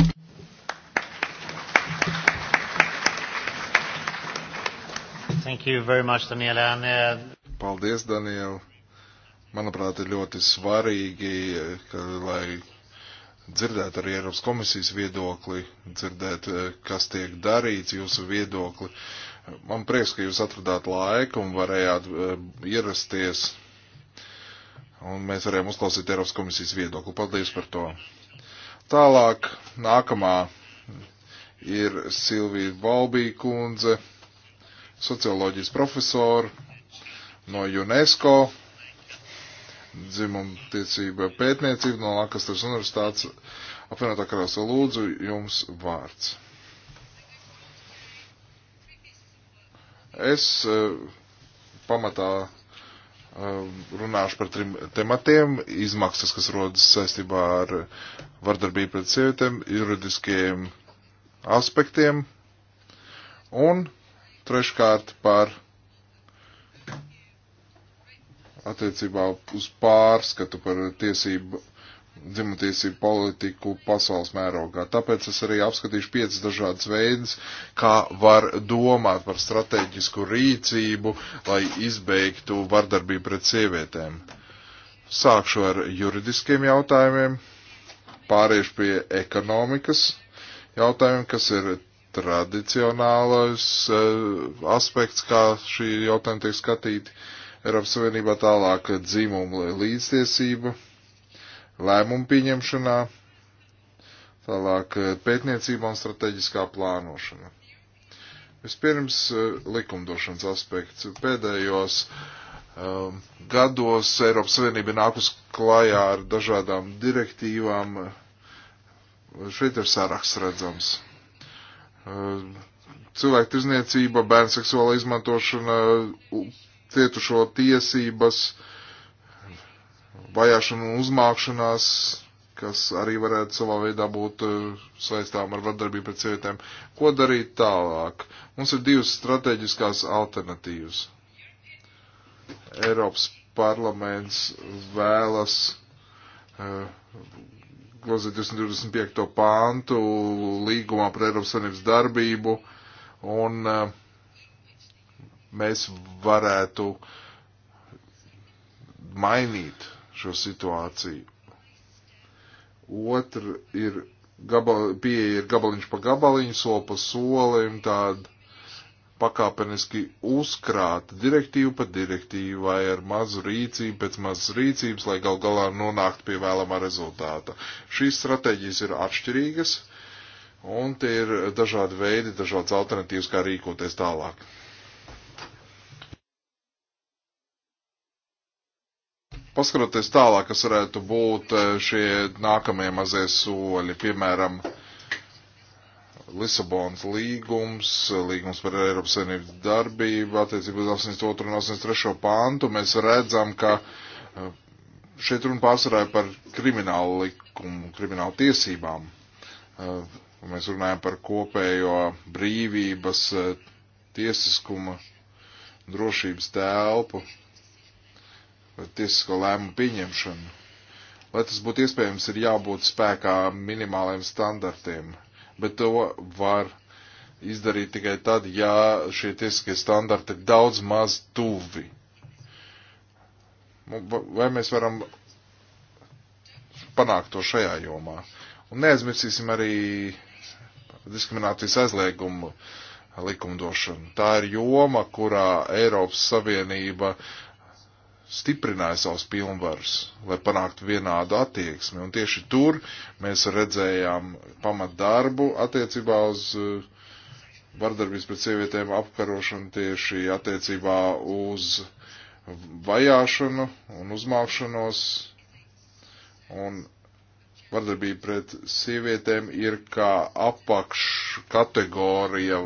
Thank you very much, Daniela. And, uh... Paldies, Daniela. Manuprāt, ir ļoti svarīgi, ka, lai dzirdēt arī Eiropas komisijas viedokli, dzirdēt, eh, kas tiek darīts, jūsu viedokli. Man prieks, ka jūs atradāt laiku un varējāt eh, ierasties, un mēs varējām uzklausīt Eiropas komisijas viedokli. Paldies par to. Tālāk, nākamā ir Silvija Balbī kundze, socioloģijas profesora no UNESCO dzimumtiecība pētniecība no Lakastras universitātes. Apvienotā karāsa lūdzu jums vārds. Es e, pamatā e, runāšu par trim tematiem - izmaksas, kas rodas saistībā ar vardarbību pret sievietēm, juridiskajiem aspektiem un treškārt par attiecībā uz pārskatu par tiesību, dzimumtiesību politiku pasaules mērogā. Tāpēc es arī apskatīšu piecas dažādas veidus, kā var domāt par strateģisku rīcību, lai izbeigtu vardarbību pret sievietēm. Sākšu ar juridiskiem jautājumiem, pāriešu pie ekonomikas jautājumiem, kas ir tradicionālais uh, aspekts, kā šī jautājuma tiek skatīti. Uh, Eiropas Savienībā, tālāk dzimumu līdztiesība, lēmumu pieņemšanā, tālāk pētniecībā un strateģiskā plānošana. Vispirms eh, likumdošanas aspekts. Pēdējos um, gados Eiropas Savienība nākus klājā ar dažādām direktīvām. Šeit ir saraksts redzams. Um, cilvēku tirzniecība, bērnu seksuāla izmantošana, cietušo tiesības, vajāšanu un uzmākšanās, kas arī varētu savā veidā būt eh, saistām ar vardarbību pret sievietēm. Ko darīt tālāk? Mums ir divas strateģiskās alternatīvas. Eiropas parlaments vēlas uh, grozīt 225. pāntu līgumā par Eiropas Savienības darbību un uh, mēs varētu mainīt šo situāciju. Otra ir gabal, pieeja ir gabaliņš pa gabaliņu, soli pa solim, tāda pakāpeniski uzkrāta direktīva pa direktīvu vai ar mazu rīcību pēc mazas rīcības, lai gal galā nonākt pie vēlamā rezultāta. Šīs stratēģijas ir atšķirīgas un tie ir dažādi veidi, dažādas alternatīvas, kā rīkoties tālāk. Paskaroties tālāk, kas varētu būt eh, šie nākamie mazie soļi, piemēram, Lisabonas līgums, līgums par Eiropas Savienības darbību, attiecībā uz 82. un 83. pāntu, mēs redzam, ka eh, šeit runa pārsvarā par kriminālu likumu, kriminālu tiesībām. Eh, mēs runājam par kopējo brīvības, tiesiskuma, drošības telpu, tiesisko lēmumu pieņemšanu. Lai tas būtu iespējams, ir jābūt spēkā minimāliem standartiem, bet to var izdarīt tikai tad, ja šie tiesiskie standarti ir daudz maz tuvi. Vai mēs varam panākt to šajā jomā? Un neaizmirsīsim arī diskriminācijas aizliegumu likumdošanu. Tā ir joma, kurā Eiropas Savienība uh, stiprināja savus pilnvarus, lai panāktu vienādu attieksmi. Un tieši tur mēs redzējām pamat darbu attiecībā uz eh, vardarbības pret sievietēm apkarošanu tieši attiecībā uz vajāšanu un uzmākšanos. Un vardarbība pret sievietēm ir kā apakš kategorija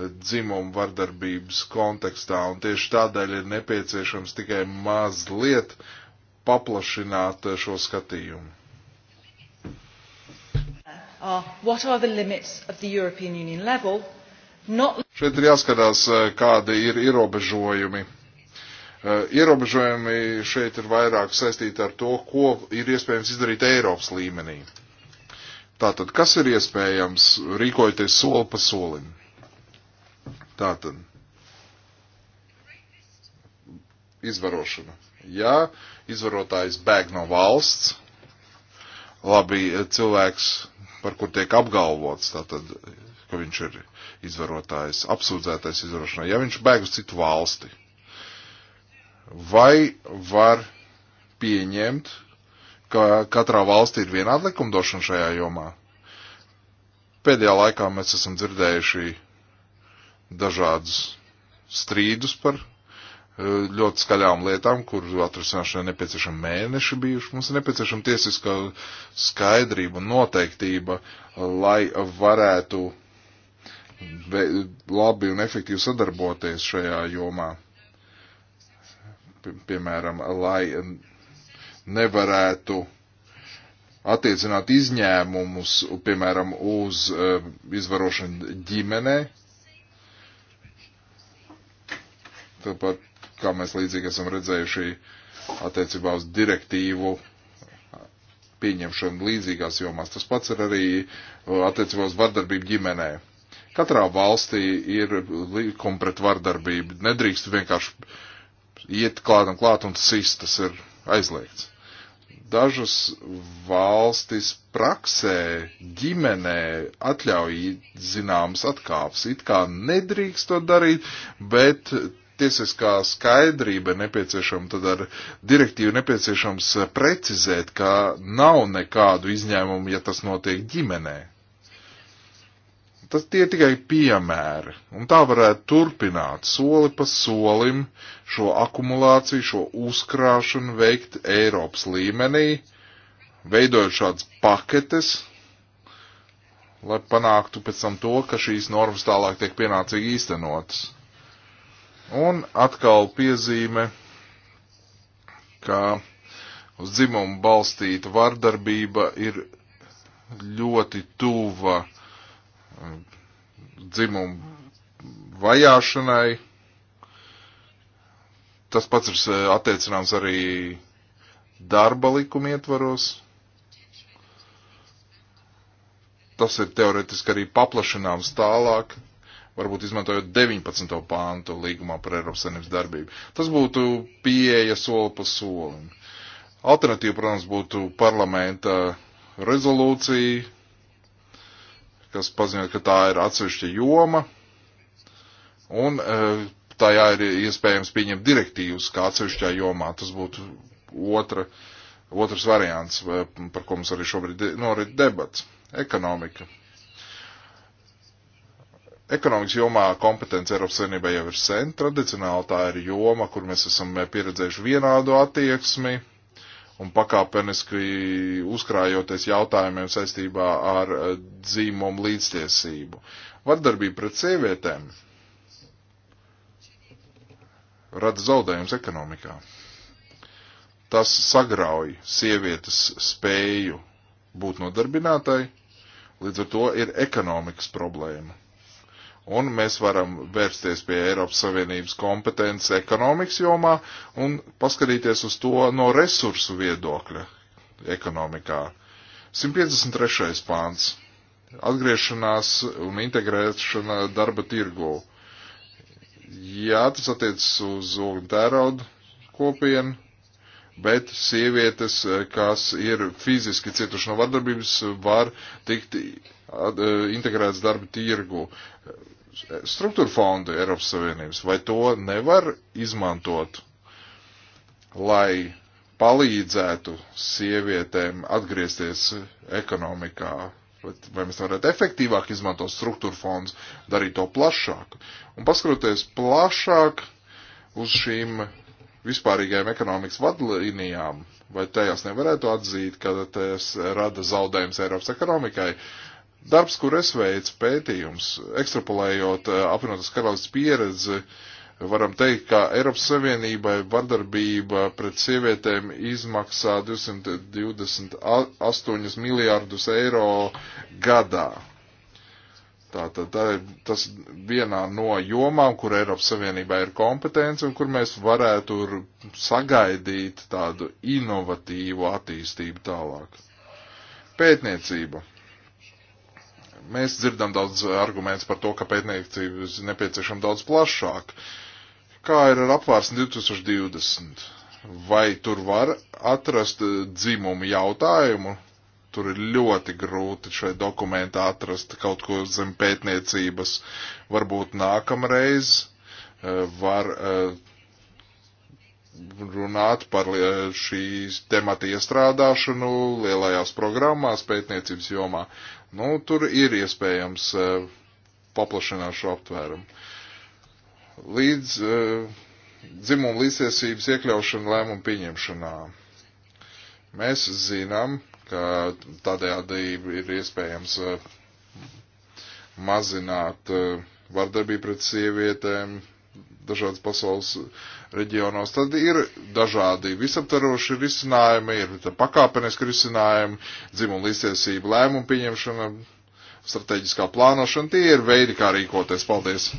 dzimumu vardarbības kontekstā, un tieši tādēļ ir nepieciešams tikai mazliet paplašināt šo skatījumu. Uh, uh Not... Šeit ir jāskatās, uh, kādi ir ierobežojumi. Uh, ierobežojumi šeit ir vairāk saistīti ar to, ko ir iespējams izdarīt Eiropas līmenī. Tātad, kas ir iespējams rīkojoties soli pa solim? Tātad. Izvarošana. Ja izvarotājs bēg no valsts, labi cilvēks, par kur tiek apgalvots, tātad, ka viņš ir izvarotājs, apsūdzētais izvarošanā, ja viņš bēg uz citu valsti, vai var pieņemt, ka katrā valstī ir vienāda likumdošana šajā jomā? Pēdējā laikā mēs esam dzirdējuši dažādus strīdus par e, ļoti skaļām lietām, kuru atrisināšanai nepieciešami mēneši bijuši. Mums ir nepieciešama tiesiskā skaidrība un noteiktība, lai varētu labi un efektīvi sadarboties šajā jomā. Piemēram, lai nevarētu attiecināt izņēmumus, piemēram, uz e, izvarošanu ģimenei tāpat kā mēs līdzīgi esam redzējuši attiecībā uz direktīvu pieņemšanu līdzīgās jomās. Tas pats ir arī uh, attiecībā uz vardarbību ģimenē. Katrā valstī ir likumi pret vardarbību. Nedrīkst vienkārši iet klāt un klāt un sist, tas ir aizliegts. Dažas valstis praksē, ģimenē atļauj zināmas atkāpes. It kā nedrīkst to darīt, bet tiesiskā skaidrība nepieciešama, tad ar direktīvu nepieciešams precizēt, ka nav nekādu izņēmumu, ja tas notiek ģimenē. Tas tie tikai piemēri, un tā varētu turpināt soli pa solim šo akumulāciju, šo uzkrāšanu veikt Eiropas līmenī, veidojot šādas paketes, lai panāktu pēc tam to, ka šīs normas tālāk tiek pienācīgi īstenotas. Un atkal piezīme, ka uz dzimumu balstīta vardarbība ir ļoti tuva um, dzimumu vajāšanai. Tas pats ir uh, attiecināms arī darba likuma ietvaros. Tas ir teoretiski arī paplašināms tālāk varbūt izmantojot 19. pāntu līgumā par Eiropas Savienības darbību. Tas būtu pieeja soli pa solim. Alternatīva, protams, būtu parlamenta rezolūcija, kas paziņo, ka tā ir atsevišķa joma, un e, tajā ir iespējams pieņemt direktīvas kā atsevišķā jomā. Tas būtu otra, otrs variants, e, par ko mums arī šobrīd norit nu, debats - ekonomika. Ekonomikas jomā kompetence Eiropas Savienībā jau ir sen, tradicionāli tā ir joma, kur mēs esam eh, pieredzējuši vienādu attieksmi un pakāpeniski uzkrājoties jautājumiem saistībā ar eh, dzīmumu līdztiesību. Vardarbība pret sievietēm rada zaudējums ekonomikā. Tas sagrauj sievietes spēju būt nodarbinātai, līdz ar to ir ekonomikas problēma un mēs varam vērsties pie Eiropas Savienības kompetences ekonomikas jomā un paskatīties uz to no resursu viedokļa ekonomikā. 153. pāns. Atgriešanās un integrēšana darba tirgū. Jā, tas attiecas uz ogļu tēraudu kopienu, bet sievietes, kas ir fiziski cietuši no vardarbības, var tikt integrētas darba tirgu struktūra fondu Eiropas Savienības, vai to nevar izmantot, lai palīdzētu sievietēm atgriezties ekonomikā, Bet vai mēs varētu efektīvāk izmantot struktūra fondus, darīt to plašāk un paskatoties plašāk uz šīm vispārīgajām ekonomikas vadlīnijām, vai tajās nevarētu atzīt, ka tas rada zaudējums Eiropas ekonomikai, Darbs, kur es veicu pētījums, ekstrapolējot eh, apvienotās karalistas pieredzi, varam teikt, ka Eiropas Savienībai vardarbība pret sievietēm izmaksā 228 miljārdus eiro gadā. Tātad tā ir tas vienā no jomām, kur Eiropas Savienībā ir kompetence un kur mēs varētu sagaidīt tādu inovatīvu attīstību tālāk. Pētniecība Mēs dzirdam daudz argumentus par to, ka pētniecības nepieciešama daudz plašāk. Kā ir ar apvārsni 2020? Vai tur var atrast dzimumu jautājumu? Tur ir ļoti grūti šai dokumentā atrast kaut ko zem pētniecības. Varbūt nākamreiz e, var e, runāt par šīs temata iestrādāšanu lielajās programmās pētniecības jomā. Nu, tur ir iespējams eh, paplašināt šo aptvērumu. Līdz eh, dzimumu līdztiesības iekļaušana lēmumu pieņemšanā. Mēs zinām, ka tādējādi ir iespējams eh, mazināt vardarbību pret sievietēm, dažādas pasaules reģionos, tad ir dažādi visaptaroši risinājumi, ir pakāpeniski risinājumi, dzimuma līdztiesība, lēmumu pieņemšana, strateģiskā plānošana. Tie ir veidi, kā rīkoties. Paldies!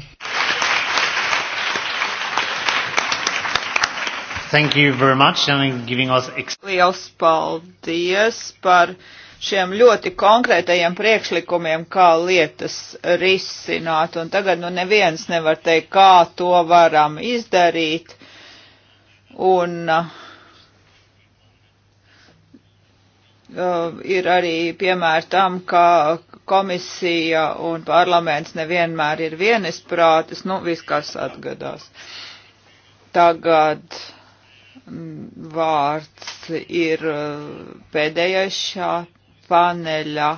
Thank you very much and giving us Liels paldies par šiem ļoti konkrētajiem priekšlikumiem, kā lietas risināt. Un tagad nu neviens nevar teikt, kā to varam izdarīt Un uh, ir arī piemēra tam, ka komisija un parlaments nevienmēr ir vienisprātis, nu, viss kas atgadās. Tagad mm, vārds ir uh, pēdējais šā paneļa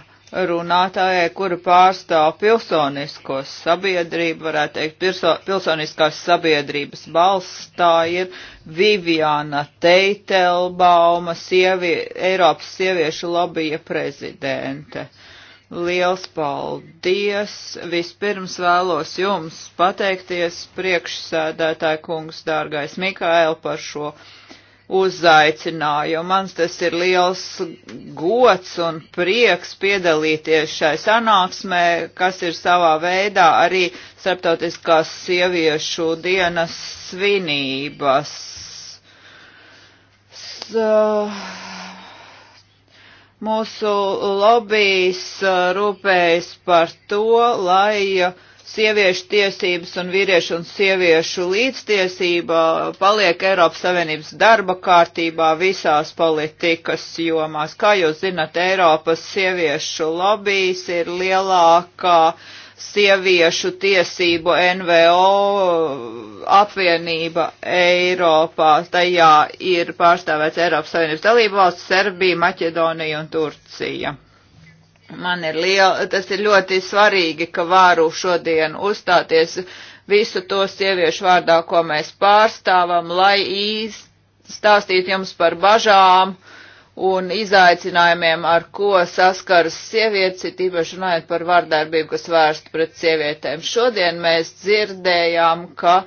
runātājai, kura pārstāv pilsoniskos sabiedrību, varētu teikt, pirso, pilsoniskās sabiedrības balss, tā ir Viviana Teitelbauma, sievi, Eiropas sieviešu lobija prezidente. Liels paldies! Vispirms vēlos jums pateikties priekšsēdētāju kungs, dārgais Mikaēl, par šo uzaicinājumu. Mans tas ir liels gods un prieks piedalīties šai sanāksmē, kas ir savā veidā arī starptautiskās sieviešu dienas svinības. So, uh, mūsu lobijs uh, rūpējas par to, lai uh, sieviešu tiesības un vīriešu un sieviešu līdztiesība paliek Eiropas Savienības darba kārtībā visās politikas jomās. Kā jūs zinat, Eiropas sieviešu lobijas ir lielākā sieviešu tiesību NVO apvienība Eiropā. Tajā ir pārstāvēts Eiropas Savienības dalību valsts Serbija, Maķedonija un Turcija. Man ir liela, tas ir ļoti svarīgi, ka varu šodien uzstāties visu to sieviešu vārdā, ko mēs pārstāvam, lai īstāstītu jums par bažām un izaicinājumiem, ar ko saskaras sievietes, ir tīpaši runājot par vārdarbību, kas vērsta pret sievietēm. Šodien mēs dzirdējām, ka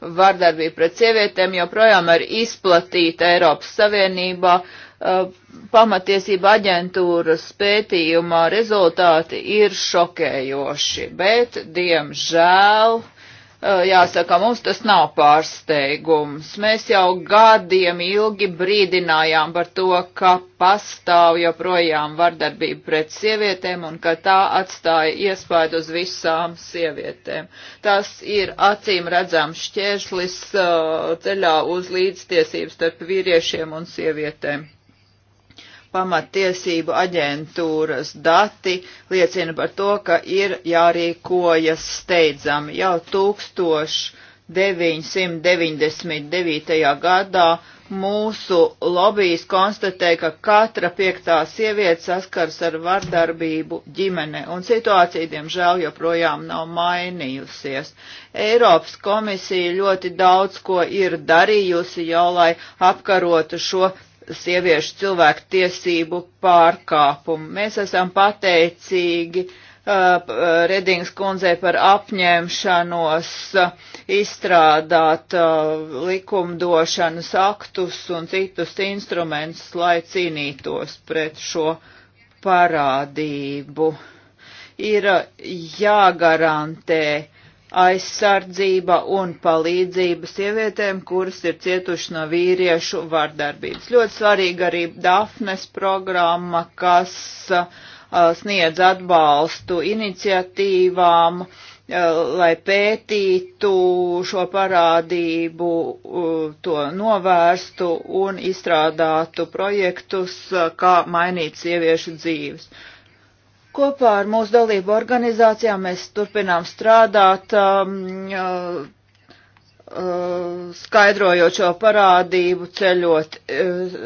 vārdarbība pret sievietēm joprojām ir izplatīta Eiropas Savienībā Uh, pamatiesība aģentūras pētījumā rezultāti ir šokējoši, bet, diemžēl, uh, jāsaka, mums tas nav pārsteigums. Mēs jau gadiem ilgi brīdinājām par to, ka pastāv joprojām vardarbība pret sievietēm un ka tā atstāja iespēju uz visām sievietēm. Tas ir acīm redzams šķēršlis uh, ceļā uz līdztiesības starp vīriešiem un sievietēm pamatiesību aģentūras dati liecina par to, ka ir jārīkojas steidzami. Jau 1999. gadā mūsu lobijas konstatēja, ka katra piektā sieviete saskars ar vardarbību ģimene, un situācija, diemžēl, joprojām nav mainījusies. Eiropas komisija ļoti daudz ko ir darījusi jau, lai apkarotu šo sieviešu cilvēku tiesību pārkāpumu. Mēs esam pateicīgi uh, uh, Redings kundzei par apņemšanos uh, izstrādāt uh, likumdošanas aktus un citus instrumentus, lai cīnītos pret šo parādību. Ir uh, jāgarantē aizsardzība un palīdzība sievietēm, kuras ir cietuši no vīriešu vardarbības. Ļoti svarīga arī Dafnes programma, kas a, uh, sniedz atbalstu iniciatīvām, a, uh, lai pētītu šo parādību, a, uh, to novērstu un izstrādātu projektus, kā mainīt sieviešu dzīves. Kopā ar mūsu dalību organizācijām mēs turpinām strādāt, um, uh, uh, skaidrojot šo parādību, ceļot, uh,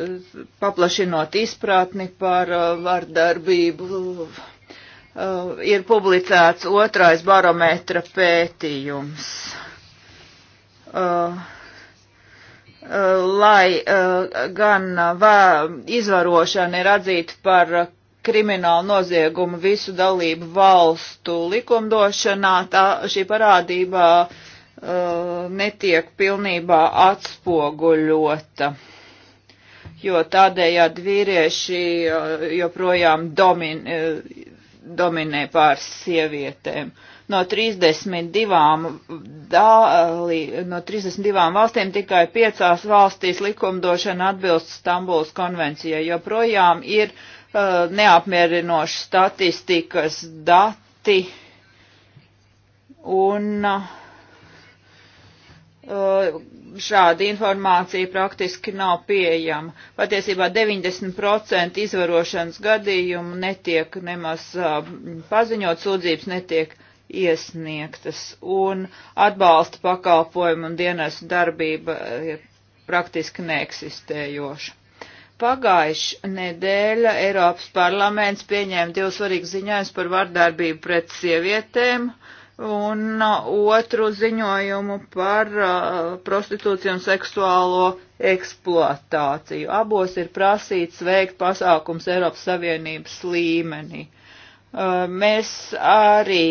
paplašinot izpratni par uh, vardarbību. Uh, ir publicēts otrais barometra pētījums. Uh, uh lai uh, gan vā, izvarošana ir atzīta par kriminālu noziegumu visu dalību valstu likumdošanā, tā šī parādība uh, netiek pilnībā atspoguļota, jo tādējādi vīrieši uh, joprojām domin, uh, dominē pār sievietēm. No 32, dāli, no 32 valstīm tikai piecās valstīs likumdošana atbilst Stambuls konvencijai, joprojām ir uh, Uh, neapmierinoši statistikas dati un uh, šāda informācija praktiski nav pieejama. Patiesībā 90% izvarošanas gadījumu netiek nemaz uh, paziņot, sūdzības netiek iesniegtas, un atbalsta pakalpojumu un dienas darbība ir praktiski neeksistējoša. Pagājuši nedēļa Eiropas parlaments pieņēma divus svarīgus ziņojumus par vardarbību pret sievietēm un otru ziņojumu par uh, prostitūciju un seksuālo eksploatāciju. Abos ir prasīts veikt pasākums Eiropas Savienības līmenī. Uh, mēs arī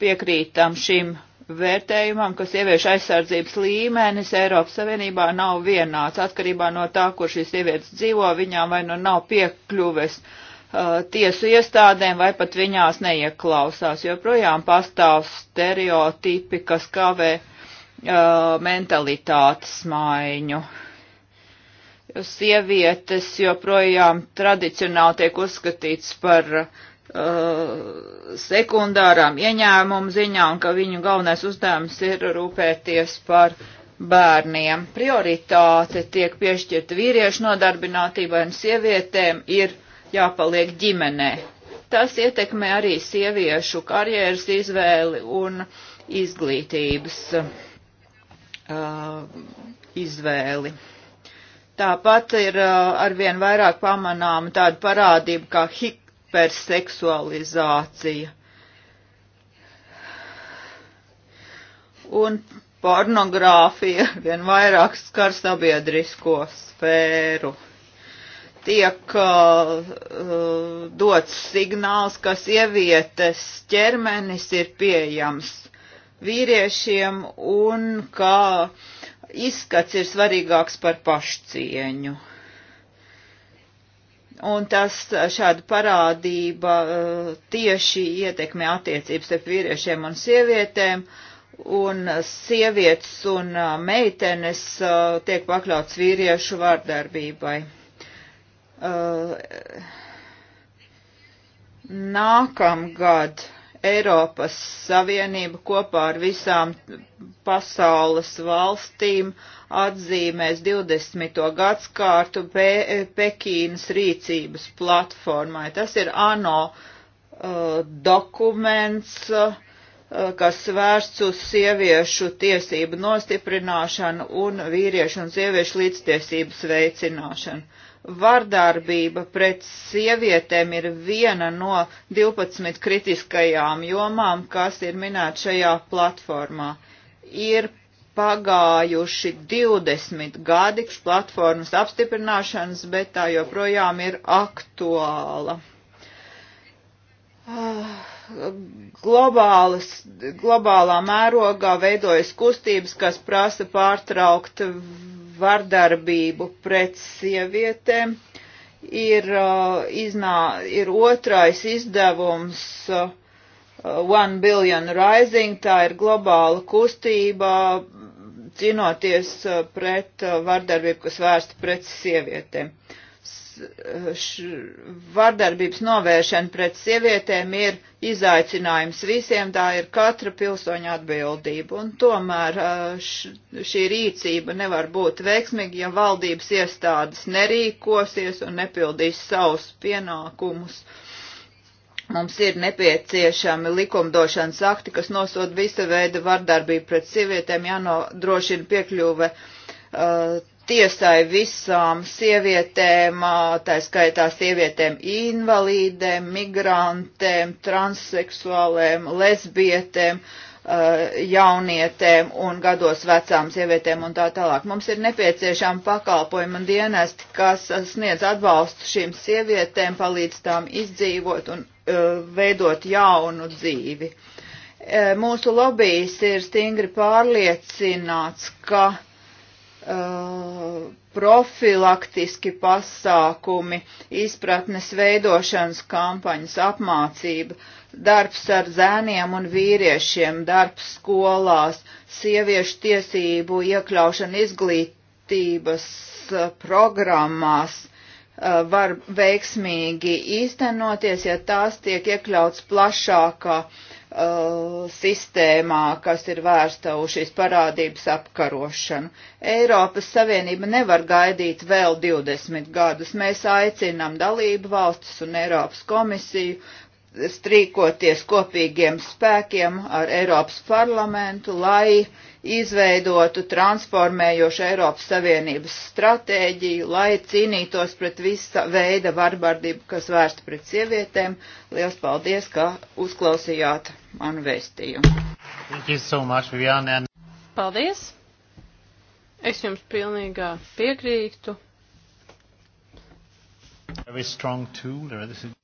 piekrītam šim vērtējumam, ka sieviešu aizsardzības līmenis Eiropas Savienībā nav vienāds. Atkarībā no tā, kur šīs sievietes dzīvo, viņām vai nu nav piekļuves uh, tiesu iestādēm vai pat viņās neieklausās, jo projām pastāv stereotipi, kas kavē uh, mentalitātes maiņu. Sievietes joprojām tradicionāli tiek uzskatīts par uh, Uh, sekundārām ieņēmumu ziņā un ka viņu galvenais uzdevums ir rūpēties par bērniem. Prioritāte tiek piešķirta vīriešu nodarbinātībai un sievietēm ir jāpaliek ģimenē. Tas ietekmē arī sieviešu karjeras izvēli un izglītības uh, izvēli. Tāpat ir uh, arvien vairāk pamanām tādu parādību kā hik hiperseksualizācija. Un pornogrāfija *laughs* vien vairāk skar sabiedrisko sfēru. Tiek uh, dots signāls, ka sievietes ķermenis ir pieejams vīriešiem un ka izskats ir svarīgāks par pašcieņu. Un tas uh, šāda parādība uh, tieši ietekmē attiecības starp vīriešiem un sievietēm, un uh, sievietes un meitenes tiek pakļauts vīriešu vārdarbībai. Nākamgad Eiropas Savienība kopā ar visām pasaules valstīm atzīmēs 20. gadskārtu Pe Pekīnas rīcības platformai. Tas ir ANO uh, dokuments, uh, kas vērsts uz sieviešu tiesību nostiprināšanu un vīriešu un sieviešu līdztiesības veicināšanu. Vardarbība pret sievietēm ir viena no 12 kritiskajām jomām, kas ir minēta šajā platformā. Ir pagājuši 20 gadi platformas apstiprināšanas, bet tā joprojām ir aktuāla. Globālas, globālā mērogā veidojas kustības, kas prasa pārtraukt vardarbību pret sievietēm ir, uh, iznā, ir otrais izdevums uh, One Billion Rising, tā ir globāla kustība cīnoties uh, pret uh, vardarbību, kas vērsta pret sievietēm. Uh, vardarbības novēršana pret sievietēm ir izaicinājums visiem, tā ir katra pilsoņa atbildība. Un tomēr š, šī rīcība nevar būt veiksmīga, ja valdības iestādes nerīkosies un nepildīs savus pienākumus. Mums ir nepieciešami likumdošanas akti, kas nosod visu veidu vardarbību pret sievietēm, jānodrošina piekļuve uh, tiesai visām sievietēm, tā skaitā sievietēm invalīdēm, migrantēm, transseksuālēm, lesbietēm, jaunietēm un gados vecām sievietēm un tā tālāk. Mums ir nepieciešama pakalpojuma dienesti, kas sniedz atbalstu šīm sievietēm, palīdz tām izdzīvot un veidot jaunu dzīvi. Mūsu lobbyis ir stingri pārliecināts, ka Uh, profilaktiski pasākumi, izpratnes veidošanas kampaņas, apmācība, darbs ar zēniem un vīriešiem, darbs skolās, sieviešu tiesību iekļaušana izglītības uh, programmās uh, var veiksmīgi īstenoties, ja tās tiek iekļauts plašākā uh, Uh, sistēmā, kas ir vērsta uz šīs parādības apkarošanu. Eiropas Savienība nevar gaidīt vēl 20 gadus. Mēs aicinām dalību valstis un Eiropas komisiju strīkoties kopīgiem spēkiem ar Eiropas parlamentu, lai izveidotu transformējošu Eiropas Savienības stratēģiju, lai cīnītos pret visa veida varbardību, kas vērsta pret sievietēm. Lielas paldies, ka uzklausījāt manu vēstījumu. So much, paldies! Es jums pilnīgā piekrītu. Very strong tool. This is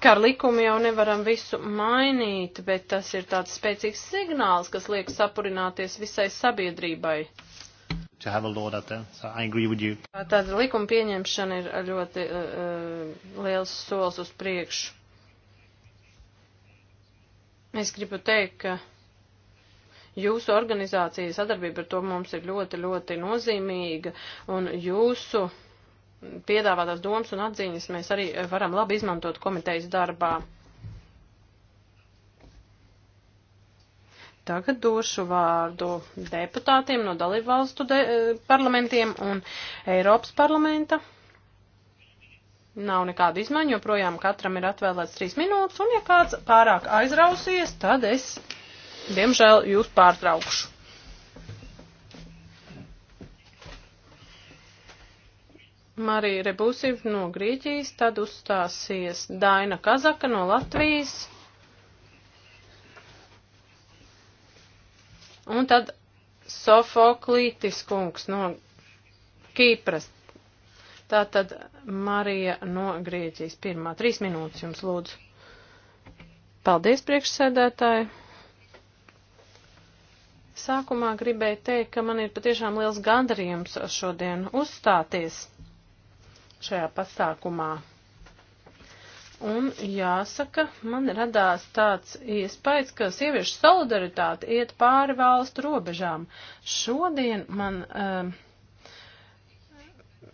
ka ar likumu jau nevaram visu mainīt, bet tas ir tāds spēcīgs signāls, kas liek sapurināties visai sabiedrībai. That, uh, so Tāda likuma pieņemšana ir uh, ļoti uh, uh, liels solis uz priekšu. Es gribu teikt, ka jūsu organizācija sadarbība ar to mums ir ļoti, ļoti nozīmīga, un jūsu uh, piedāvātās domas un atziņas mēs arī varam labi izmantot komitejas darbā. Tagad došu vārdu deputātiem no dalībvalstu de eh, parlamentiem un Eiropas parlamenta. Nav nekāda izmaiņa, joprojām katram ir atvēlēts trīs minūtes, un ja kāds pārāk aizrausies, tad es, diemžēl, jūs pārtraukšu. Marija Rebusiv no Grieķijas, tad uzstāsies Daina Kazaka no Latvijas. Un tad Sofoklītis kungs no Kīpras. Tā tad Marija no Grieķijas pirmā. Trīs minūtes jums lūdzu. Paldies, priekšsēdētāji. Sākumā gribēju teikt, ka man ir patiešām liels gandarījums šodien uzstāties šajā pasākumā. Un jāsaka, man radās tāds iespējas, ka sieviešu solidaritāte iet pāri valstu robežām. Šodien man ehm,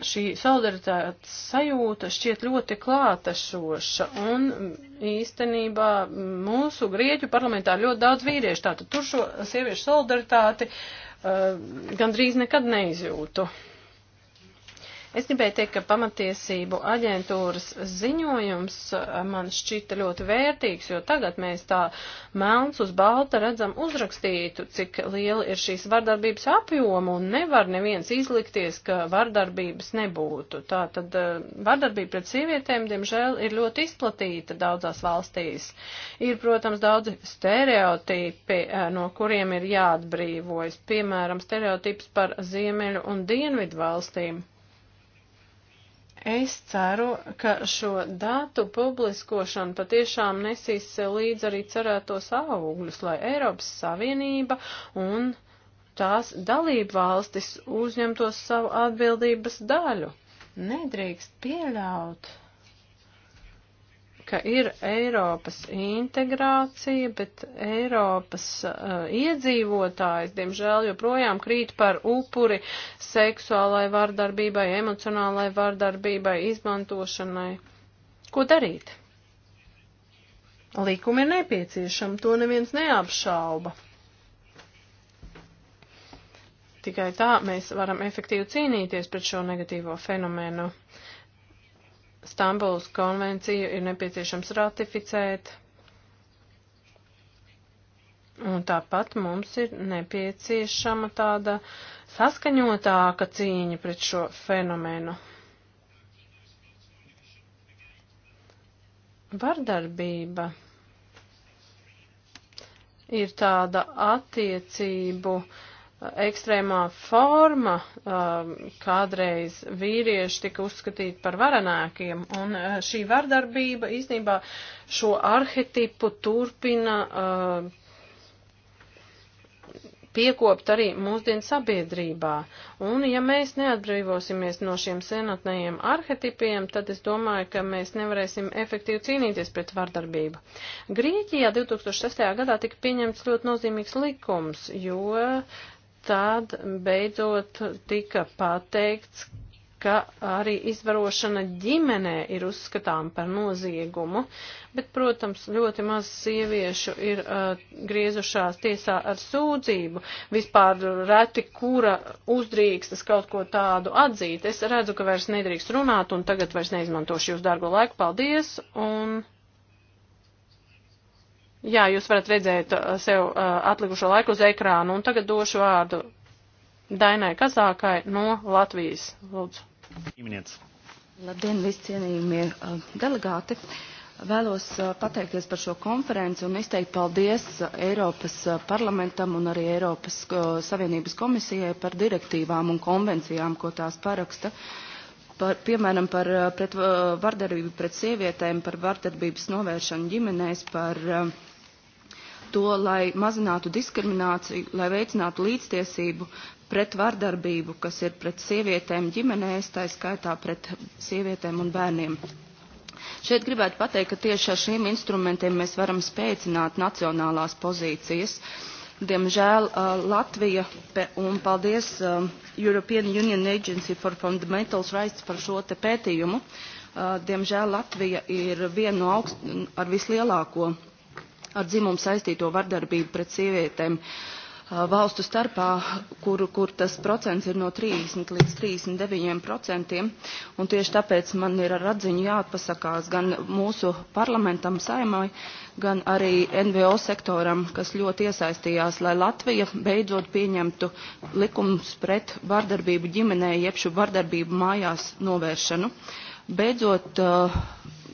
šī solidaritātes sajūta šķiet ļoti klātešoša, un īstenībā mūsu Grieķu parlamentā ļoti daudz vīriešu, tātad tur šo sieviešu solidaritāti ehm, gandrīz nekad neizjūtu. Es gribēju teikt, ka pamatiesību aģentūras ziņojums eh, man šķita ļoti vērtīgs, jo tagad mēs tā melns uz balta redzam uzrakstītu, cik liela ir šīs vardarbības apjoma un nevar neviens izlikties, ka vardarbības nebūtu. Tā tad eh, vardarbība pret sievietēm, diemžēl, ir ļoti izplatīta daudzās valstīs. Ir, protams, daudzi stereotipi, eh, no kuriem ir jāatbrīvojas, piemēram, stereotips par ziemeļu un dienvidu valstīm. Es ceru, ka šo datu publiskošana patiešām nesīs līdz arī cerētos augļus, lai Eiropas Savienība un tās dalību valstis uzņemtos savu atbildības daļu. Nedrīkst pieļaut ka ir Eiropas integrācija, bet Eiropas uh, iedzīvotājs, diemžēl, joprojām krīt par upuri seksuālai vardarbībai, emocionālai vardarbībai, izmantošanai. Ko darīt? Likumi ir nepieciešami, to neviens neapšauba. Tikai tā mēs varam efektīvi cīnīties pret šo negatīvo fenomenu. Stambuls konvenciju ir nepieciešams ratificēt. Un tāpat mums ir nepieciešama tāda saskaņotāka cīņa pret šo fenomenu. Vardarbība ir tāda attiecību uh, ekstrēmā forma um, kādreiz vīrieši tika uzskatīti par varanākiem, un uh, šī vardarbība īstenībā šo arhetipu turpina um, piekopt arī mūsdienu sabiedrībā. Un ja mēs neatbrīvosimies no šiem senatnējiem arhetipiem, tad es domāju, ka mēs nevarēsim efektīvi cīnīties pret vardarbību. Grieķijā 2006. gadā tika pieņemts ļoti nozīmīgs likums, jo tad beidzot tika pateikts, ka arī izvarošana ģimenē ir uzskatām par noziegumu, bet, protams, ļoti maz sieviešu ir uh, griezušās tiesā ar sūdzību. Vispār reti, kura uzdrīkstas kaut ko tādu atzīt. Es redzu, ka vairs nedrīkst runāt un tagad vairs neizmantošu jūs dargo laiku. Paldies! Un... Jā, jūs varat redzēt uh, sev uh, atlikušo laiku uz ekrānu, un tagad došu vārdu Dainai Kazākai no Latvijas. Lūdzu. Imniec. Labdien, viscienījumie uh, delegāti! Vēlos pateikties par šo konferenci un izteikt paldies Eiropas parlamentam un arī Eiropas Savienības komisijai par direktīvām un konvencijām, ko tās paraksta par, piemēram, par pret, vardarbību pret sievietēm, par vardarbības novēršanu ģimenēs, par uh, to, lai mazinātu diskrimināciju, lai veicinātu līdztiesību pret vardarbību, kas ir pret sievietēm ģimenēs, tā skaitā pret sievietēm un bērniem. Šeit gribētu pateikt, ka tieši ar šiem instrumentiem mēs varam spēcināt nacionālās pozīcijas. Diemžēl uh, Latvija un paldies uh, European Union Agency for Fundamental Rights par šo te pētījumu. Uh, diemžēl Latvija ir viena no augst, ar vislielāko uh, ar dzimumu saistīto vardarbību pret sievietēm valstu starpā, kur, kur tas procents ir no 30 līdz 39 procentiem. Un tieši tāpēc man ir ar atziņu jāatpasakās gan mūsu parlamentam saimai, gan arī NVO sektoram, kas ļoti iesaistījās, lai Latvija beidzot pieņemtu likums pret vardarbību ģimenē, jebšu vardarbību mājās novēršanu. Beidzot, uh,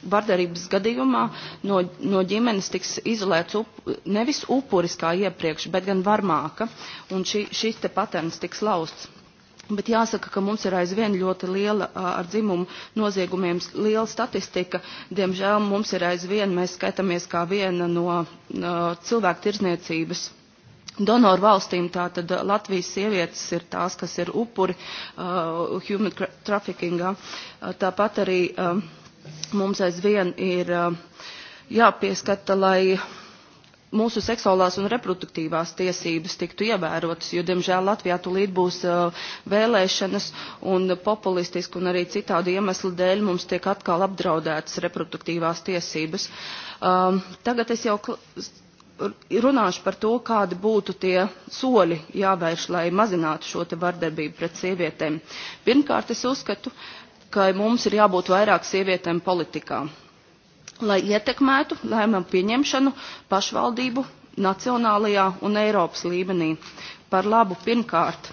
vardarības gadījumā no, no ģimenes tiks izolēts up, nevis upuris kā iepriekš, bet gan varmāka, un šī, šis te patents tiks lausts. Bet jāsaka, ka mums ir aizvien ļoti liela ar dzimumu noziegumiem, liela statistika. Diemžēl mums ir aizvien, mēs skaitāmies kā viena no, no cilvēku tirzniecības donoru valstīm. Tātad Latvijas sievietes ir tās, kas ir upuri uh, human traffickingā. Tāpat arī. Uh, mums aizvien ir uh, jāpieskata, lai mūsu seksuālās un reproduktīvās tiesības tiktu ievērotas, jo, diemžēl, Latvijā tulīt būs uh, vēlēšanas un populistiski un arī citādi iemeslu dēļ mums tiek atkal apdraudētas reproduktīvās tiesības. Um, tagad es jau runāšu par to, kādi būtu tie soļi jāvērš, lai mazinātu šo te vardarbību pret sievietēm. Pirmkārt, es uzskatu, uh, ka mums ir jābūt vairāk sievietēm politikā, lai ietekmētu lēmumu pieņemšanu pašvaldību nacionālajā un Eiropas līmenī par labu pirmkārt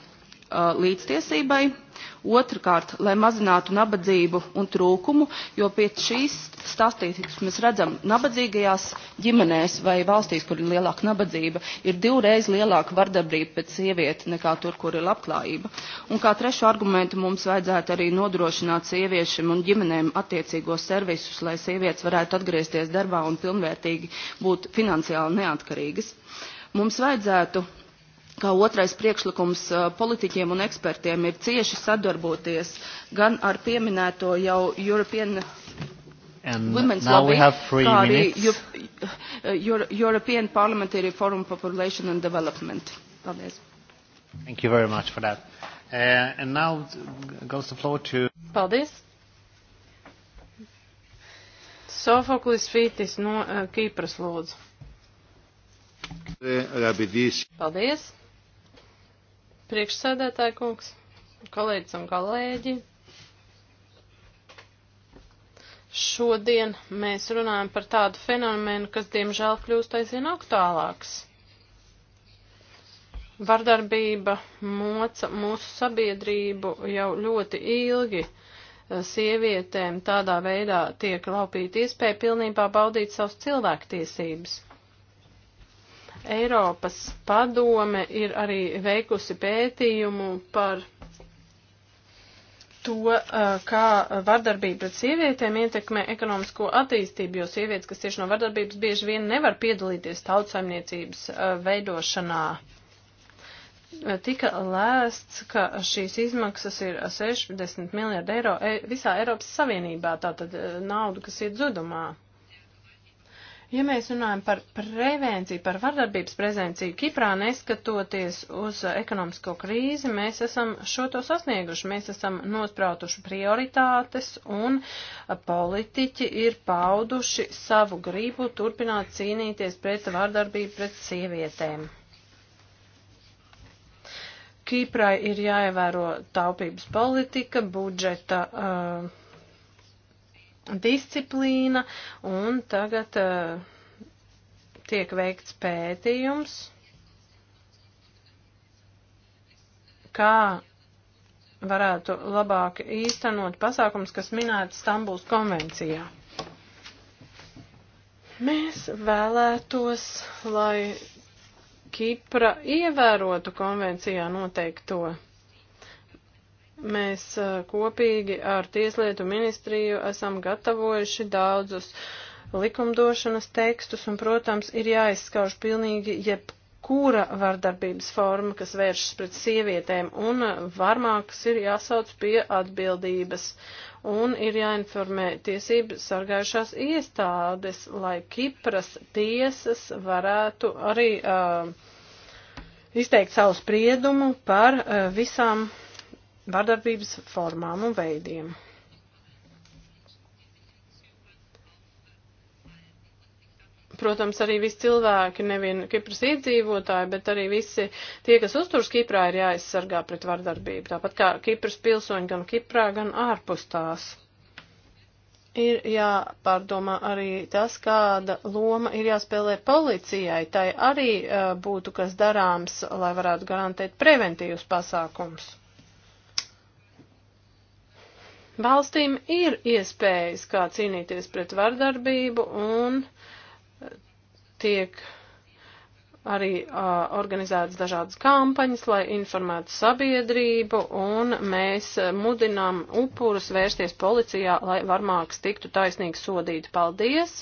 līdztiesībai, Otrakārt, lai mazinātu nabadzību un trūkumu, jo pēc šīs statistikas mēs redzam, nabadzīgajās ģimenēs vai valstīs, kur ir lielāka nabadzība, ir divreiz lielāka vardarbība pēc sievieti nekā tur, kur ir labklājība. Un kā trešu argumentu mums vajadzētu arī nodrošināt sieviešiem un ģimenēm attiecīgos servisus, lai sievietes varētu atgriezties darbā un pilnvērtīgi būt finansiāli neatkarīgas. Mums vajadzētu Kā otrais priekšlikums politiķiem un ekspertiem ir cieši sadarboties gan ar pieminēto jau European And Women's now lobby, we have three kā arī Euro European Parliamentary Forum Population and Development. Paldies. Thank you very much for that. Uh, and now goes the floor to... Paldies. Sofoklis Fītis no uh, Kīpras lūdzu. Paldies. Priekšsēdētāji kungs, kolēģis un kolēģi. Šodien mēs runājam par tādu fenomenu, kas diemžēl kļūst aizvien aktuālāks. Vardarbība moca mūsu sabiedrību jau ļoti ilgi. Sievietēm tādā veidā tiek laupīta iespēja pilnībā baudīt savas cilvēktiesības. Eiropas padome ir arī veikusi pētījumu par to, eh, kā vardarbība pret sievietēm ietekmē ekonomisko attīstību, jo sievietes, kas tieši no vardarbības, bieži vien nevar piedalīties tautsaimniecības eh, veidošanā. Eh, tika lēsts, ka šīs izmaksas ir 60 miljārdi eiro e, visā Eiropas Savienībā, tātad naudu, kas iet zudumā. Ja mēs runājam par prevenciju, par vardarbības prevenciju Kiprā, neskatoties uz ekonomisko krīzi, mēs esam šo to sasnieguši. Mēs esam nosprautuši prioritātes un politiķi ir pauduši savu gribu turpināt cīnīties pret vardarbību pret sievietēm. Kiprai ir jāievēro taupības politika, budžeta. Uh, disciplīna, un tagad uh, tiek veikts pētījums, kā varētu labāk īstenot pasākums, kas minēts Stambuls konvencijā. Mēs vēlētos, lai Kipra ievērotu konvencijā noteikto. Mēs uh, kopīgi ar Tieslietu ministriju esam gatavojuši daudzus likumdošanas tekstus, un, protams, ir jāizskauž pilnīgi jebkura vardarbības forma, kas vēršas pret sievietēm, un uh, varmākas ir jāsauc pie atbildības, un ir jāinformē tiesību sargājušās iestādes, lai Kipras tiesas varētu arī uh, izteikt savu spriedumu par uh, visām vardarbības formām un veidiem. Protams, arī visi cilvēki, nevien Kipras iedzīvotāji, bet arī visi tie, kas uzturs Kiprā, ir jāaizsargā pret vardarbību. Tāpat kā Kipras pilsoņi gan Kiprā, gan ārpus tās. Ir jāpārdomā arī tas, kāda loma ir jāspēlē policijai. Tai arī uh, būtu kas darāms, lai varētu garantēt preventīvus pasākums. Valstīm ir iespējas, kā cīnīties pret vardarbību un tiek arī uh, organizētas dažādas kampaņas, lai informētu sabiedrību, un mēs mudinām upurus vērsties policijā, lai varmāks tiktu taisnīgi sodīti. Paldies!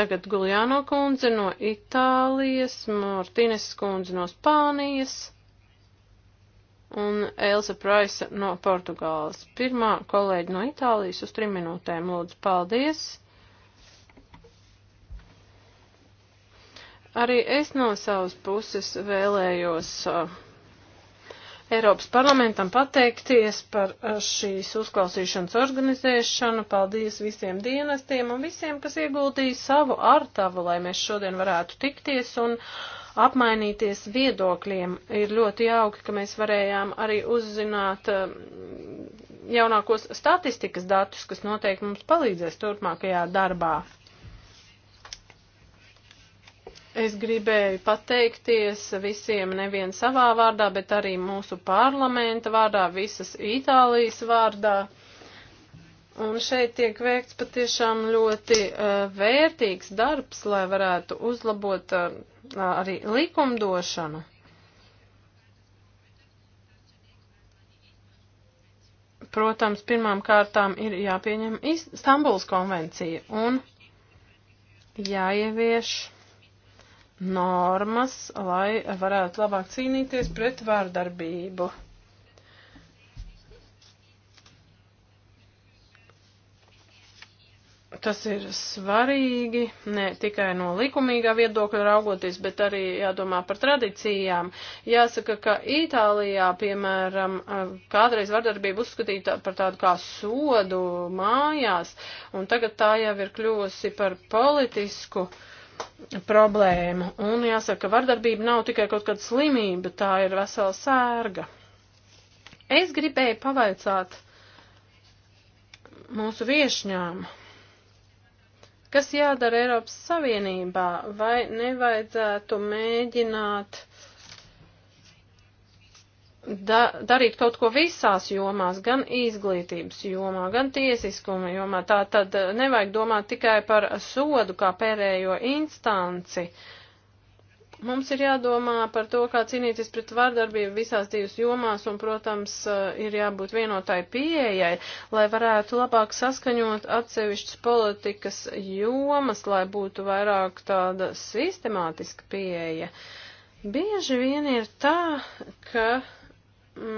Tagad Guljāno kundze no Itālijas, Martīnes kundze no Spānijas un Elsa Praisa no Portugāles. Pirmā kolēģi no Itālijas uz trim minūtēm lūdzu paldies. Arī es no savas puses vēlējos uh, Eiropas parlamentam pateikties par uh, šīs uzklausīšanas organizēšanu. Paldies visiem dienestiem un visiem, kas ieguldīja savu artavu, lai mēs šodien varētu tikties un uh, apmainīties viedokļiem. Ir ļoti jauki, ka mēs varējām arī uzzināt um, jaunākos statistikas datus, kas noteikti mums palīdzēs turpmākajā darbā. Es gribēju pateikties visiem nevien savā vārdā, bet arī mūsu parlamenta vārdā, visas Itālijas vārdā. Un šeit tiek veikts patiešām ļoti uh, vērtīgs darbs, lai varētu uzlabot uh, arī likumdošanu. Protams, pirmām kārtām ir jāpieņem Stambuls konvencija un jāievieš normas, lai varētu labāk cīnīties pret vārdarbību. tas ir svarīgi ne tikai no likumīgā viedokļa raugoties, bet arī jādomā par tradīcijām. Jāsaka, ka Itālijā, piemēram, kādreiz vardarbība uzskatīta par tādu kā sodu mājās, un tagad tā jau ir kļuvusi par politisku problēmu. Un jāsaka, ka vardarbība nav tikai kaut kāda slimība, tā ir vesela sērga. Es gribēju pavaicāt mūsu viešņām, Kas jādara Eiropas Savienībā? Vai nevajadzētu mēģināt da darīt kaut ko visās jomās, gan izglītības jomā, gan tiesiskuma jomā? Tā tad nevajag domāt tikai par sodu kā pērējo instanci. Uh, Mums ir jādomā par to, kā cīnīties pret vārdarbību visās divas jomās, un, protams, eh, ir jābūt vienotai pieejai, lai varētu labāk saskaņot atsevišķas politikas jomas, lai būtu vairāk tāda sistemātiska pieeja. Bieži vien ir tā, ka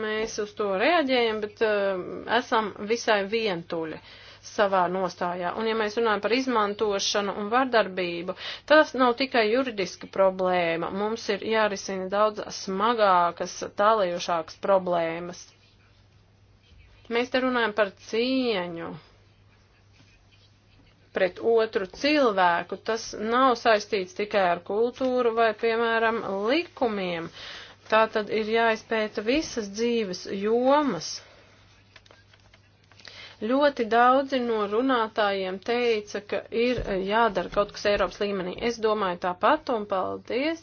mēs uz to reaģējam, bet uh, esam visai vientuļi. Uh, savā nostājā. Un ja mēs runājam par izmantošanu un vardarbību, tas nav tikai juridiska problēma. Mums ir jārisina daudz smagākas, tālējošākas problēmas. Mēs te runājam par cieņu pret otru cilvēku. Tas nav saistīts tikai ar kultūru vai, piemēram, likumiem. Tā tad ir jāizpēta visas dzīves jomas. Ļoti daudzi no runātājiem teica, ka ir jādara kaut kas Eiropas līmenī. Es domāju tāpat un paldies.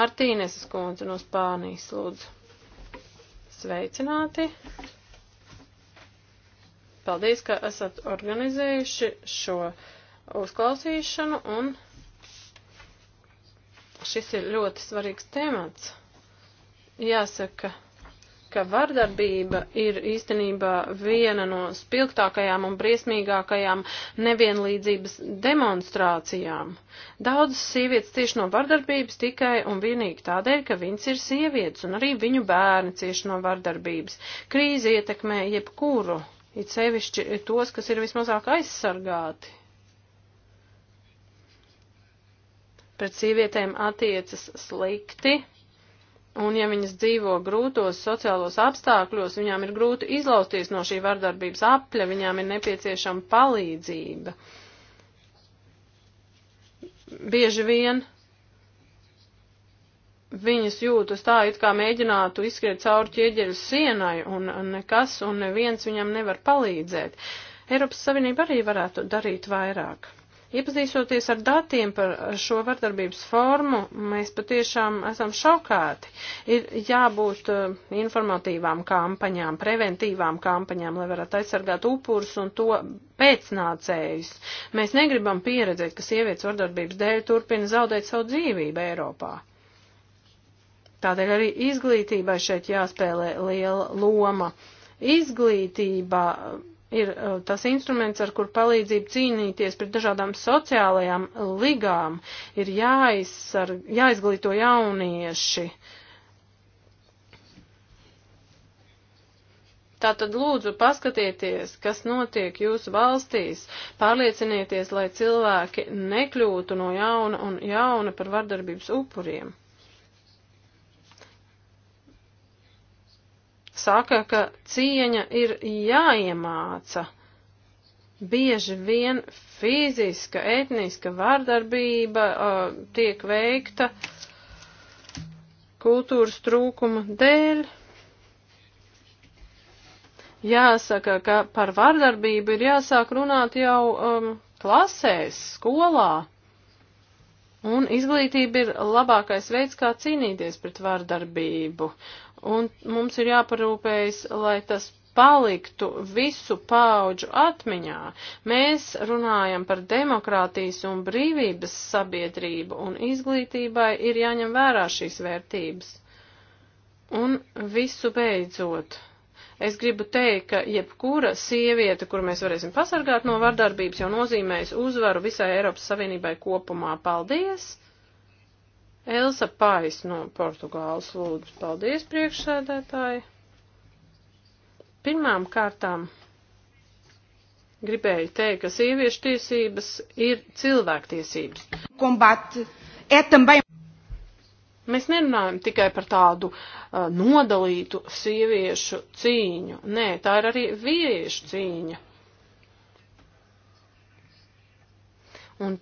Martīnes skundze no Spānijas lūdzu. Sveicināti. Paldies, ka esat organizējuši šo uzklausīšanu un šis ir ļoti svarīgs temats. Jāsaka, ka ka vardarbība ir īstenībā viena no spilgtākajām un briesmīgākajām nevienlīdzības demonstrācijām. Daudzas sievietes cieši no vardarbības tikai un vienīgi tādēļ, ka viņas ir sievietes, un arī viņu bērni cieši no vardarbības. Krīze ietekmē jebkuru, it sevišķi tos, kas ir vismazāk aizsargāti. Pret sievietēm attiecas slikti Un ja viņas dzīvo grūtos sociālos apstākļos, viņām ir grūti izlausties no šī vardarbības apļa, viņām ir nepieciešama palīdzība. Bieži vien viņas jūtas tā, it kā mēģinātu izskriet cauri ķieģeļu sienai, un nekas un neviens viņam nevar palīdzēt. Eiropas Savienība arī varētu darīt vairāk. Iepazīstoties ar datiem par šo vardarbības formu, mēs patiešām esam šokāti. Ir jābūt eh, informatīvām kampaņām, preventīvām kampaņām, lai varētu aizsargāt upurus un to pēcnācējus. Mēs negribam pieredzēt, ka sievietes vardarbības dēļ turpina zaudēt savu dzīvību Eiropā. Tādēļ arī izglītībai šeit jāspēlē liela loma. Izglītība ir uh, tas instruments, ar kur palīdzību cīnīties pret dažādām sociālajām ligām, ir jāizsar, jāizglīto jaunieši. Tātad lūdzu paskatieties, kas notiek jūsu valstīs, pārliecinieties, lai cilvēki nekļūtu no jauna un jauna par vardarbības upuriem. saka, ka cieņa ir jāiemāca. Bieži vien fiziska, etniska vārdarbība uh, tiek veikta kultūras trūkuma dēļ. Jāsaka, ka par vārdarbību ir jāsāk runāt jau um, klasēs, skolā. Un izglītība ir labākais veids, kā cīnīties pret vārdarbību. Un mums ir jāparūpējas, lai tas paliktu visu pauģu atmiņā. Mēs runājam par demokrātijas un brīvības sabiedrību, un izglītībai ir jāņem vērā šīs vērtības. Un visu beidzot. Es gribu teikt, ka jebkura sieviete, kur mēs varēsim pasargāt no vardarbības, jau nozīmēs uzvaru visai Eiropas Savienībai kopumā. Paldies! Elsa Pais no Portugāles lūdzu. Paldies, priekšsēdētāji. Pirmām kārtām gribēju teikt, ka sieviešu tiesības ir cilvēktiesības. Kombat, etambai. Mēs nerunājam tikai par tādu uh, nodalītu sieviešu cīņu. Nē, tā ir arī vīriešu cīņa. Un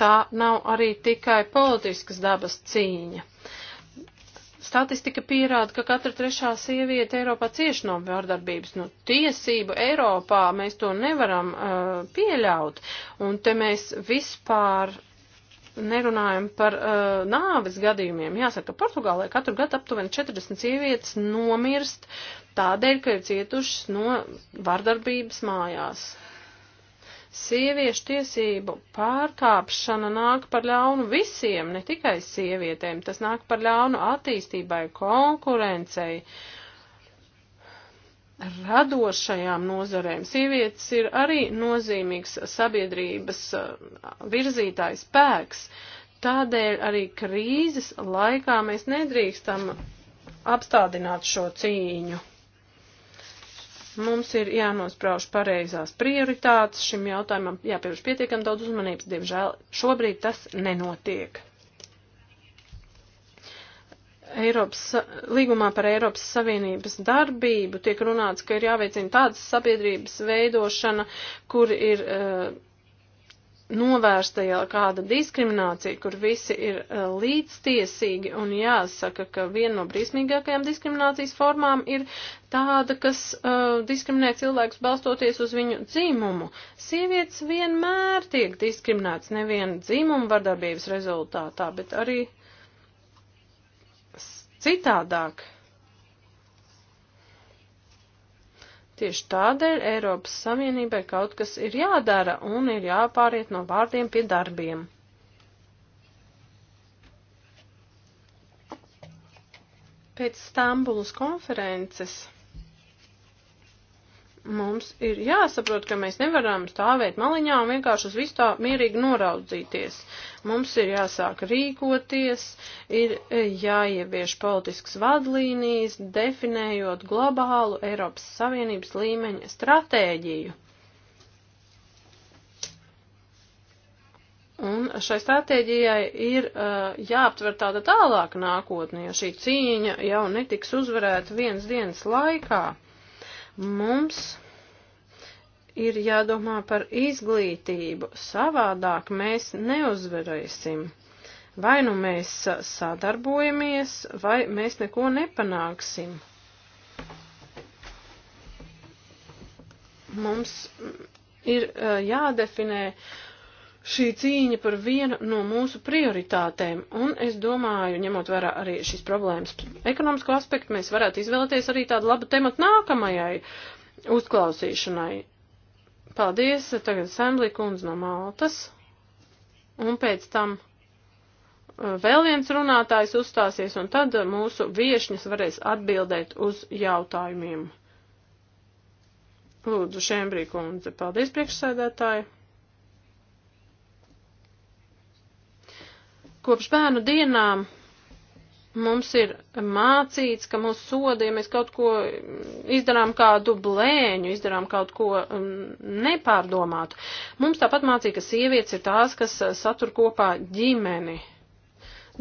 tā nav arī tikai politiskas dabas cīņa. Statistika pierāda, ka katra trešā sieviete Eiropā cieši no vārdarbības, no tiesību Eiropā mēs to nevaram uh, pieļaut, un te mēs vispār nerunājam par uh, nāves gadījumiem. Jāsaka, Portugālē katru gadu aptuveni 40 sievietes nomirst tādēļ, ka ir cietušas no vārdarbības mājās sieviešu tiesību pārkāpšana nāk par ļaunu visiem, ne tikai sievietēm. Tas nāk par ļaunu attīstībai, konkurencei, radošajām nozarēm. Sievietes ir arī nozīmīgs sabiedrības uh, virzītājs spēks. Tādēļ arī krīzes laikā mēs nedrīkstam apstādināt šo cīņu. Mums ir jānosprauž pareizās prioritātes šim jautājumam, jāpievērš pietiekam daudz uzmanības, diemžēl šobrīd tas nenotiek. Eiropas, līgumā par Eiropas Savienības darbību tiek runāts, ka ir jāveicina tādas sabiedrības veidošana, kur ir uh, novērsta jau kāda diskriminācija, kur visi ir uh, līdztiesīgi, un jāsaka, ka viena no brīsmīgākajām diskriminācijas formām ir tāda, kas uh, diskriminē cilvēkus balstoties uz viņu dzimumu. Sievietes vienmēr tiek diskriminētas nevien dzimuma vardarbības rezultātā, bet arī citādāk. Tieši tādēļ Eiropas Savienībai kaut kas ir jādara un ir jāpāriet no vārdiem pie darbiem. Pēc Stambulas konferences Mums ir jāsaprot, ka mēs nevaram stāvēt maliņā un vienkārši uz visu tā mierīgi noraudzīties. Mums ir jāsāk rīkoties, ir jāievieš politisks vadlīnijas, definējot globālu Eiropas Savienības līmeņa stratēģiju. Un šai stratēģijai ir uh, jāaptver tāda tālāka nākotnē, ja šī cīņa jau netiks uzvarēta viens dienas laikā. Mums ir jādomā par izglītību, savādāk mēs neuzvarēsim. Vai nu mēs sadarbojamies, vai mēs neko nepanāksim. Mums ir eh, jādefinē uh, šī cīņa par vienu no mūsu prioritātēm, un es domāju, ņemot vērā arī šīs problēmas ekonomisko aspektu, mēs varētu izvēlēties arī tādu labu tematu nākamajai uzklausīšanai. Paldies, tagad Semblī kundze no Maltas, un pēc tam uh, vēl viens runātājs uzstāsies, un tad mūsu viešņas varēs atbildēt uz jautājumiem. Lūdzu, Šembrī kundze, paldies priekšsēdētāji! Kopš bērnu dienām mums ir mācīts, ka mūsu sodi, ja mēs kaut ko izdarām kādu blēņu, izdarām kaut ko um, nepārdomātu, mums tāpat mācīja, ka sievietes ir tās, kas uh, satur kopā ģimeni.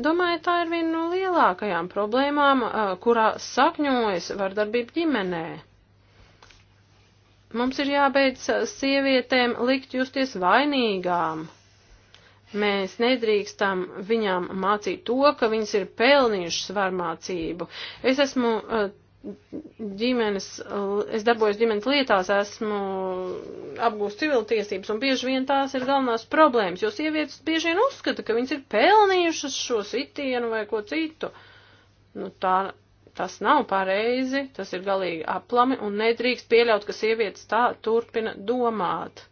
Domāju, tā ir viena no lielākajām problēmām, uh, kurā sakņojas vardarbība ģimenē. Mums ir jābeidz uh, sievietēm likt justies vainīgām. Mēs nedrīkstam viņām mācīt to, ka viņas ir pelnījušas varmācību. Es esmu eh, ģimenes, es darbojos ģimenes lietās, esmu apgūst civiltiesības, un bieži vien tās ir galvenās problēmas, jo sievietes bieži vien uzskata, ka viņas ir pelnījušas šo sitienu vai ko citu. Nu, tā, tas nav pareizi, tas ir galīgi aplami, un nedrīkst pieļaut, ka sievietes tā turpina domāt.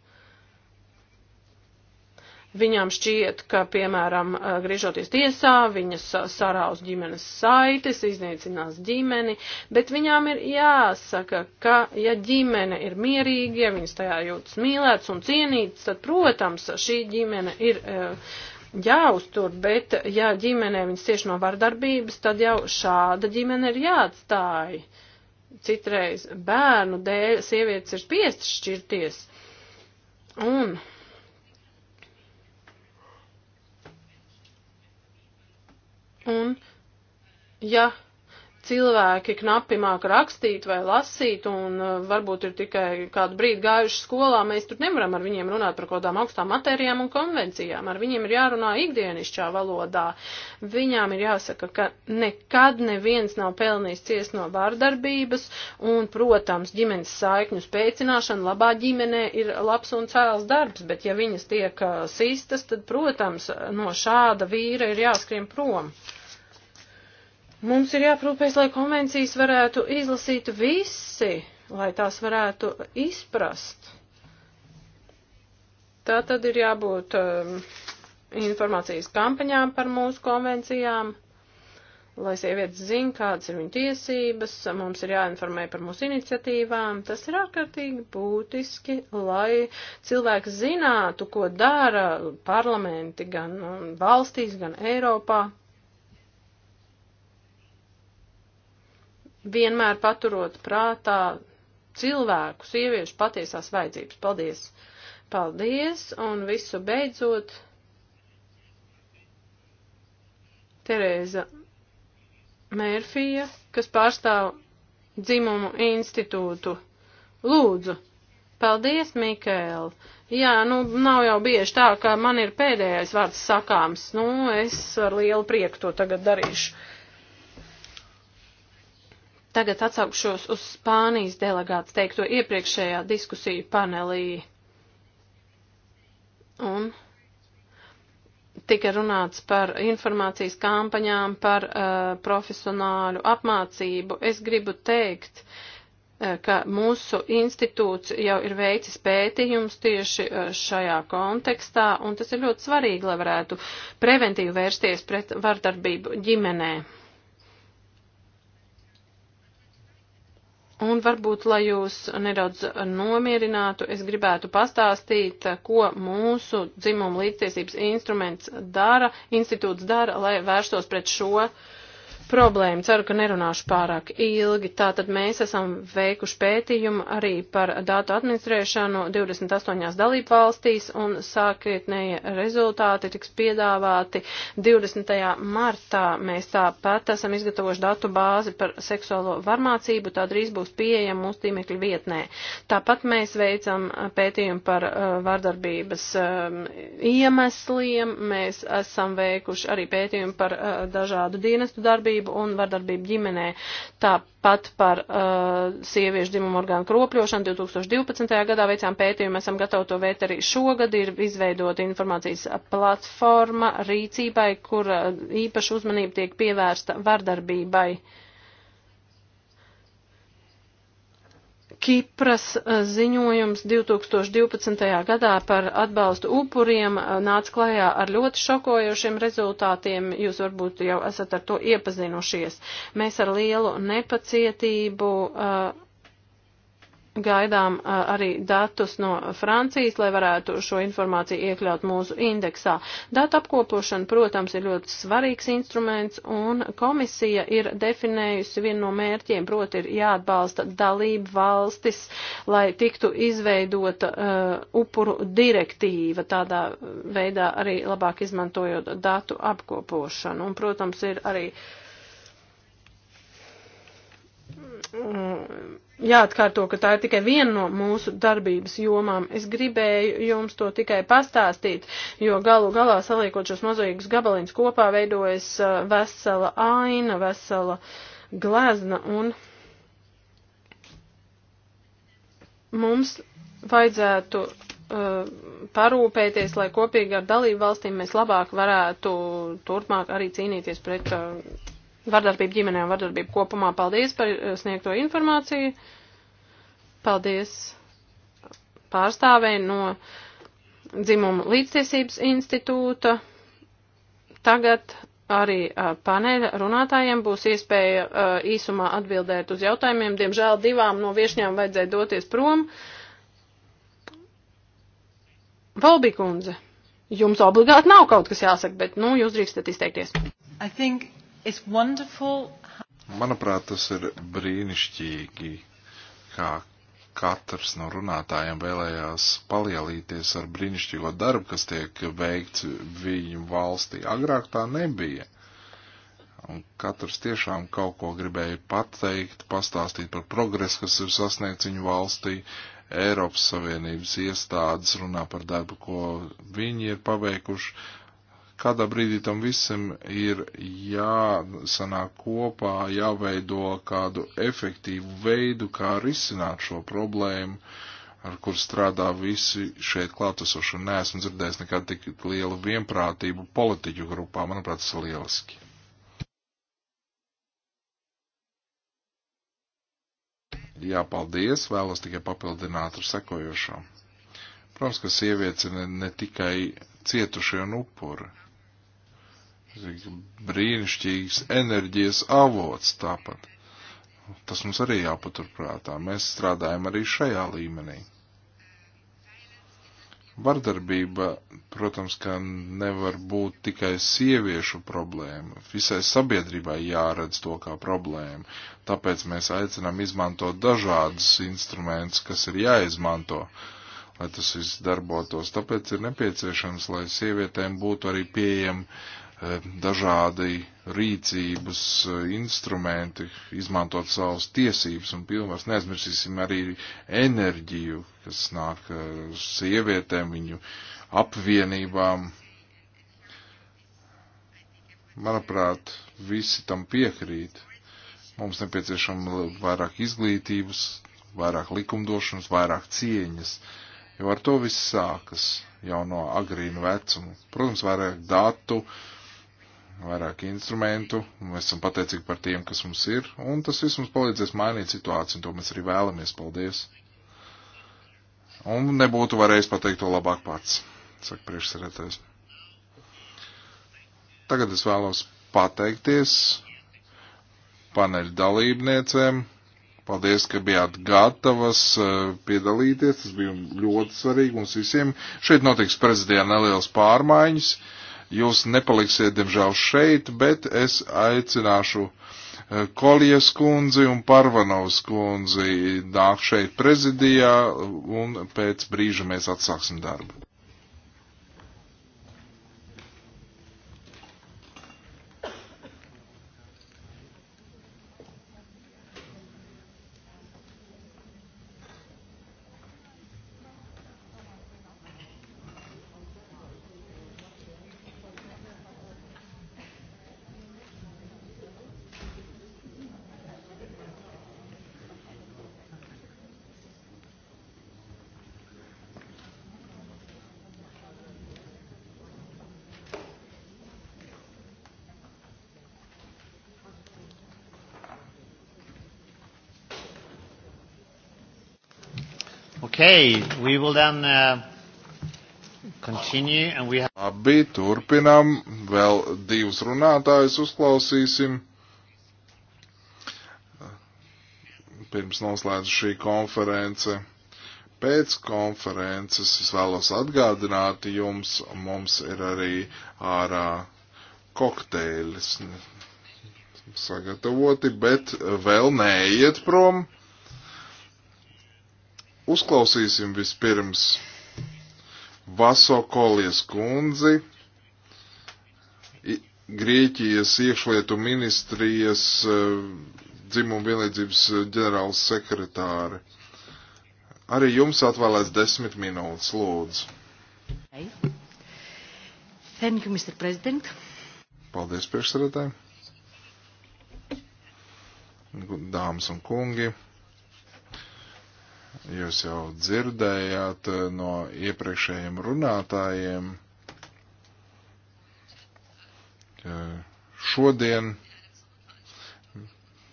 Viņām šķiet, ka, piemēram, griežoties tiesā, viņas sarauz ģimenes saites, iznīcinās ģimeni, bet viņām ir jāsaka, ka, ja ģimene ir mierīga, ja viņas tajā jūtas mīlētas un cienītas, tad, protams, šī ģimene ir jāuztur, bet, ja ģimenē viņas cieši no vardarbības, tad jau šāda ģimene ir jāatstāja. Citreiz bērnu dēļ sievietes ir spiestas šķirties. Un Un, ja cilvēki knapi māk rakstīt vai lasīt, un uh, varbūt ir tikai kādu brīdi gājuši skolā, mēs tur nevaram ar viņiem runāt par kaut kādām augstām matērijām un konvencijām. Ar viņiem ir jārunā ikdienišķā valodā. Viņām ir jāsaka, ka nekad neviens nav pelnījis ciest no vārdarbības, un, protams, ģimenes saikņu spēcināšana labā ģimenē ir labs un cēls darbs, bet ja viņas tiek uh, sistas, tad, protams, no šāda vīra ir jāskrien prom. Mums ir jāprūpēs, lai konvencijas varētu izlasīt visi, lai tās varētu izprast. Tā tad ir jābūt um, informācijas kampaņām par mūsu konvencijām, lai sievietes zina, kādas ir viņu tiesības, mums ir jāinformē par mūsu iniciatīvām. Tas ir ārkārtīgi būtiski, lai cilvēki zinātu, ko dara parlamenti gan valstīs, gan Eiropā. vienmēr paturot prātā cilvēku, sieviešu patiesās vajadzības. Paldies! Paldies! Un visu beidzot, Tereza Mērfija, kas pārstāv dzimumu institūtu. Lūdzu! Paldies, Mikēl! Jā, nu, nav jau bieži tā, ka man ir pēdējais vārds sakāms. Nu, es ar lielu prieku to tagad darīšu. Tagad atsaukšos uz Spānijas delegāts teikto iepriekšējā diskusiju panelī. Un tika runāts par informācijas kampaņām, par uh, profesionāļu apmācību. Es gribu teikt, uh, ka mūsu institūts jau ir veicis pētījums tieši uh, šajā kontekstā, un tas ir ļoti svarīgi, lai varētu preventīvi vērsties pret vardarbību ģimenē. Un varbūt, lai jūs nedaudz nomierinātu, es gribētu pastāstīt, ko mūsu dzimuma līdztiesības instruments dara, institūts dara, lai vērstos pret šo uh, problēma. Ceru, ka nerunāšu pārāk ilgi. Tātad mēs esam veikuši pētījumu arī par datu administrēšanu 28 dalību valstīs un sākotnēji rezultāti tiks piedāvāti 20. martā. Mēs tāpat esam izgatavojuši datu bāzi par seksuālo varmācību, tā drīz būs pieejama mūsu tīmekļa vietnē. Tāpat mēs veicam pētījumu par uh, vardarbības uh, iemesliem. Mēs esam veikuši arī pētījumu par uh, dažādu dienestu darbību vardarbību un vardarbību ģimenē. Tāpat par uh, sieviešu dzimumu orgānu kropļošanu 2012. gadā veicām pētījumu, esam gatavi to veikt arī šogad. Ir izveidota informācijas platforma rīcībai, kur uh, īpaši uzmanība tiek pievērsta vardarbībai. Uh, Kipras eh, ziņojums 2012. gadā par atbalstu upuriem eh, nāca klajā ar ļoti šokojošiem rezultātiem. Jūs varbūt jau esat ar to iepazinušies. Mēs ar lielu nepacietību uh, gaidām arī datus no Francijas, lai varētu šo informāciju iekļaut mūsu indeksā. Data apkopošana, protams, ir ļoti svarīgs instruments, un komisija ir definējusi vienu no mērķiem, proti ir jāatbalsta dalību valstis, lai tiktu izveidota uh, upuru direktīva, tādā veidā arī labāk izmantojot datu apkopošanu. Un, protams, ir arī. Uh, jāatkārto, ka tā ir tikai viena no mūsu darbības jomām. Es gribēju jums to tikai pastāstīt, jo galu galā saliekot šos mozaīgus gabaliņus kopā veidojas uh, vesela aina, vesela glezna un mums vajadzētu uh, parūpēties, lai kopīgi ar dalību valstīm mēs labāk varētu turpmāk arī cīnīties pret uh, vardarbību ģimenē un vardarbību kopumā. Paldies par eh, sniegto informāciju. Paldies pārstāvēji no dzimumu līdztiesības institūta. Tagad arī uh, paneļa runātājiem būs iespēja uh, īsumā atbildēt uz jautājumiem. Diemžēl divām no viešņām vajadzēja doties prom. Valbikundze, jums obligāti nav kaut kas jāsaka, bet, nu, jūs drīkstat izteikties. I think Manuprāt, tas ir brīnišķīgi, kā katrs no runātājiem vēlējās palielīties ar brīnišķīgo darbu, kas tiek veikts viņu valstī. Agrāk tā nebija. Un katrs tiešām kaut ko gribēja pateikt, pastāstīt par progresu, kas ir sasniegts viņu valstī. Eiropas Savienības iestādes runā par darbu, ko viņi ir paveikuši Kādā brīdī tam visam ir jāsanāk kopā, jāveido kādu efektīvu veidu, kā risināt šo problēmu, ar kur strādā visi šeit klātesoši. Nesmu dzirdējis nekad tik lielu vienprātību politiķu grupā. Manuprāt, tas ir lieliski. Jā, paldies. Vēlos tikai papildināt ar sekojošo. Protams, ka sievietes ir ne, ne tikai cietušie un upuri brīnišķīgs enerģijas avots tāpat. Tas mums arī jāpaturprātā. Mēs strādājam arī šajā līmenī. Vardarbība, protams, ka nevar būt tikai sieviešu problēma. Visai sabiedrībai jāredz to kā problēma. Tāpēc mēs aicinām izmantot dažādus instrumentus, kas ir jāizmanto, lai tas viss darbotos. Tāpēc ir nepieciešams, lai sievietēm būtu arī pieejami E, dažādi rīcības e, instrumenti, izmantot savas tiesības un pilnvars. Neaizmirsīsim arī enerģiju, kas nāk e, sievietēm, viņu apvienībām. Manuprāt, visi tam piekrīt. Mums nepieciešama vairāk izglītības, vairāk likumdošanas, vairāk cieņas, jo ar to viss sākas jau no agrīna vecuma. Protams, vairāk datu, uh, vairāk instrumentu, mēs esam pateicīgi par tiem, kas mums ir, un tas viss mums palīdzēs mainīt situāciju, un to mēs arī vēlamies. Paldies! Un nebūtu varējis pateikt to labāk pats, saka priekšsarētājs. Tagad es vēlos pateikties paneļu dalībniecēm. Paldies, ka bijāt gatavas eh, piedalīties. Tas bija ļoti svarīgi mums visiem. Šeit notiks prezidijā nelielas pārmaiņas. Jūs nepaliksiet, diemžēl, šeit, bet es aicināšu eh, Kolijas kundzi un Parvanovs kundzi nāk šeit prezidijā un pēc brīža mēs atsāksim darbu. Okay, we will then uh, continue and we have... Abi turpinam, vēl divus runātājus uzklausīsim. Pirms noslēdz šī konference. Pēc konferences es vēlos atgādināt jums, mums ir arī ārā kokteilis sagatavoti, bet vēl neiet prom. Uzklausīsim vispirms Vaso Kolies kundzi, Grieķijas iekšlietu ministrijas e, dzimumu vienlīdzības e, ģenerāls sekretāri. Arī jums atvēlēts desmit minūtes, lūdzu. Thank you, Mr. President. Paldies, priekšsēdētāji. Dāmas un kungi. Jūs jau dzirdējāt eh, no iepriekšējiem runātājiem, ka eh, šodien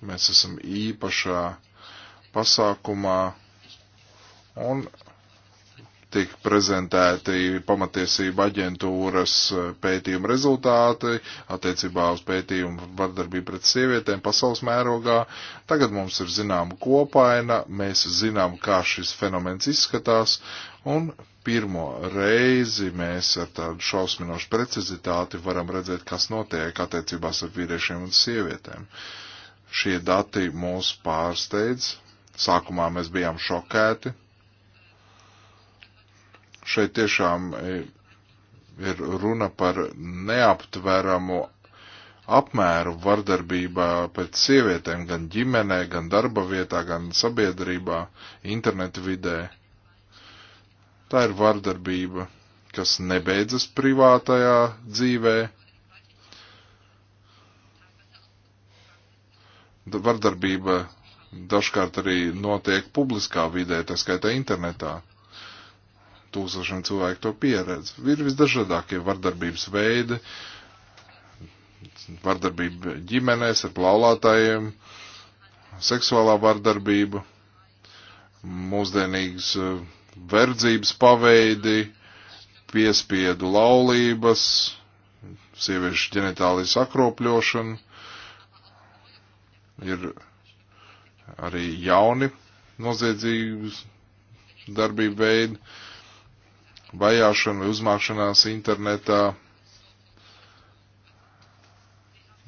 mēs esam īpašā pasākumā un tika prezentēti pamatiesība aģentūras eh, pētījuma rezultāti attiecībā uz pētījumu vardarbību pret sievietēm pasaules mērogā. Tagad mums ir zināma kopaina, mēs zinām, kā šis fenomens izskatās, un pirmo reizi mēs ar tādu šausminošu precizitāti varam redzēt, kas notiek attiecībās ar vīriešiem un sievietēm. Šie dati mūs pārsteidz. Sākumā mēs bijām šokēti, Šeit tiešām ir runa par neaptveramu apmēru vardarbībā pret sievietēm gan ģimenē, gan darba vietā, gan sabiedrībā, internetu vidē. Tā ir vardarbība, kas nebeidzas privātajā dzīvē. Vardarbība dažkārt arī notiek publiskā vidē, tā skaitā internetā tūkstošiem cilvēku to pieredz. Ir visdažādākie vardarbības veidi, vardarbība ģimenēs ar laulātājiem, seksuālā vardarbība, mūsdienīgas eh, verdzības paveidi, piespiedu laulības, sieviešu ģenitālijas akropļošana. Ir arī jauni noziedzības darbība veidi, vajāšana, uzmākšanās internetā.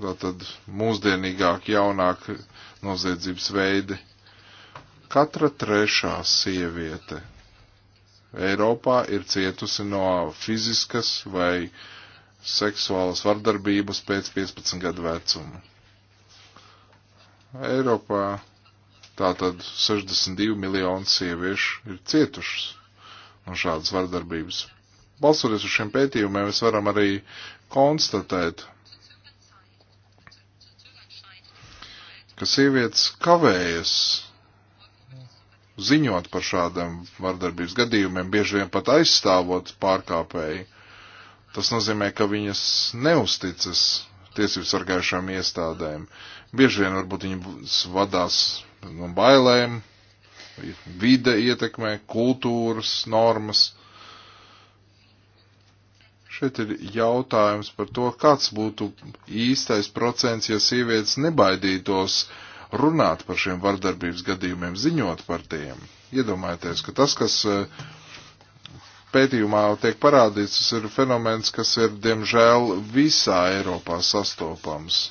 Tātad mūsdienīgāk, jaunāk noziedzības veidi. Katra trešā sieviete Eiropā ir cietusi no fiziskas vai seksuālas vardarbības pēc 15 gadu vecuma. Eiropā tātad 62 miljonu sieviešu ir cietušas no šādas vardarbības. Balsoties uz šiem pētījumiem, mēs varam arī konstatēt, ka sievietes kavējas ziņot par šādiem vardarbības gadījumiem, bieži vien pat aizstāvot pārkāpēju. Tas nozīmē, ka viņas neusticas tiesību sargājušām iestādēm. Bieži vien varbūt viņas vadās no bailēm, vide ietekmē, kultūras normas. Šeit ir jautājums par to, kāds būtu īstais procents, ja sievietes nebaidītos runāt par šiem vardarbības gadījumiem, ziņot par tiem. Iedomājieties, ka tas, kas eh, pētījumā tiek parādīts, tas ir fenomens, kas ir, diemžēl, visā Eiropā sastopams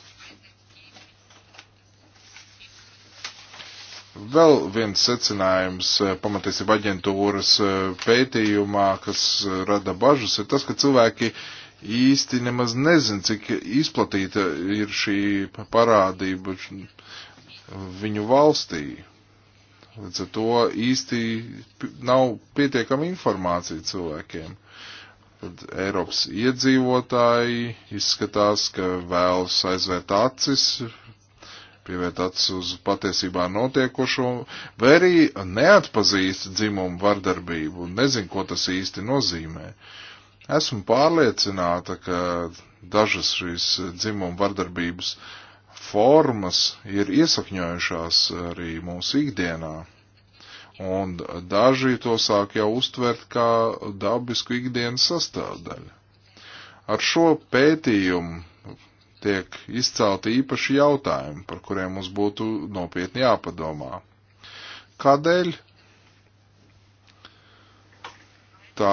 Vēl viens secinājums eh, pamatiesība aģentūras eh, pētījumā, kas eh, rada bažas, ir tas, ka cilvēki īsti nemaz nezin, cik izplatīta ir šī parādība viņu valstī. Līdz ar to īsti nav pietiekama informācija cilvēkiem. Tad Eiropas iedzīvotāji izskatās, ka vēlas aizvērt acis pievērt acis uz patiesībā notiekošo, vai arī neatpazīst dzimumu vardarbību un nezin, ko tas īsti nozīmē. Esmu pārliecināta, ka dažas šīs dzimumu vardarbības formas ir iesakņojušās arī mūsu ikdienā. Un daži to sāk jau uztvert kā dabisku ikdienas sastāvdaļu. Ar šo pētījumu tiek izcelti īpaši jautājumi, par kuriem mums būtu nopietni jāpadomā. Kādēļ tā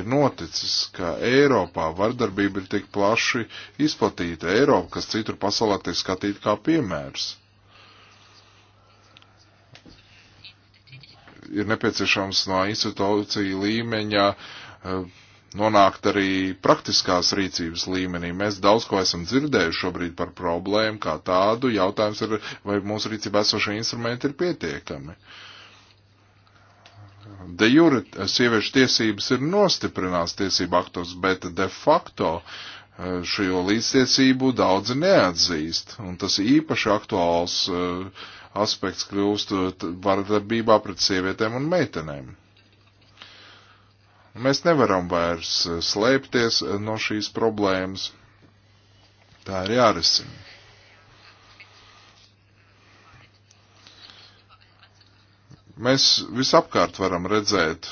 ir noticis, ka Eiropā vardarbība ir tik plaši izplatīta. Eiropa, kas citur pasaulē tiek skatīta kā piemērs. Ir nepieciešams no institūcija līmeņa eh, nonākt arī praktiskās rīcības līmenī. Mēs daudz ko esam dzirdējuši šobrīd par problēmu kā tādu. Jautājums ir, vai mūsu rīcībā esošie instrumenti ir pietiekami. De jure sieviešu tiesības ir nostiprinās tiesību aktos, bet de facto eh, šo līdztiesību daudzi neatzīst. Un tas īpaši aktuāls eh, aspekts kļūst eh, vardarbībā pret sievietēm un meitenēm. Mēs nevaram vairs eh, slēpties eh, no šīs problēmas. Tā ir jārisina. Mēs visapkārt varam redzēt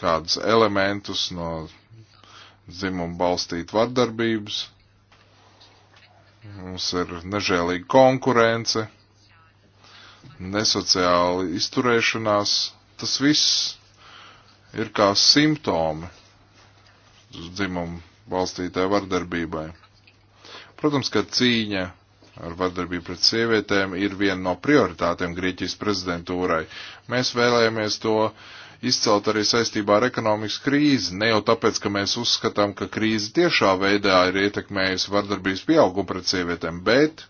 kādus elementus no dzimumu balstīt vardarbības. Mums ir nežēlīga konkurence, nesociāla izturēšanās. Tas viss ir kā simptomi uz dzimumu balstītāju vardarbībai. Protams, ka cīņa ar vardarbību pret sievietēm ir viena no prioritātēm Grieķijas prezidentūrai. Mēs vēlējāmies to izcelt arī saistībā ar ekonomikas krīzi, ne jau tāpēc, ka mēs uzskatām, ka krīze tiešā veidā ir ietekmējusi vardarbības pieaugumu pret sievietēm, bet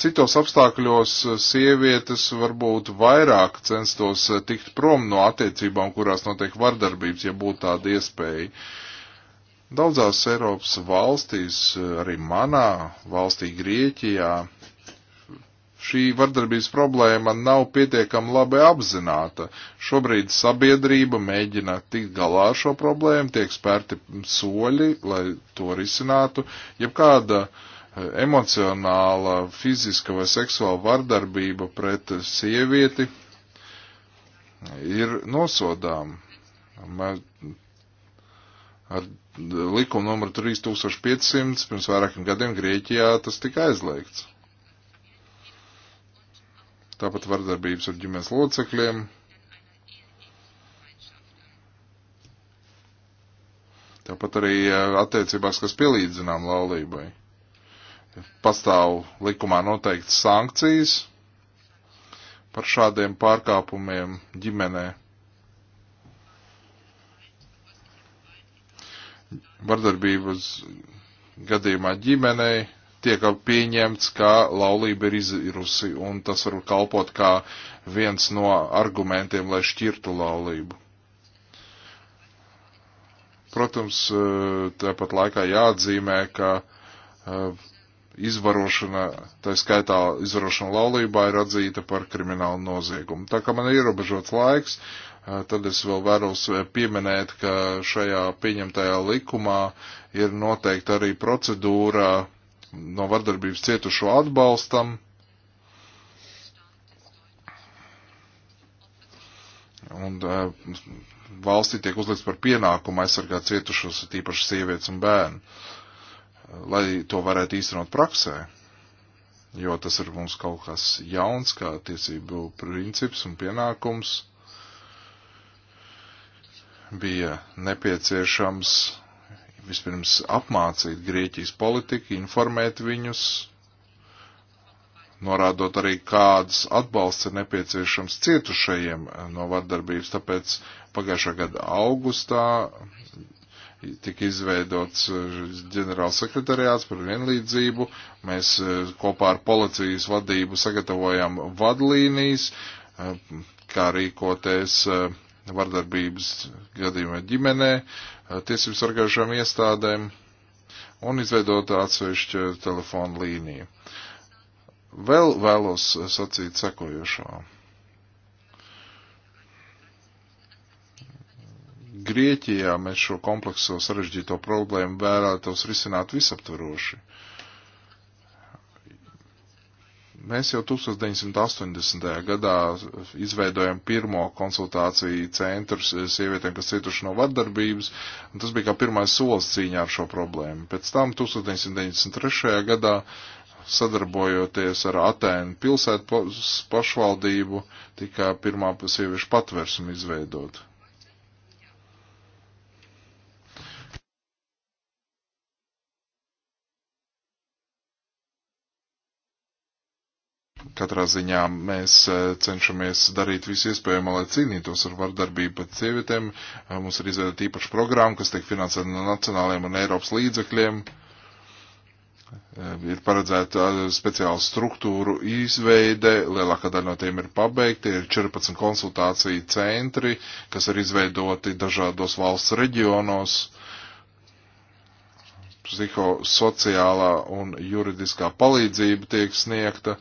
citos apstākļos eh, sievietes varbūt vairāk censtos eh, tikt prom no attiecībām, kurās notiek vardarbības, ja būtu tāda iespēja. Daudzās Eiropas valstīs, eh, arī manā valstī Grieķijā, šī vardarbības problēma nav pietiekami labi apzināta. Šobrīd sabiedrība mēģina tikt galā ar šo problēmu, tiek spērti soļi, lai to risinātu. Jebkāda ja emocionāla, fiziska vai seksuāla vardarbība pret sievieti ir nosodām. Mēs ar likumu numuru 3500 pirms vairākiem gadiem Grieķijā tas tika aizliegts. Tāpat vardarbības ar ģimenes locekļiem. Tāpat arī eh, attiecībās, kas pielīdzinām laulībai pastāv likumā noteikts sankcijas par šādiem pārkāpumiem ģimenē. Vardarbības gadījumā ģimenei tiek pieņemts, ka laulība ir izirusi, un tas var kalpot kā viens no argumentiem, lai šķirtu laulību. Protams, eh, tāpat laikā jāatzīmē, ka uh, izvarošana, tā skaitā izvarošana laulībā, ir atzīta par kriminālu noziegumu. Tā kā man ir ierobežots laiks, eh, tad es vēl vēros eh, pieminēt, ka šajā pieņemtajā likumā ir noteikta arī procedūra no vardarbības cietušo atbalstam. Un eh, valstī tiek uzlikts par pienākumu aizsargāt cietušos, tīpaši sievietes un bērnu lai to varētu īstenot praksē, jo tas ir mums kaut kas jauns, kā tiesību princips un pienākums bija nepieciešams vispirms apmācīt Grieķijas politiku, informēt viņus, norādot arī, kādas atbalsts ir nepieciešams cietušajiem no vardarbības. Tāpēc pagājušā gada augustā tika izveidots uh, ģenerāls sekretariāts par vienlīdzību. Mēs uh, kopā ar policijas vadību sagatavojam vadlīnijas, uh, kā rīkoties vardarbības gadījumā ģimenē, tiesības sargājušām iestādēm un izveidot atsevišķu telefonu līniju. Vēl vēlos sacīt sekojošo. Grieķijā mēs šo komplekso sarežģīto problēmu vērētos risināt visaptvaroši. Mēs jau 1980. gadā izveidojam pirmo konsultāciju centru sievietēm, kas cietuši no vardarbības, un tas bija kā pirmais solis cīņā ar šo problēmu. Pēc tam 1993. gadā sadarbojoties ar Atēnu pilsētu pašvaldību, tika pirmā sieviešu patversuma izveidot. katrā ziņā mēs e, cenšamies darīt visu iespējamo, lai cīnītos ar vardarbību pret sievietēm. E, mums ir izveidota īpaša programma, kas tiek finansēta no nacionāliem un Eiropas līdzekļiem. E, ir paredzēta speciāla struktūru izveide, lielākā daļa no tiem ir pabeigta, ir 14 konsultāciju centri, kas ir izveidoti dažādos valsts reģionos. Uh, psihosociālā un juridiskā palīdzība tiek sniegta,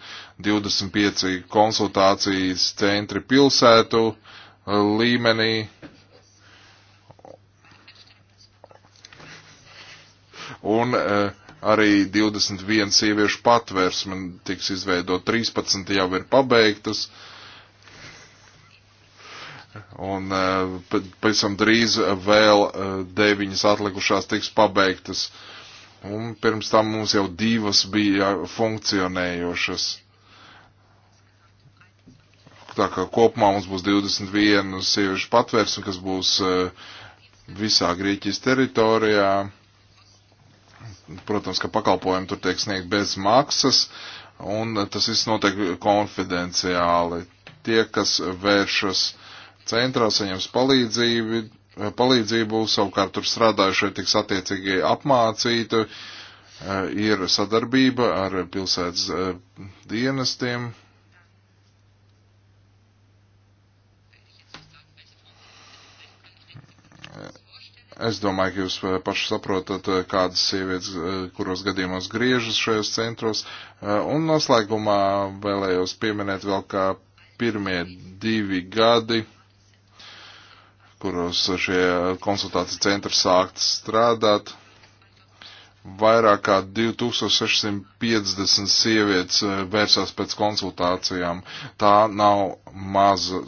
25 konsultācijas centri pilsētu eh, līmenī. Un eh, arī 21 sieviešu patvērsme tiks izveidot, 13 jau ir pabeigtas. Uh, un eh, pavisam drīz vēl eh, deviņas atlikušās tiks pabeigtas. Un pirms tam mums jau divas bija funkcionējošas. Tā kā kopumā mums būs 21 sieviešu patvērsme, kas būs eh, visā Grieķijas teritorijā. Protams, ka pakalpojumi tur tiek sniegt bez maksas, un tas viss notiek konfidenciāli. Tie, kas vēršas uh, centrā saņems palīdzību, eh, palīdzību savukārt tur strādājušie tiks attiecīgi apmācīti, eh, ir sadarbība ar pilsētas eh, dienestiem. Es domāju, ka jūs paši saprotat, kādas sievietes, kuros gadījumos griežas šajos centros. Un noslēgumā vēlējos pieminēt vēl, kā pirmie divi gadi kuros šie konsultāciju centri sākt strādāt. Vairāk kā 2650 sievietes eh, vērsās pēc konsultācijām. Tā nav maza,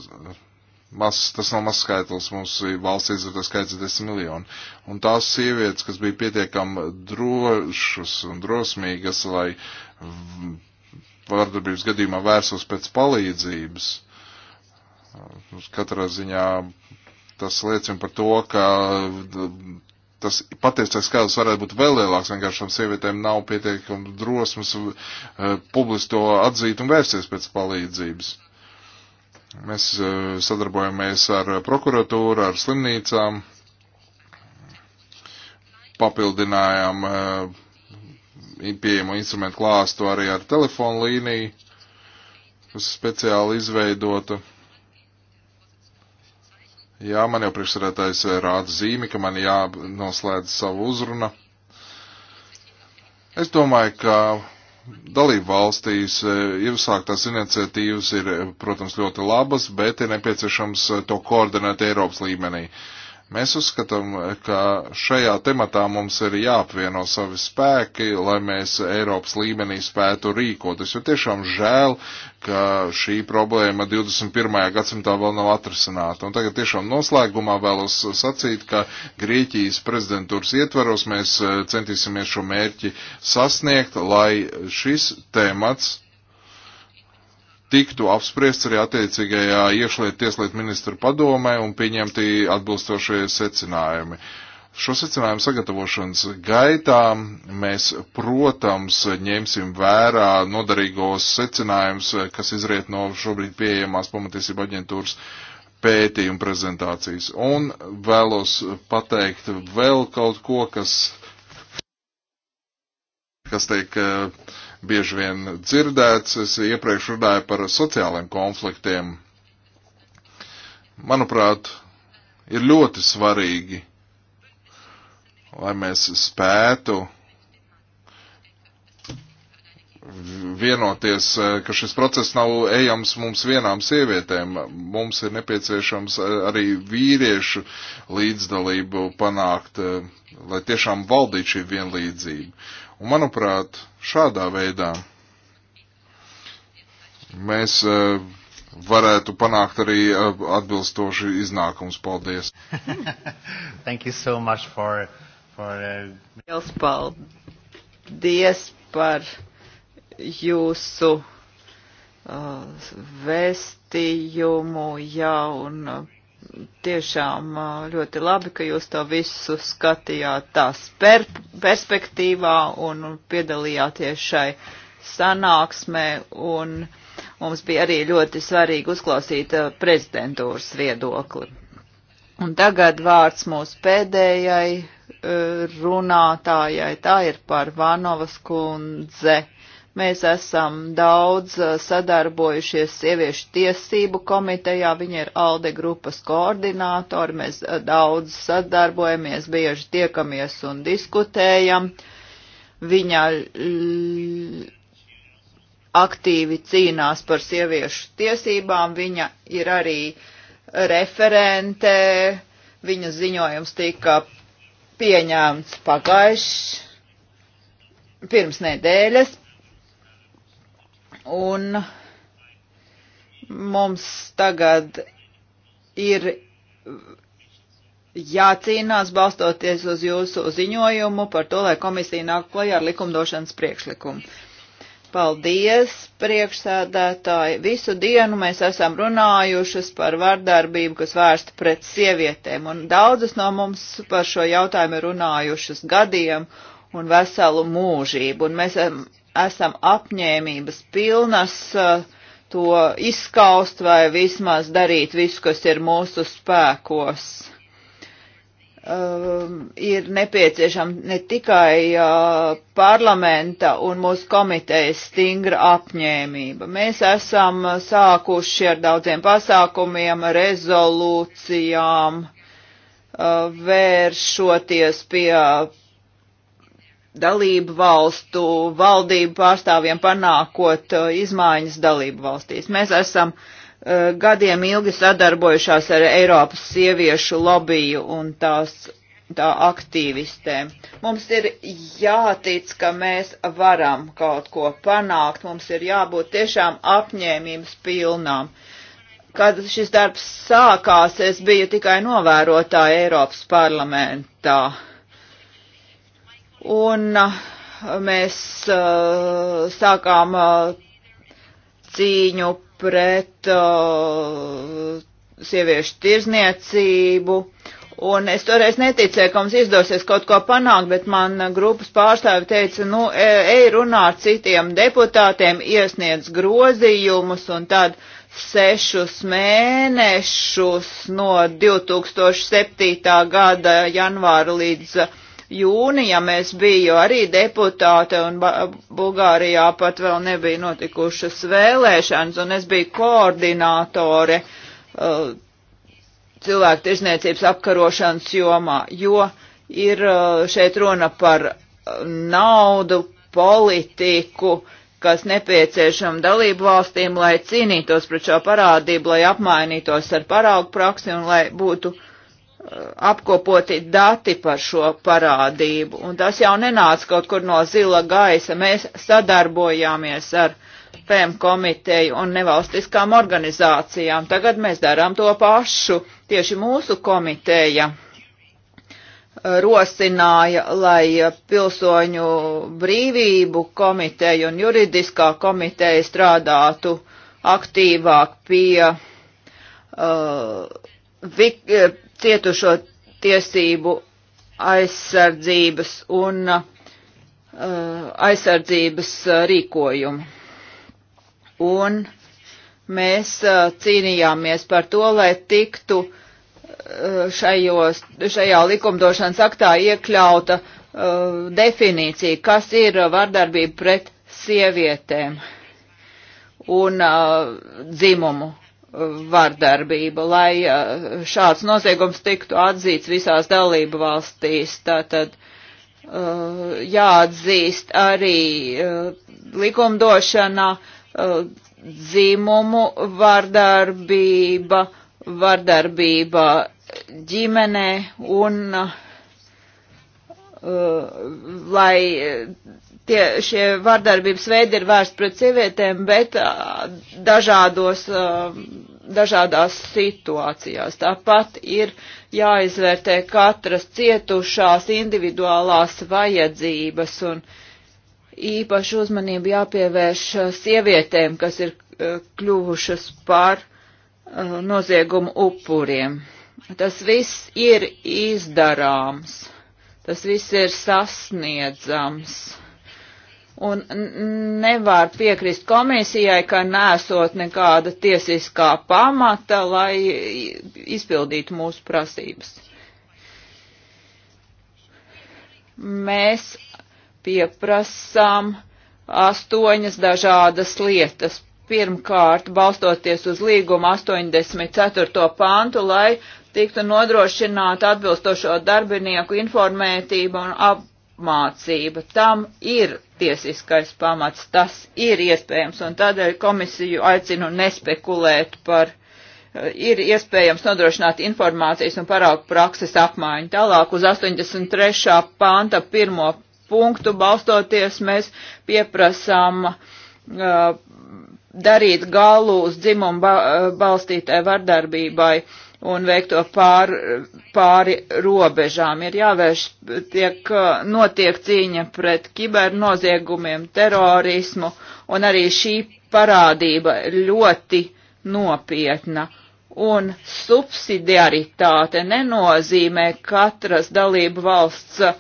maz, tas nav maz skaitlis, mums valsts iedzīvotāju skaits ir 10 miljoni. Un tās sievietes, kas bija pietiekam drošas un drosmīgas, lai vardarbības gadījumā vērsos pēc palīdzības, katrā ziņā Tas liecina par to, ka tas patiesais skaidrs varētu būt vēl lielāks, vienkārši šām sievietēm nav pietiekami drosmas eh, publiski to atzīt un vērsties pēc palīdzības. Mēs eh, sadarbojamies ar prokuratūru, ar slimnīcām, papildinājām eh, pieejamo instrumentu klāstu arī ar telefonu līniju, kas speciāli izveidota Jā, man jau priekšsarētājs eh, rāda zīmi, ka man jānoslēdz savu uzrunu. Es domāju, ka dalību valstīs eh, ir sāktās iniciatīvas, ir, eh, protams, ļoti labas, bet ir nepieciešams to koordinēt Eiropas līmenī. Uh, Mēs uzskatām, ka šajā tematā mums ir jāapvieno savi spēki, lai mēs Eiropas līmenī spētu rīkoties, jo tiešām žēl, ka šī problēma 21. gadsimtā vēl nav atrisināta. Un tagad tiešām noslēgumā vēlos sacīt, ka Grieķijas prezidentūras ietvaros mēs eh, centīsimies šo mērķi sasniegt, lai šis temats tiktu apspriests arī attiecīgajā iekšlietu tieslietu ministru padomē un pieņemti atbilstošie secinājumi. Šo secinājumu sagatavošanas gaitā mēs, protams, ņemsim vērā nodarīgos secinājumus, kas izriet no šobrīd pieejamās pamatiesība aģentūras pētījuma prezentācijas. Un vēlos pateikt vēl kaut ko, kas, kas tiek uh, bieži vien dzirdēts. Es iepriekš runāju par sociālajiem konfliktiem. Manuprāt, ir ļoti svarīgi, lai mēs spētu vienoties, ka šis process nav ejams mums vienām sievietēm. Mums ir nepieciešams arī vīriešu līdzdalību panākt, lai tiešām valdītu šī vienlīdzība. Un manuprāt, šādā veidā mēs eh, varētu panākt arī eh, atbilstoši iznākums. Paldies! *laughs* Thank you so much for. for uh... Paldies par jūsu uh, vēstījumu, jā, un tiešām ļoti labi, ka jūs to visu skatījāt tās per perspektīvā un piedalījāties šai sanāksmē un mums bija arī ļoti svarīgi uzklausīt prezidentūras viedokli. Un tagad vārds mūsu pēdējai runātājai, tā ir par Vanovas kundze. Mēs esam daudz eh, sadarbojušies sieviešu tiesību komitejā, viņa ir ALDE grupas koordinātori, mēs eh, daudz sadarbojamies, bieži tiekamies un diskutējam. Viņa aktīvi cīnās par sieviešu tiesībām, viņa ir arī referente, viņas ziņojums tika pieņēmts pagaiš pirms nedēļas Un mums tagad ir jācīnās balstoties uz jūsu ziņojumu par to, lai komisija nāk klajā ar likumdošanas priekšlikumu. Paldies, priekšsēdētāji. Visu dienu mēs esam runājušas par vardarbību, kas vērsta pret sievietēm, un daudzas no mums par šo jautājumu ir runājušas gadiem un veselu mūžību, un mēs esam apņēmības pilnas eh, to izskaust vai vismaz darīt visu, kas ir mūsu spēkos. Um, ir nepieciešama ne tikai uh, parlamenta un mūsu komitejas stingra apņēmība. Mēs esam uh, sākuši ar daudziem pasākumiem, rezolūcijām, uh, vēršoties pie dalību valstu valdību pārstāvjiem panākot uh, izmaiņas dalību valstīs. Mēs esam uh, gadiem ilgi sadarbojušās ar Eiropas sieviešu lobiju un tās tā aktīvistēm. Mums ir jātic, ka mēs varam kaut ko panākt, mums ir jābūt tiešām apņēmības pilnām. Kad šis darbs sākās, es biju tikai novērotāja Eiropas parlamentā un uh, mēs uh, sākām uh, cīņu pret uh, sieviešu tirzniecību. Un es toreiz neticēju, ka mums izdosies kaut ko panākt, bet man grupas pārstāvi teica, nu, e, ej runā ar citiem deputātiem, iesniedz grozījumus un tad sešus mēnešus no 2007. gada janvāra līdz jūnija mēs biju arī deputāte un Bulgārijā pat vēl nebija notikušas vēlēšanas un es biju koordinātore uh, cilvēku tirzniecības apkarošanas jomā, jo ir uh, šeit runa par uh, naudu, politiku, kas nepieciešama dalību valstīm, lai cīnītos pret šo parādību, lai apmainītos ar paraugu praksi un lai būtu uh, apkopoti dati par šo parādību. Un tas jau nenāca kaut kur no zila gaisa. Mēs sadarbojāmies ar PM e komiteju un nevalstiskām organizācijām. Tagad mēs darām to pašu. Tieši mūsu komiteja eh, rosināja, lai eh, pilsoņu brīvību komiteja un juridiskā komiteja strādātu aktīvāk pie uh, eh, vik, cietušo tiesību aizsardzības un uh, aizsardzības uh, rīkojumu. Un mēs uh, cīnījāmies par to, lai tiktu uh, šajos, šajā likumdošanas aktā iekļauta uh, definīcija, kas ir vardarbība pret sievietēm un uh, dzimumu vardarbība, lai eh, šāds noziegums tiktu atzīts visās dalību valstīs. Tātad eh, jāatzīst arī eh, likumdošanā dzimumu vardarbība, vardarbība ģimenē un lai tie, šie vārdarbības veidi ir vērsti pret sievietēm, bet dažādos, dažādās situācijās. Tāpat ir jāizvērtē katras cietušās individuālās vajadzības un īpaši uzmanību jāpievērš sievietēm, kas ir kļuvušas par noziegumu upuriem. Tas viss ir izdarāms, tas viss ir sasniedzams un nevar piekrist komisijai, ka nesot nekāda tiesiskā pamata, lai izpildītu mūsu prasības. Mēs pieprasām astoņas dažādas lietas. Pirmkārt, balstoties uz līgumu 84. pantu, lai tiktu nodrošināta atbilstošo darbinieku informētība un ap apmācība. Tam ir tiesiskais pamats, tas ir iespējams, un tādēļ komisiju aicinu nespekulēt par, eh, ir iespējams nodrošināt informācijas un paraugu prakses apmaiņu. Tālāk uz 83. panta pirmo punktu balstoties mēs pieprasām uh, darīt galu uz dzimumu ba balstītai vardarbībai. Uh, un veikto pār, pāri robežām. Ir jāvērš, tiek uh, notiek cīņa pret kibernoziegumiem, terorismu, un arī šī parādība ļoti nopietna. Un subsidiaritāte nenozīmē katras dalību valsts uh,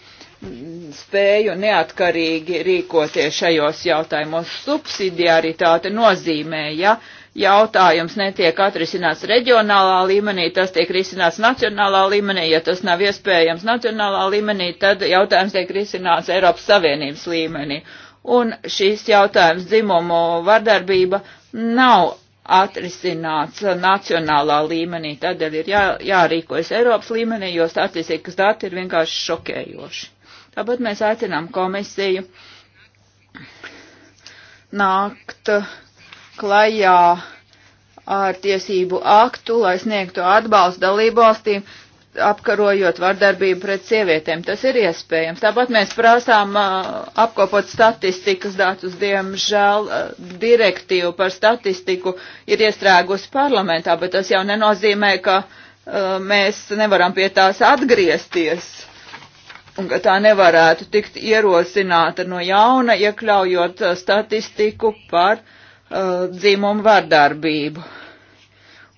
spēju neatkarīgi rīkoties šajos jautājumos. Subsidiaritāte nozīmē, ja jautājums netiek atrisināts reģionālā līmenī, tas tiek risināts nacionālā līmenī. Ja tas nav iespējams nacionālā līmenī, tad jautājums tiek risināts Eiropas Savienības līmenī. Un šīs jautājums dzimumu vardarbība nav atrisināts nacionālā līmenī, tādēļ ir jā, jārīkojas Eiropas līmenī, jo statistikas dati ir vienkārši šokējoši. Tāpat mēs aicinām komisiju nākt uh, klajā ar tiesību aktu, lai sniegtu atbalstu dalībvalstīm, apkarojot vardarbību pret sievietēm. Tas ir iespējams. Tāpat mēs prasām uh, apkopot statistikas datus. Diemžēl uh, direktīva par statistiku ir iestrēgusi parlamentā, bet tas jau nenozīmē, ka uh, mēs nevaram pie tās atgriezties un ka tā nevarētu tikt ierosināta no jauna, iekļaujot uh, statistiku par uh, Uh, dzimumu vardarbību.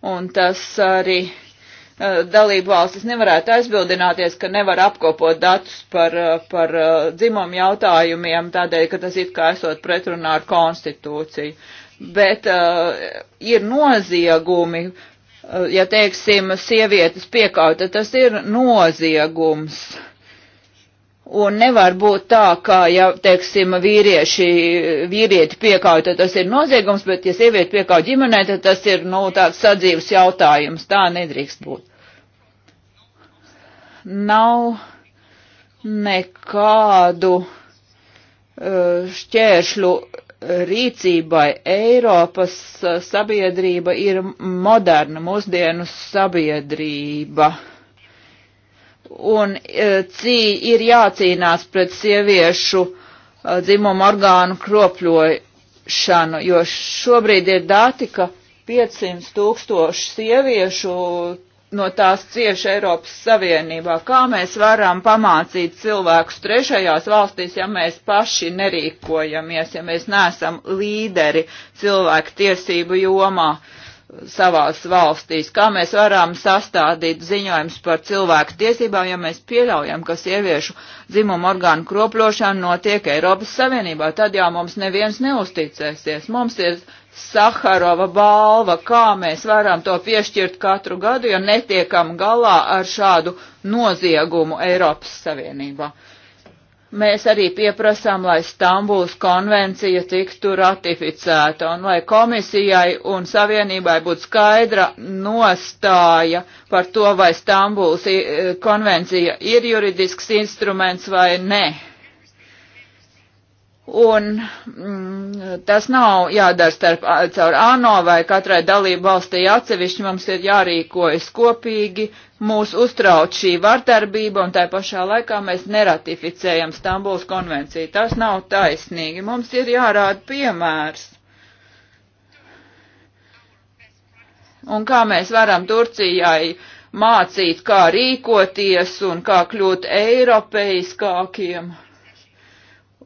Un tas arī uh, dalību valstis nevarētu aizbildināties, ka nevar apkopot datus par, uh, par dzimumu jautājumiem, tādēļ, ka tas it kā esot pretrunā ar konstitūciju. Bet uh, ir noziegumi, ja teiksim, sievietes piekauta, tas ir noziegums. Uh, Un nevar būt tā, ka, ja, teiksim, vīrieši, vīrieti piekauj, tad tas ir noziegums, bet, ja sievieti piekauj ģimenē, tad tas ir, nu, tāds sadzīves jautājums. Tā nedrīkst būt. Nav nekādu eh, šķēršļu rīcībai. Eiropas eh, sabiedrība ir moderna mūsdienu sabiedrība un e, cī, ir jācīnās pret sieviešu e, dzimumu orgānu kropļošanu, jo šobrīd ir dati, ka 500 tūkstoši sieviešu no tās cieši Eiropas Savienībā. Kā mēs varam pamācīt cilvēkus trešajās valstīs, ja mēs paši nerīkojamies, ja mēs neesam līderi cilvēku tiesību jomā? Uh, savās valstīs, kā mēs varam sastādīt ziņojums par cilvēku tiesībām, ja mēs pieļaujam, ka sieviešu dzimumu orgānu kropļošana notiek Eiropas Savienībā, tad jau mums neviens neusticēsies. Mums ir Saharova balva, kā mēs varam to piešķirt katru gadu, ja netiekam galā ar šādu noziegumu Eiropas Savienībā. Mēs arī pieprasām, lai Stambuls konvencija tiktu ratificēta un lai komisijai un savienībai būtu skaidra nostāja par to, vai Stambuls konvencija ir juridisks instruments vai nē. Un mm, tas nav jādara starp, caur ANO vai katrai dalību valstī atsevišķi, mums ir jārīkojas kopīgi, mūs uztrauc šī vardarbība un tai pašā laikā mēs neratificējam Stambuls konvenciju. Tas nav taisnīgi, mums ir jārāda piemērs. Un kā mēs varam Turcijai mācīt, kā rīkoties un kā kļūt eiropeiskākiem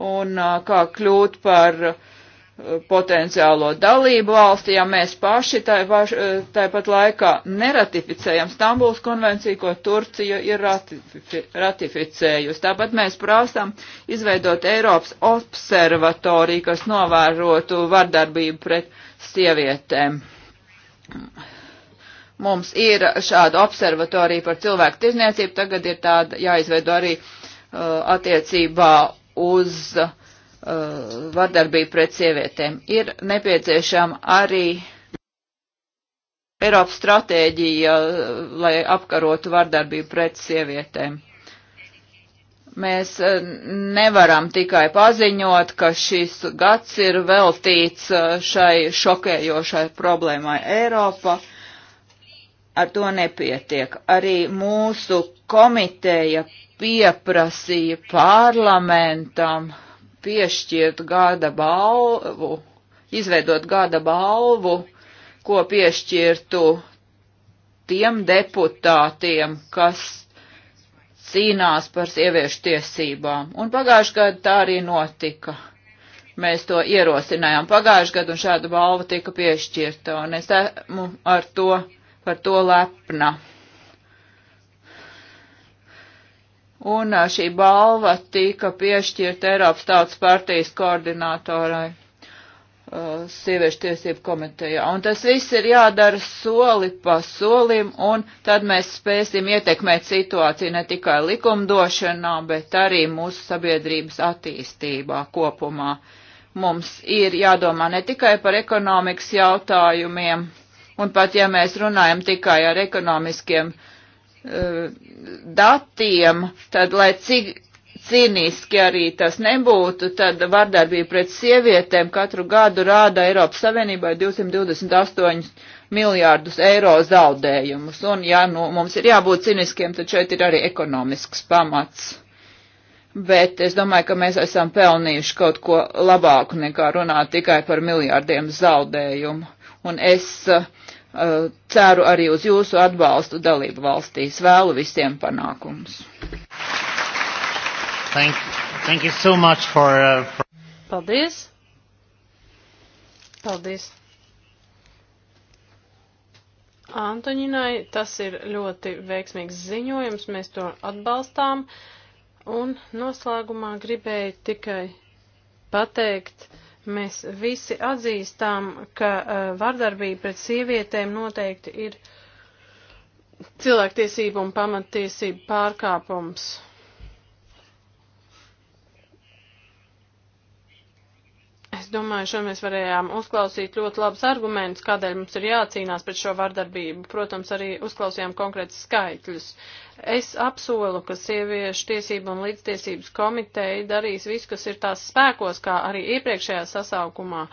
un kā kļūt par potenciālo dalību valsti, ja mēs paši tāpat laikā neratificējam Stambuls konvenciju, ko Turcija ir ratifi, ratificējusi. Tāpat mēs prasām izveidot Eiropas observatoriju, kas novērotu vardarbību pret sievietēm. Mums ir šāda observatorija par cilvēku tirzniecību, tagad ir tāda jāizveido arī uh, attiecībā uz uh, vardarbību pret sievietēm. Ir nepieciešama arī Eiropas stratēģija, uh, lai apkarotu vardarbību pret sievietēm. Mēs uh, nevaram tikai paziņot, ka šis gads ir veltīts uh, šai šokējošai problēmai Eiropa. Ar to nepietiek. Arī mūsu komiteja pieprasīja parlamentam piešķirt gada balvu, izveidot gada balvu, ko piešķirtu tiem deputātiem, kas cīnās par sieviešu tiesībām. Un pagājušajā gadā tā arī notika. Mēs to ierosinājām pagājušajā gadā, un šāda balva tika piešķirta, un es esmu ar to, par to lepna. Un šī balva tika piešķirta Eiropas Tautas partijas koordinātorai uh, sieviešu tiesību komitejā. Un tas viss ir jādara soli pa solim, un tad mēs spēsim ietekmēt situāciju ne tikai likumdošanā, bet arī mūsu sabiedrības attīstībā kopumā. Mums ir jādomā ne tikai par ekonomikas jautājumiem, un pat ja mēs runājam tikai ar ekonomiskiem jautājumiem, Eh, datiem, tad lai cik cīniski arī tas nebūtu, tad vardarbība pret sievietēm katru gadu rāda Eiropas Savienībai 228 miljārdus eiro zaudējumus. Un ja nu, mums ir jābūt ciniskiem, tad šeit ir arī ekonomisks pamats. Bet es domāju, ka mēs esam pelnījuši kaut ko labāku nekā runāt tikai par miljārdiem zaudējumu. Un es uh, Eh, ceru arī uz jūsu atbalstu dalību valstīs. Vēlu visiem panākumus. Thank, thank you so much for, uh, for... Paldies. Paldies. Antoņinai tas ir ļoti veiksmīgs ziņojums, mēs to atbalstām. Un noslēgumā gribēju tikai pateikt, Mēs visi atzīstam, ka uh, vardarbība pret sievietēm noteikti ir cilvēktiesību un pamattiesību pārkāpums. Es domāju, šodien mēs varējām uzklausīt ļoti labus argumentus, kādēļ mums ir jācīnās pret šo vardarbību. Protams, arī uzklausījām konkrētus skaitļus. Es apsolu, ka sieviešu tiesību un līdztiesības komiteja darīs visu, kas ir tās spēkos, kā arī iepriekšējā sasaukumā.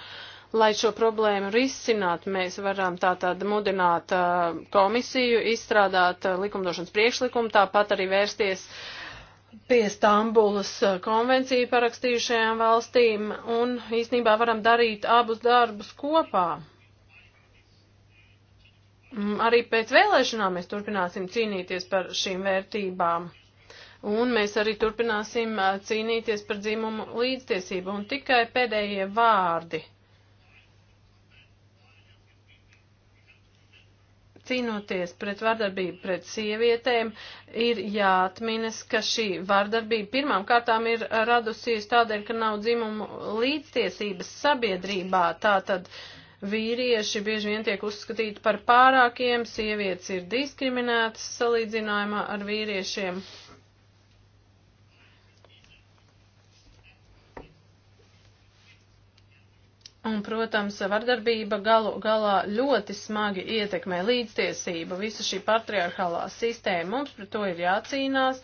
Lai šo problēmu risinātu, mēs varam tātad mudināt uh, komisiju, izstrādāt uh, likumdošanas priekšlikumu, tāpat arī vērsties pie Stambulas uh, konvenciju parakstījušajām valstīm un īsnībā varam darīt abus darbus kopā. Mm, arī pēc vēlēšanām mēs turpināsim cīnīties par šīm vērtībām. Un mēs arī turpināsim cīnīties par dzimumu līdztiesību. Un tikai pēdējie vārdi. Cīnoties pret vardarbību pret sievietēm, ir jāatminas, ka šī vardarbība pirmām kārtām ir radusies tādēļ, ka nav dzimumu līdztiesības sabiedrībā. Tātad uh, Vīrieši bieži vien tiek uzskatīti par pārākiem, sievietes ir diskriminētas salīdzinājumā ar vīriešiem. Uh, Un, protams, vardarbība galu galā ļoti smagi ietekmē līdztiesību, visa šī patriarchālā sistēma. Mums pret to ir jācīnās,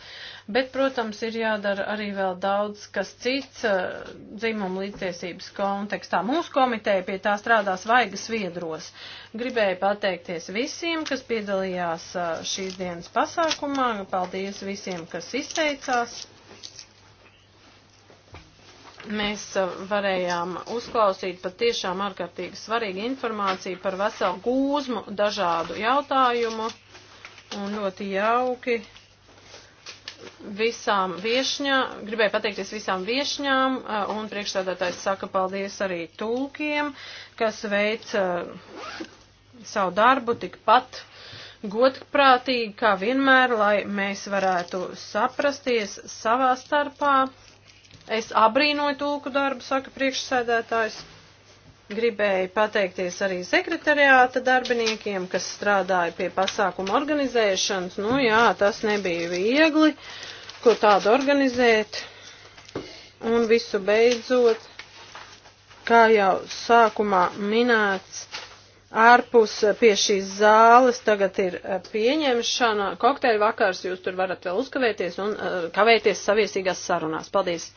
bet, protams, ir jādara arī vēl daudz kas cits eh, dzimumu līdztiesības kontekstā. Mūsu komiteja pie tā strādās vaigas viedros. Gribēju pateikties visiem, kas piedalījās eh, šīs dienas pasākumā. Paldies visiem, kas izteicās mēs eh, varējām uzklausīt patiešām ārkārtīgi svarīgu informāciju par veselu gūzmu dažādu jautājumu un ļoti jauki visām viešņām, gribēju pateikties visām viešņām eh, un priekšstādātājs saka paldies arī tulkiem, kas veic eh, savu darbu tikpat godprātīgi kā vienmēr, lai mēs varētu saprasties savā starpā. Es abrīnoju tūku darbu, saka priekšsēdētājs. Gribēju pateikties arī sekretariāta darbiniekiem, kas strādāja pie pasākuma organizēšanas. Nu jā, tas nebija viegli, ko tādu organizēt. Un visu beidzot, kā jau sākumā minēts, Ārpus eh, pie šīs zāles tagad ir eh, pieņemšana, kokteļu vakars, jūs tur varat vēl uzkavēties un eh, kavēties saviesīgās sarunās. Paldies!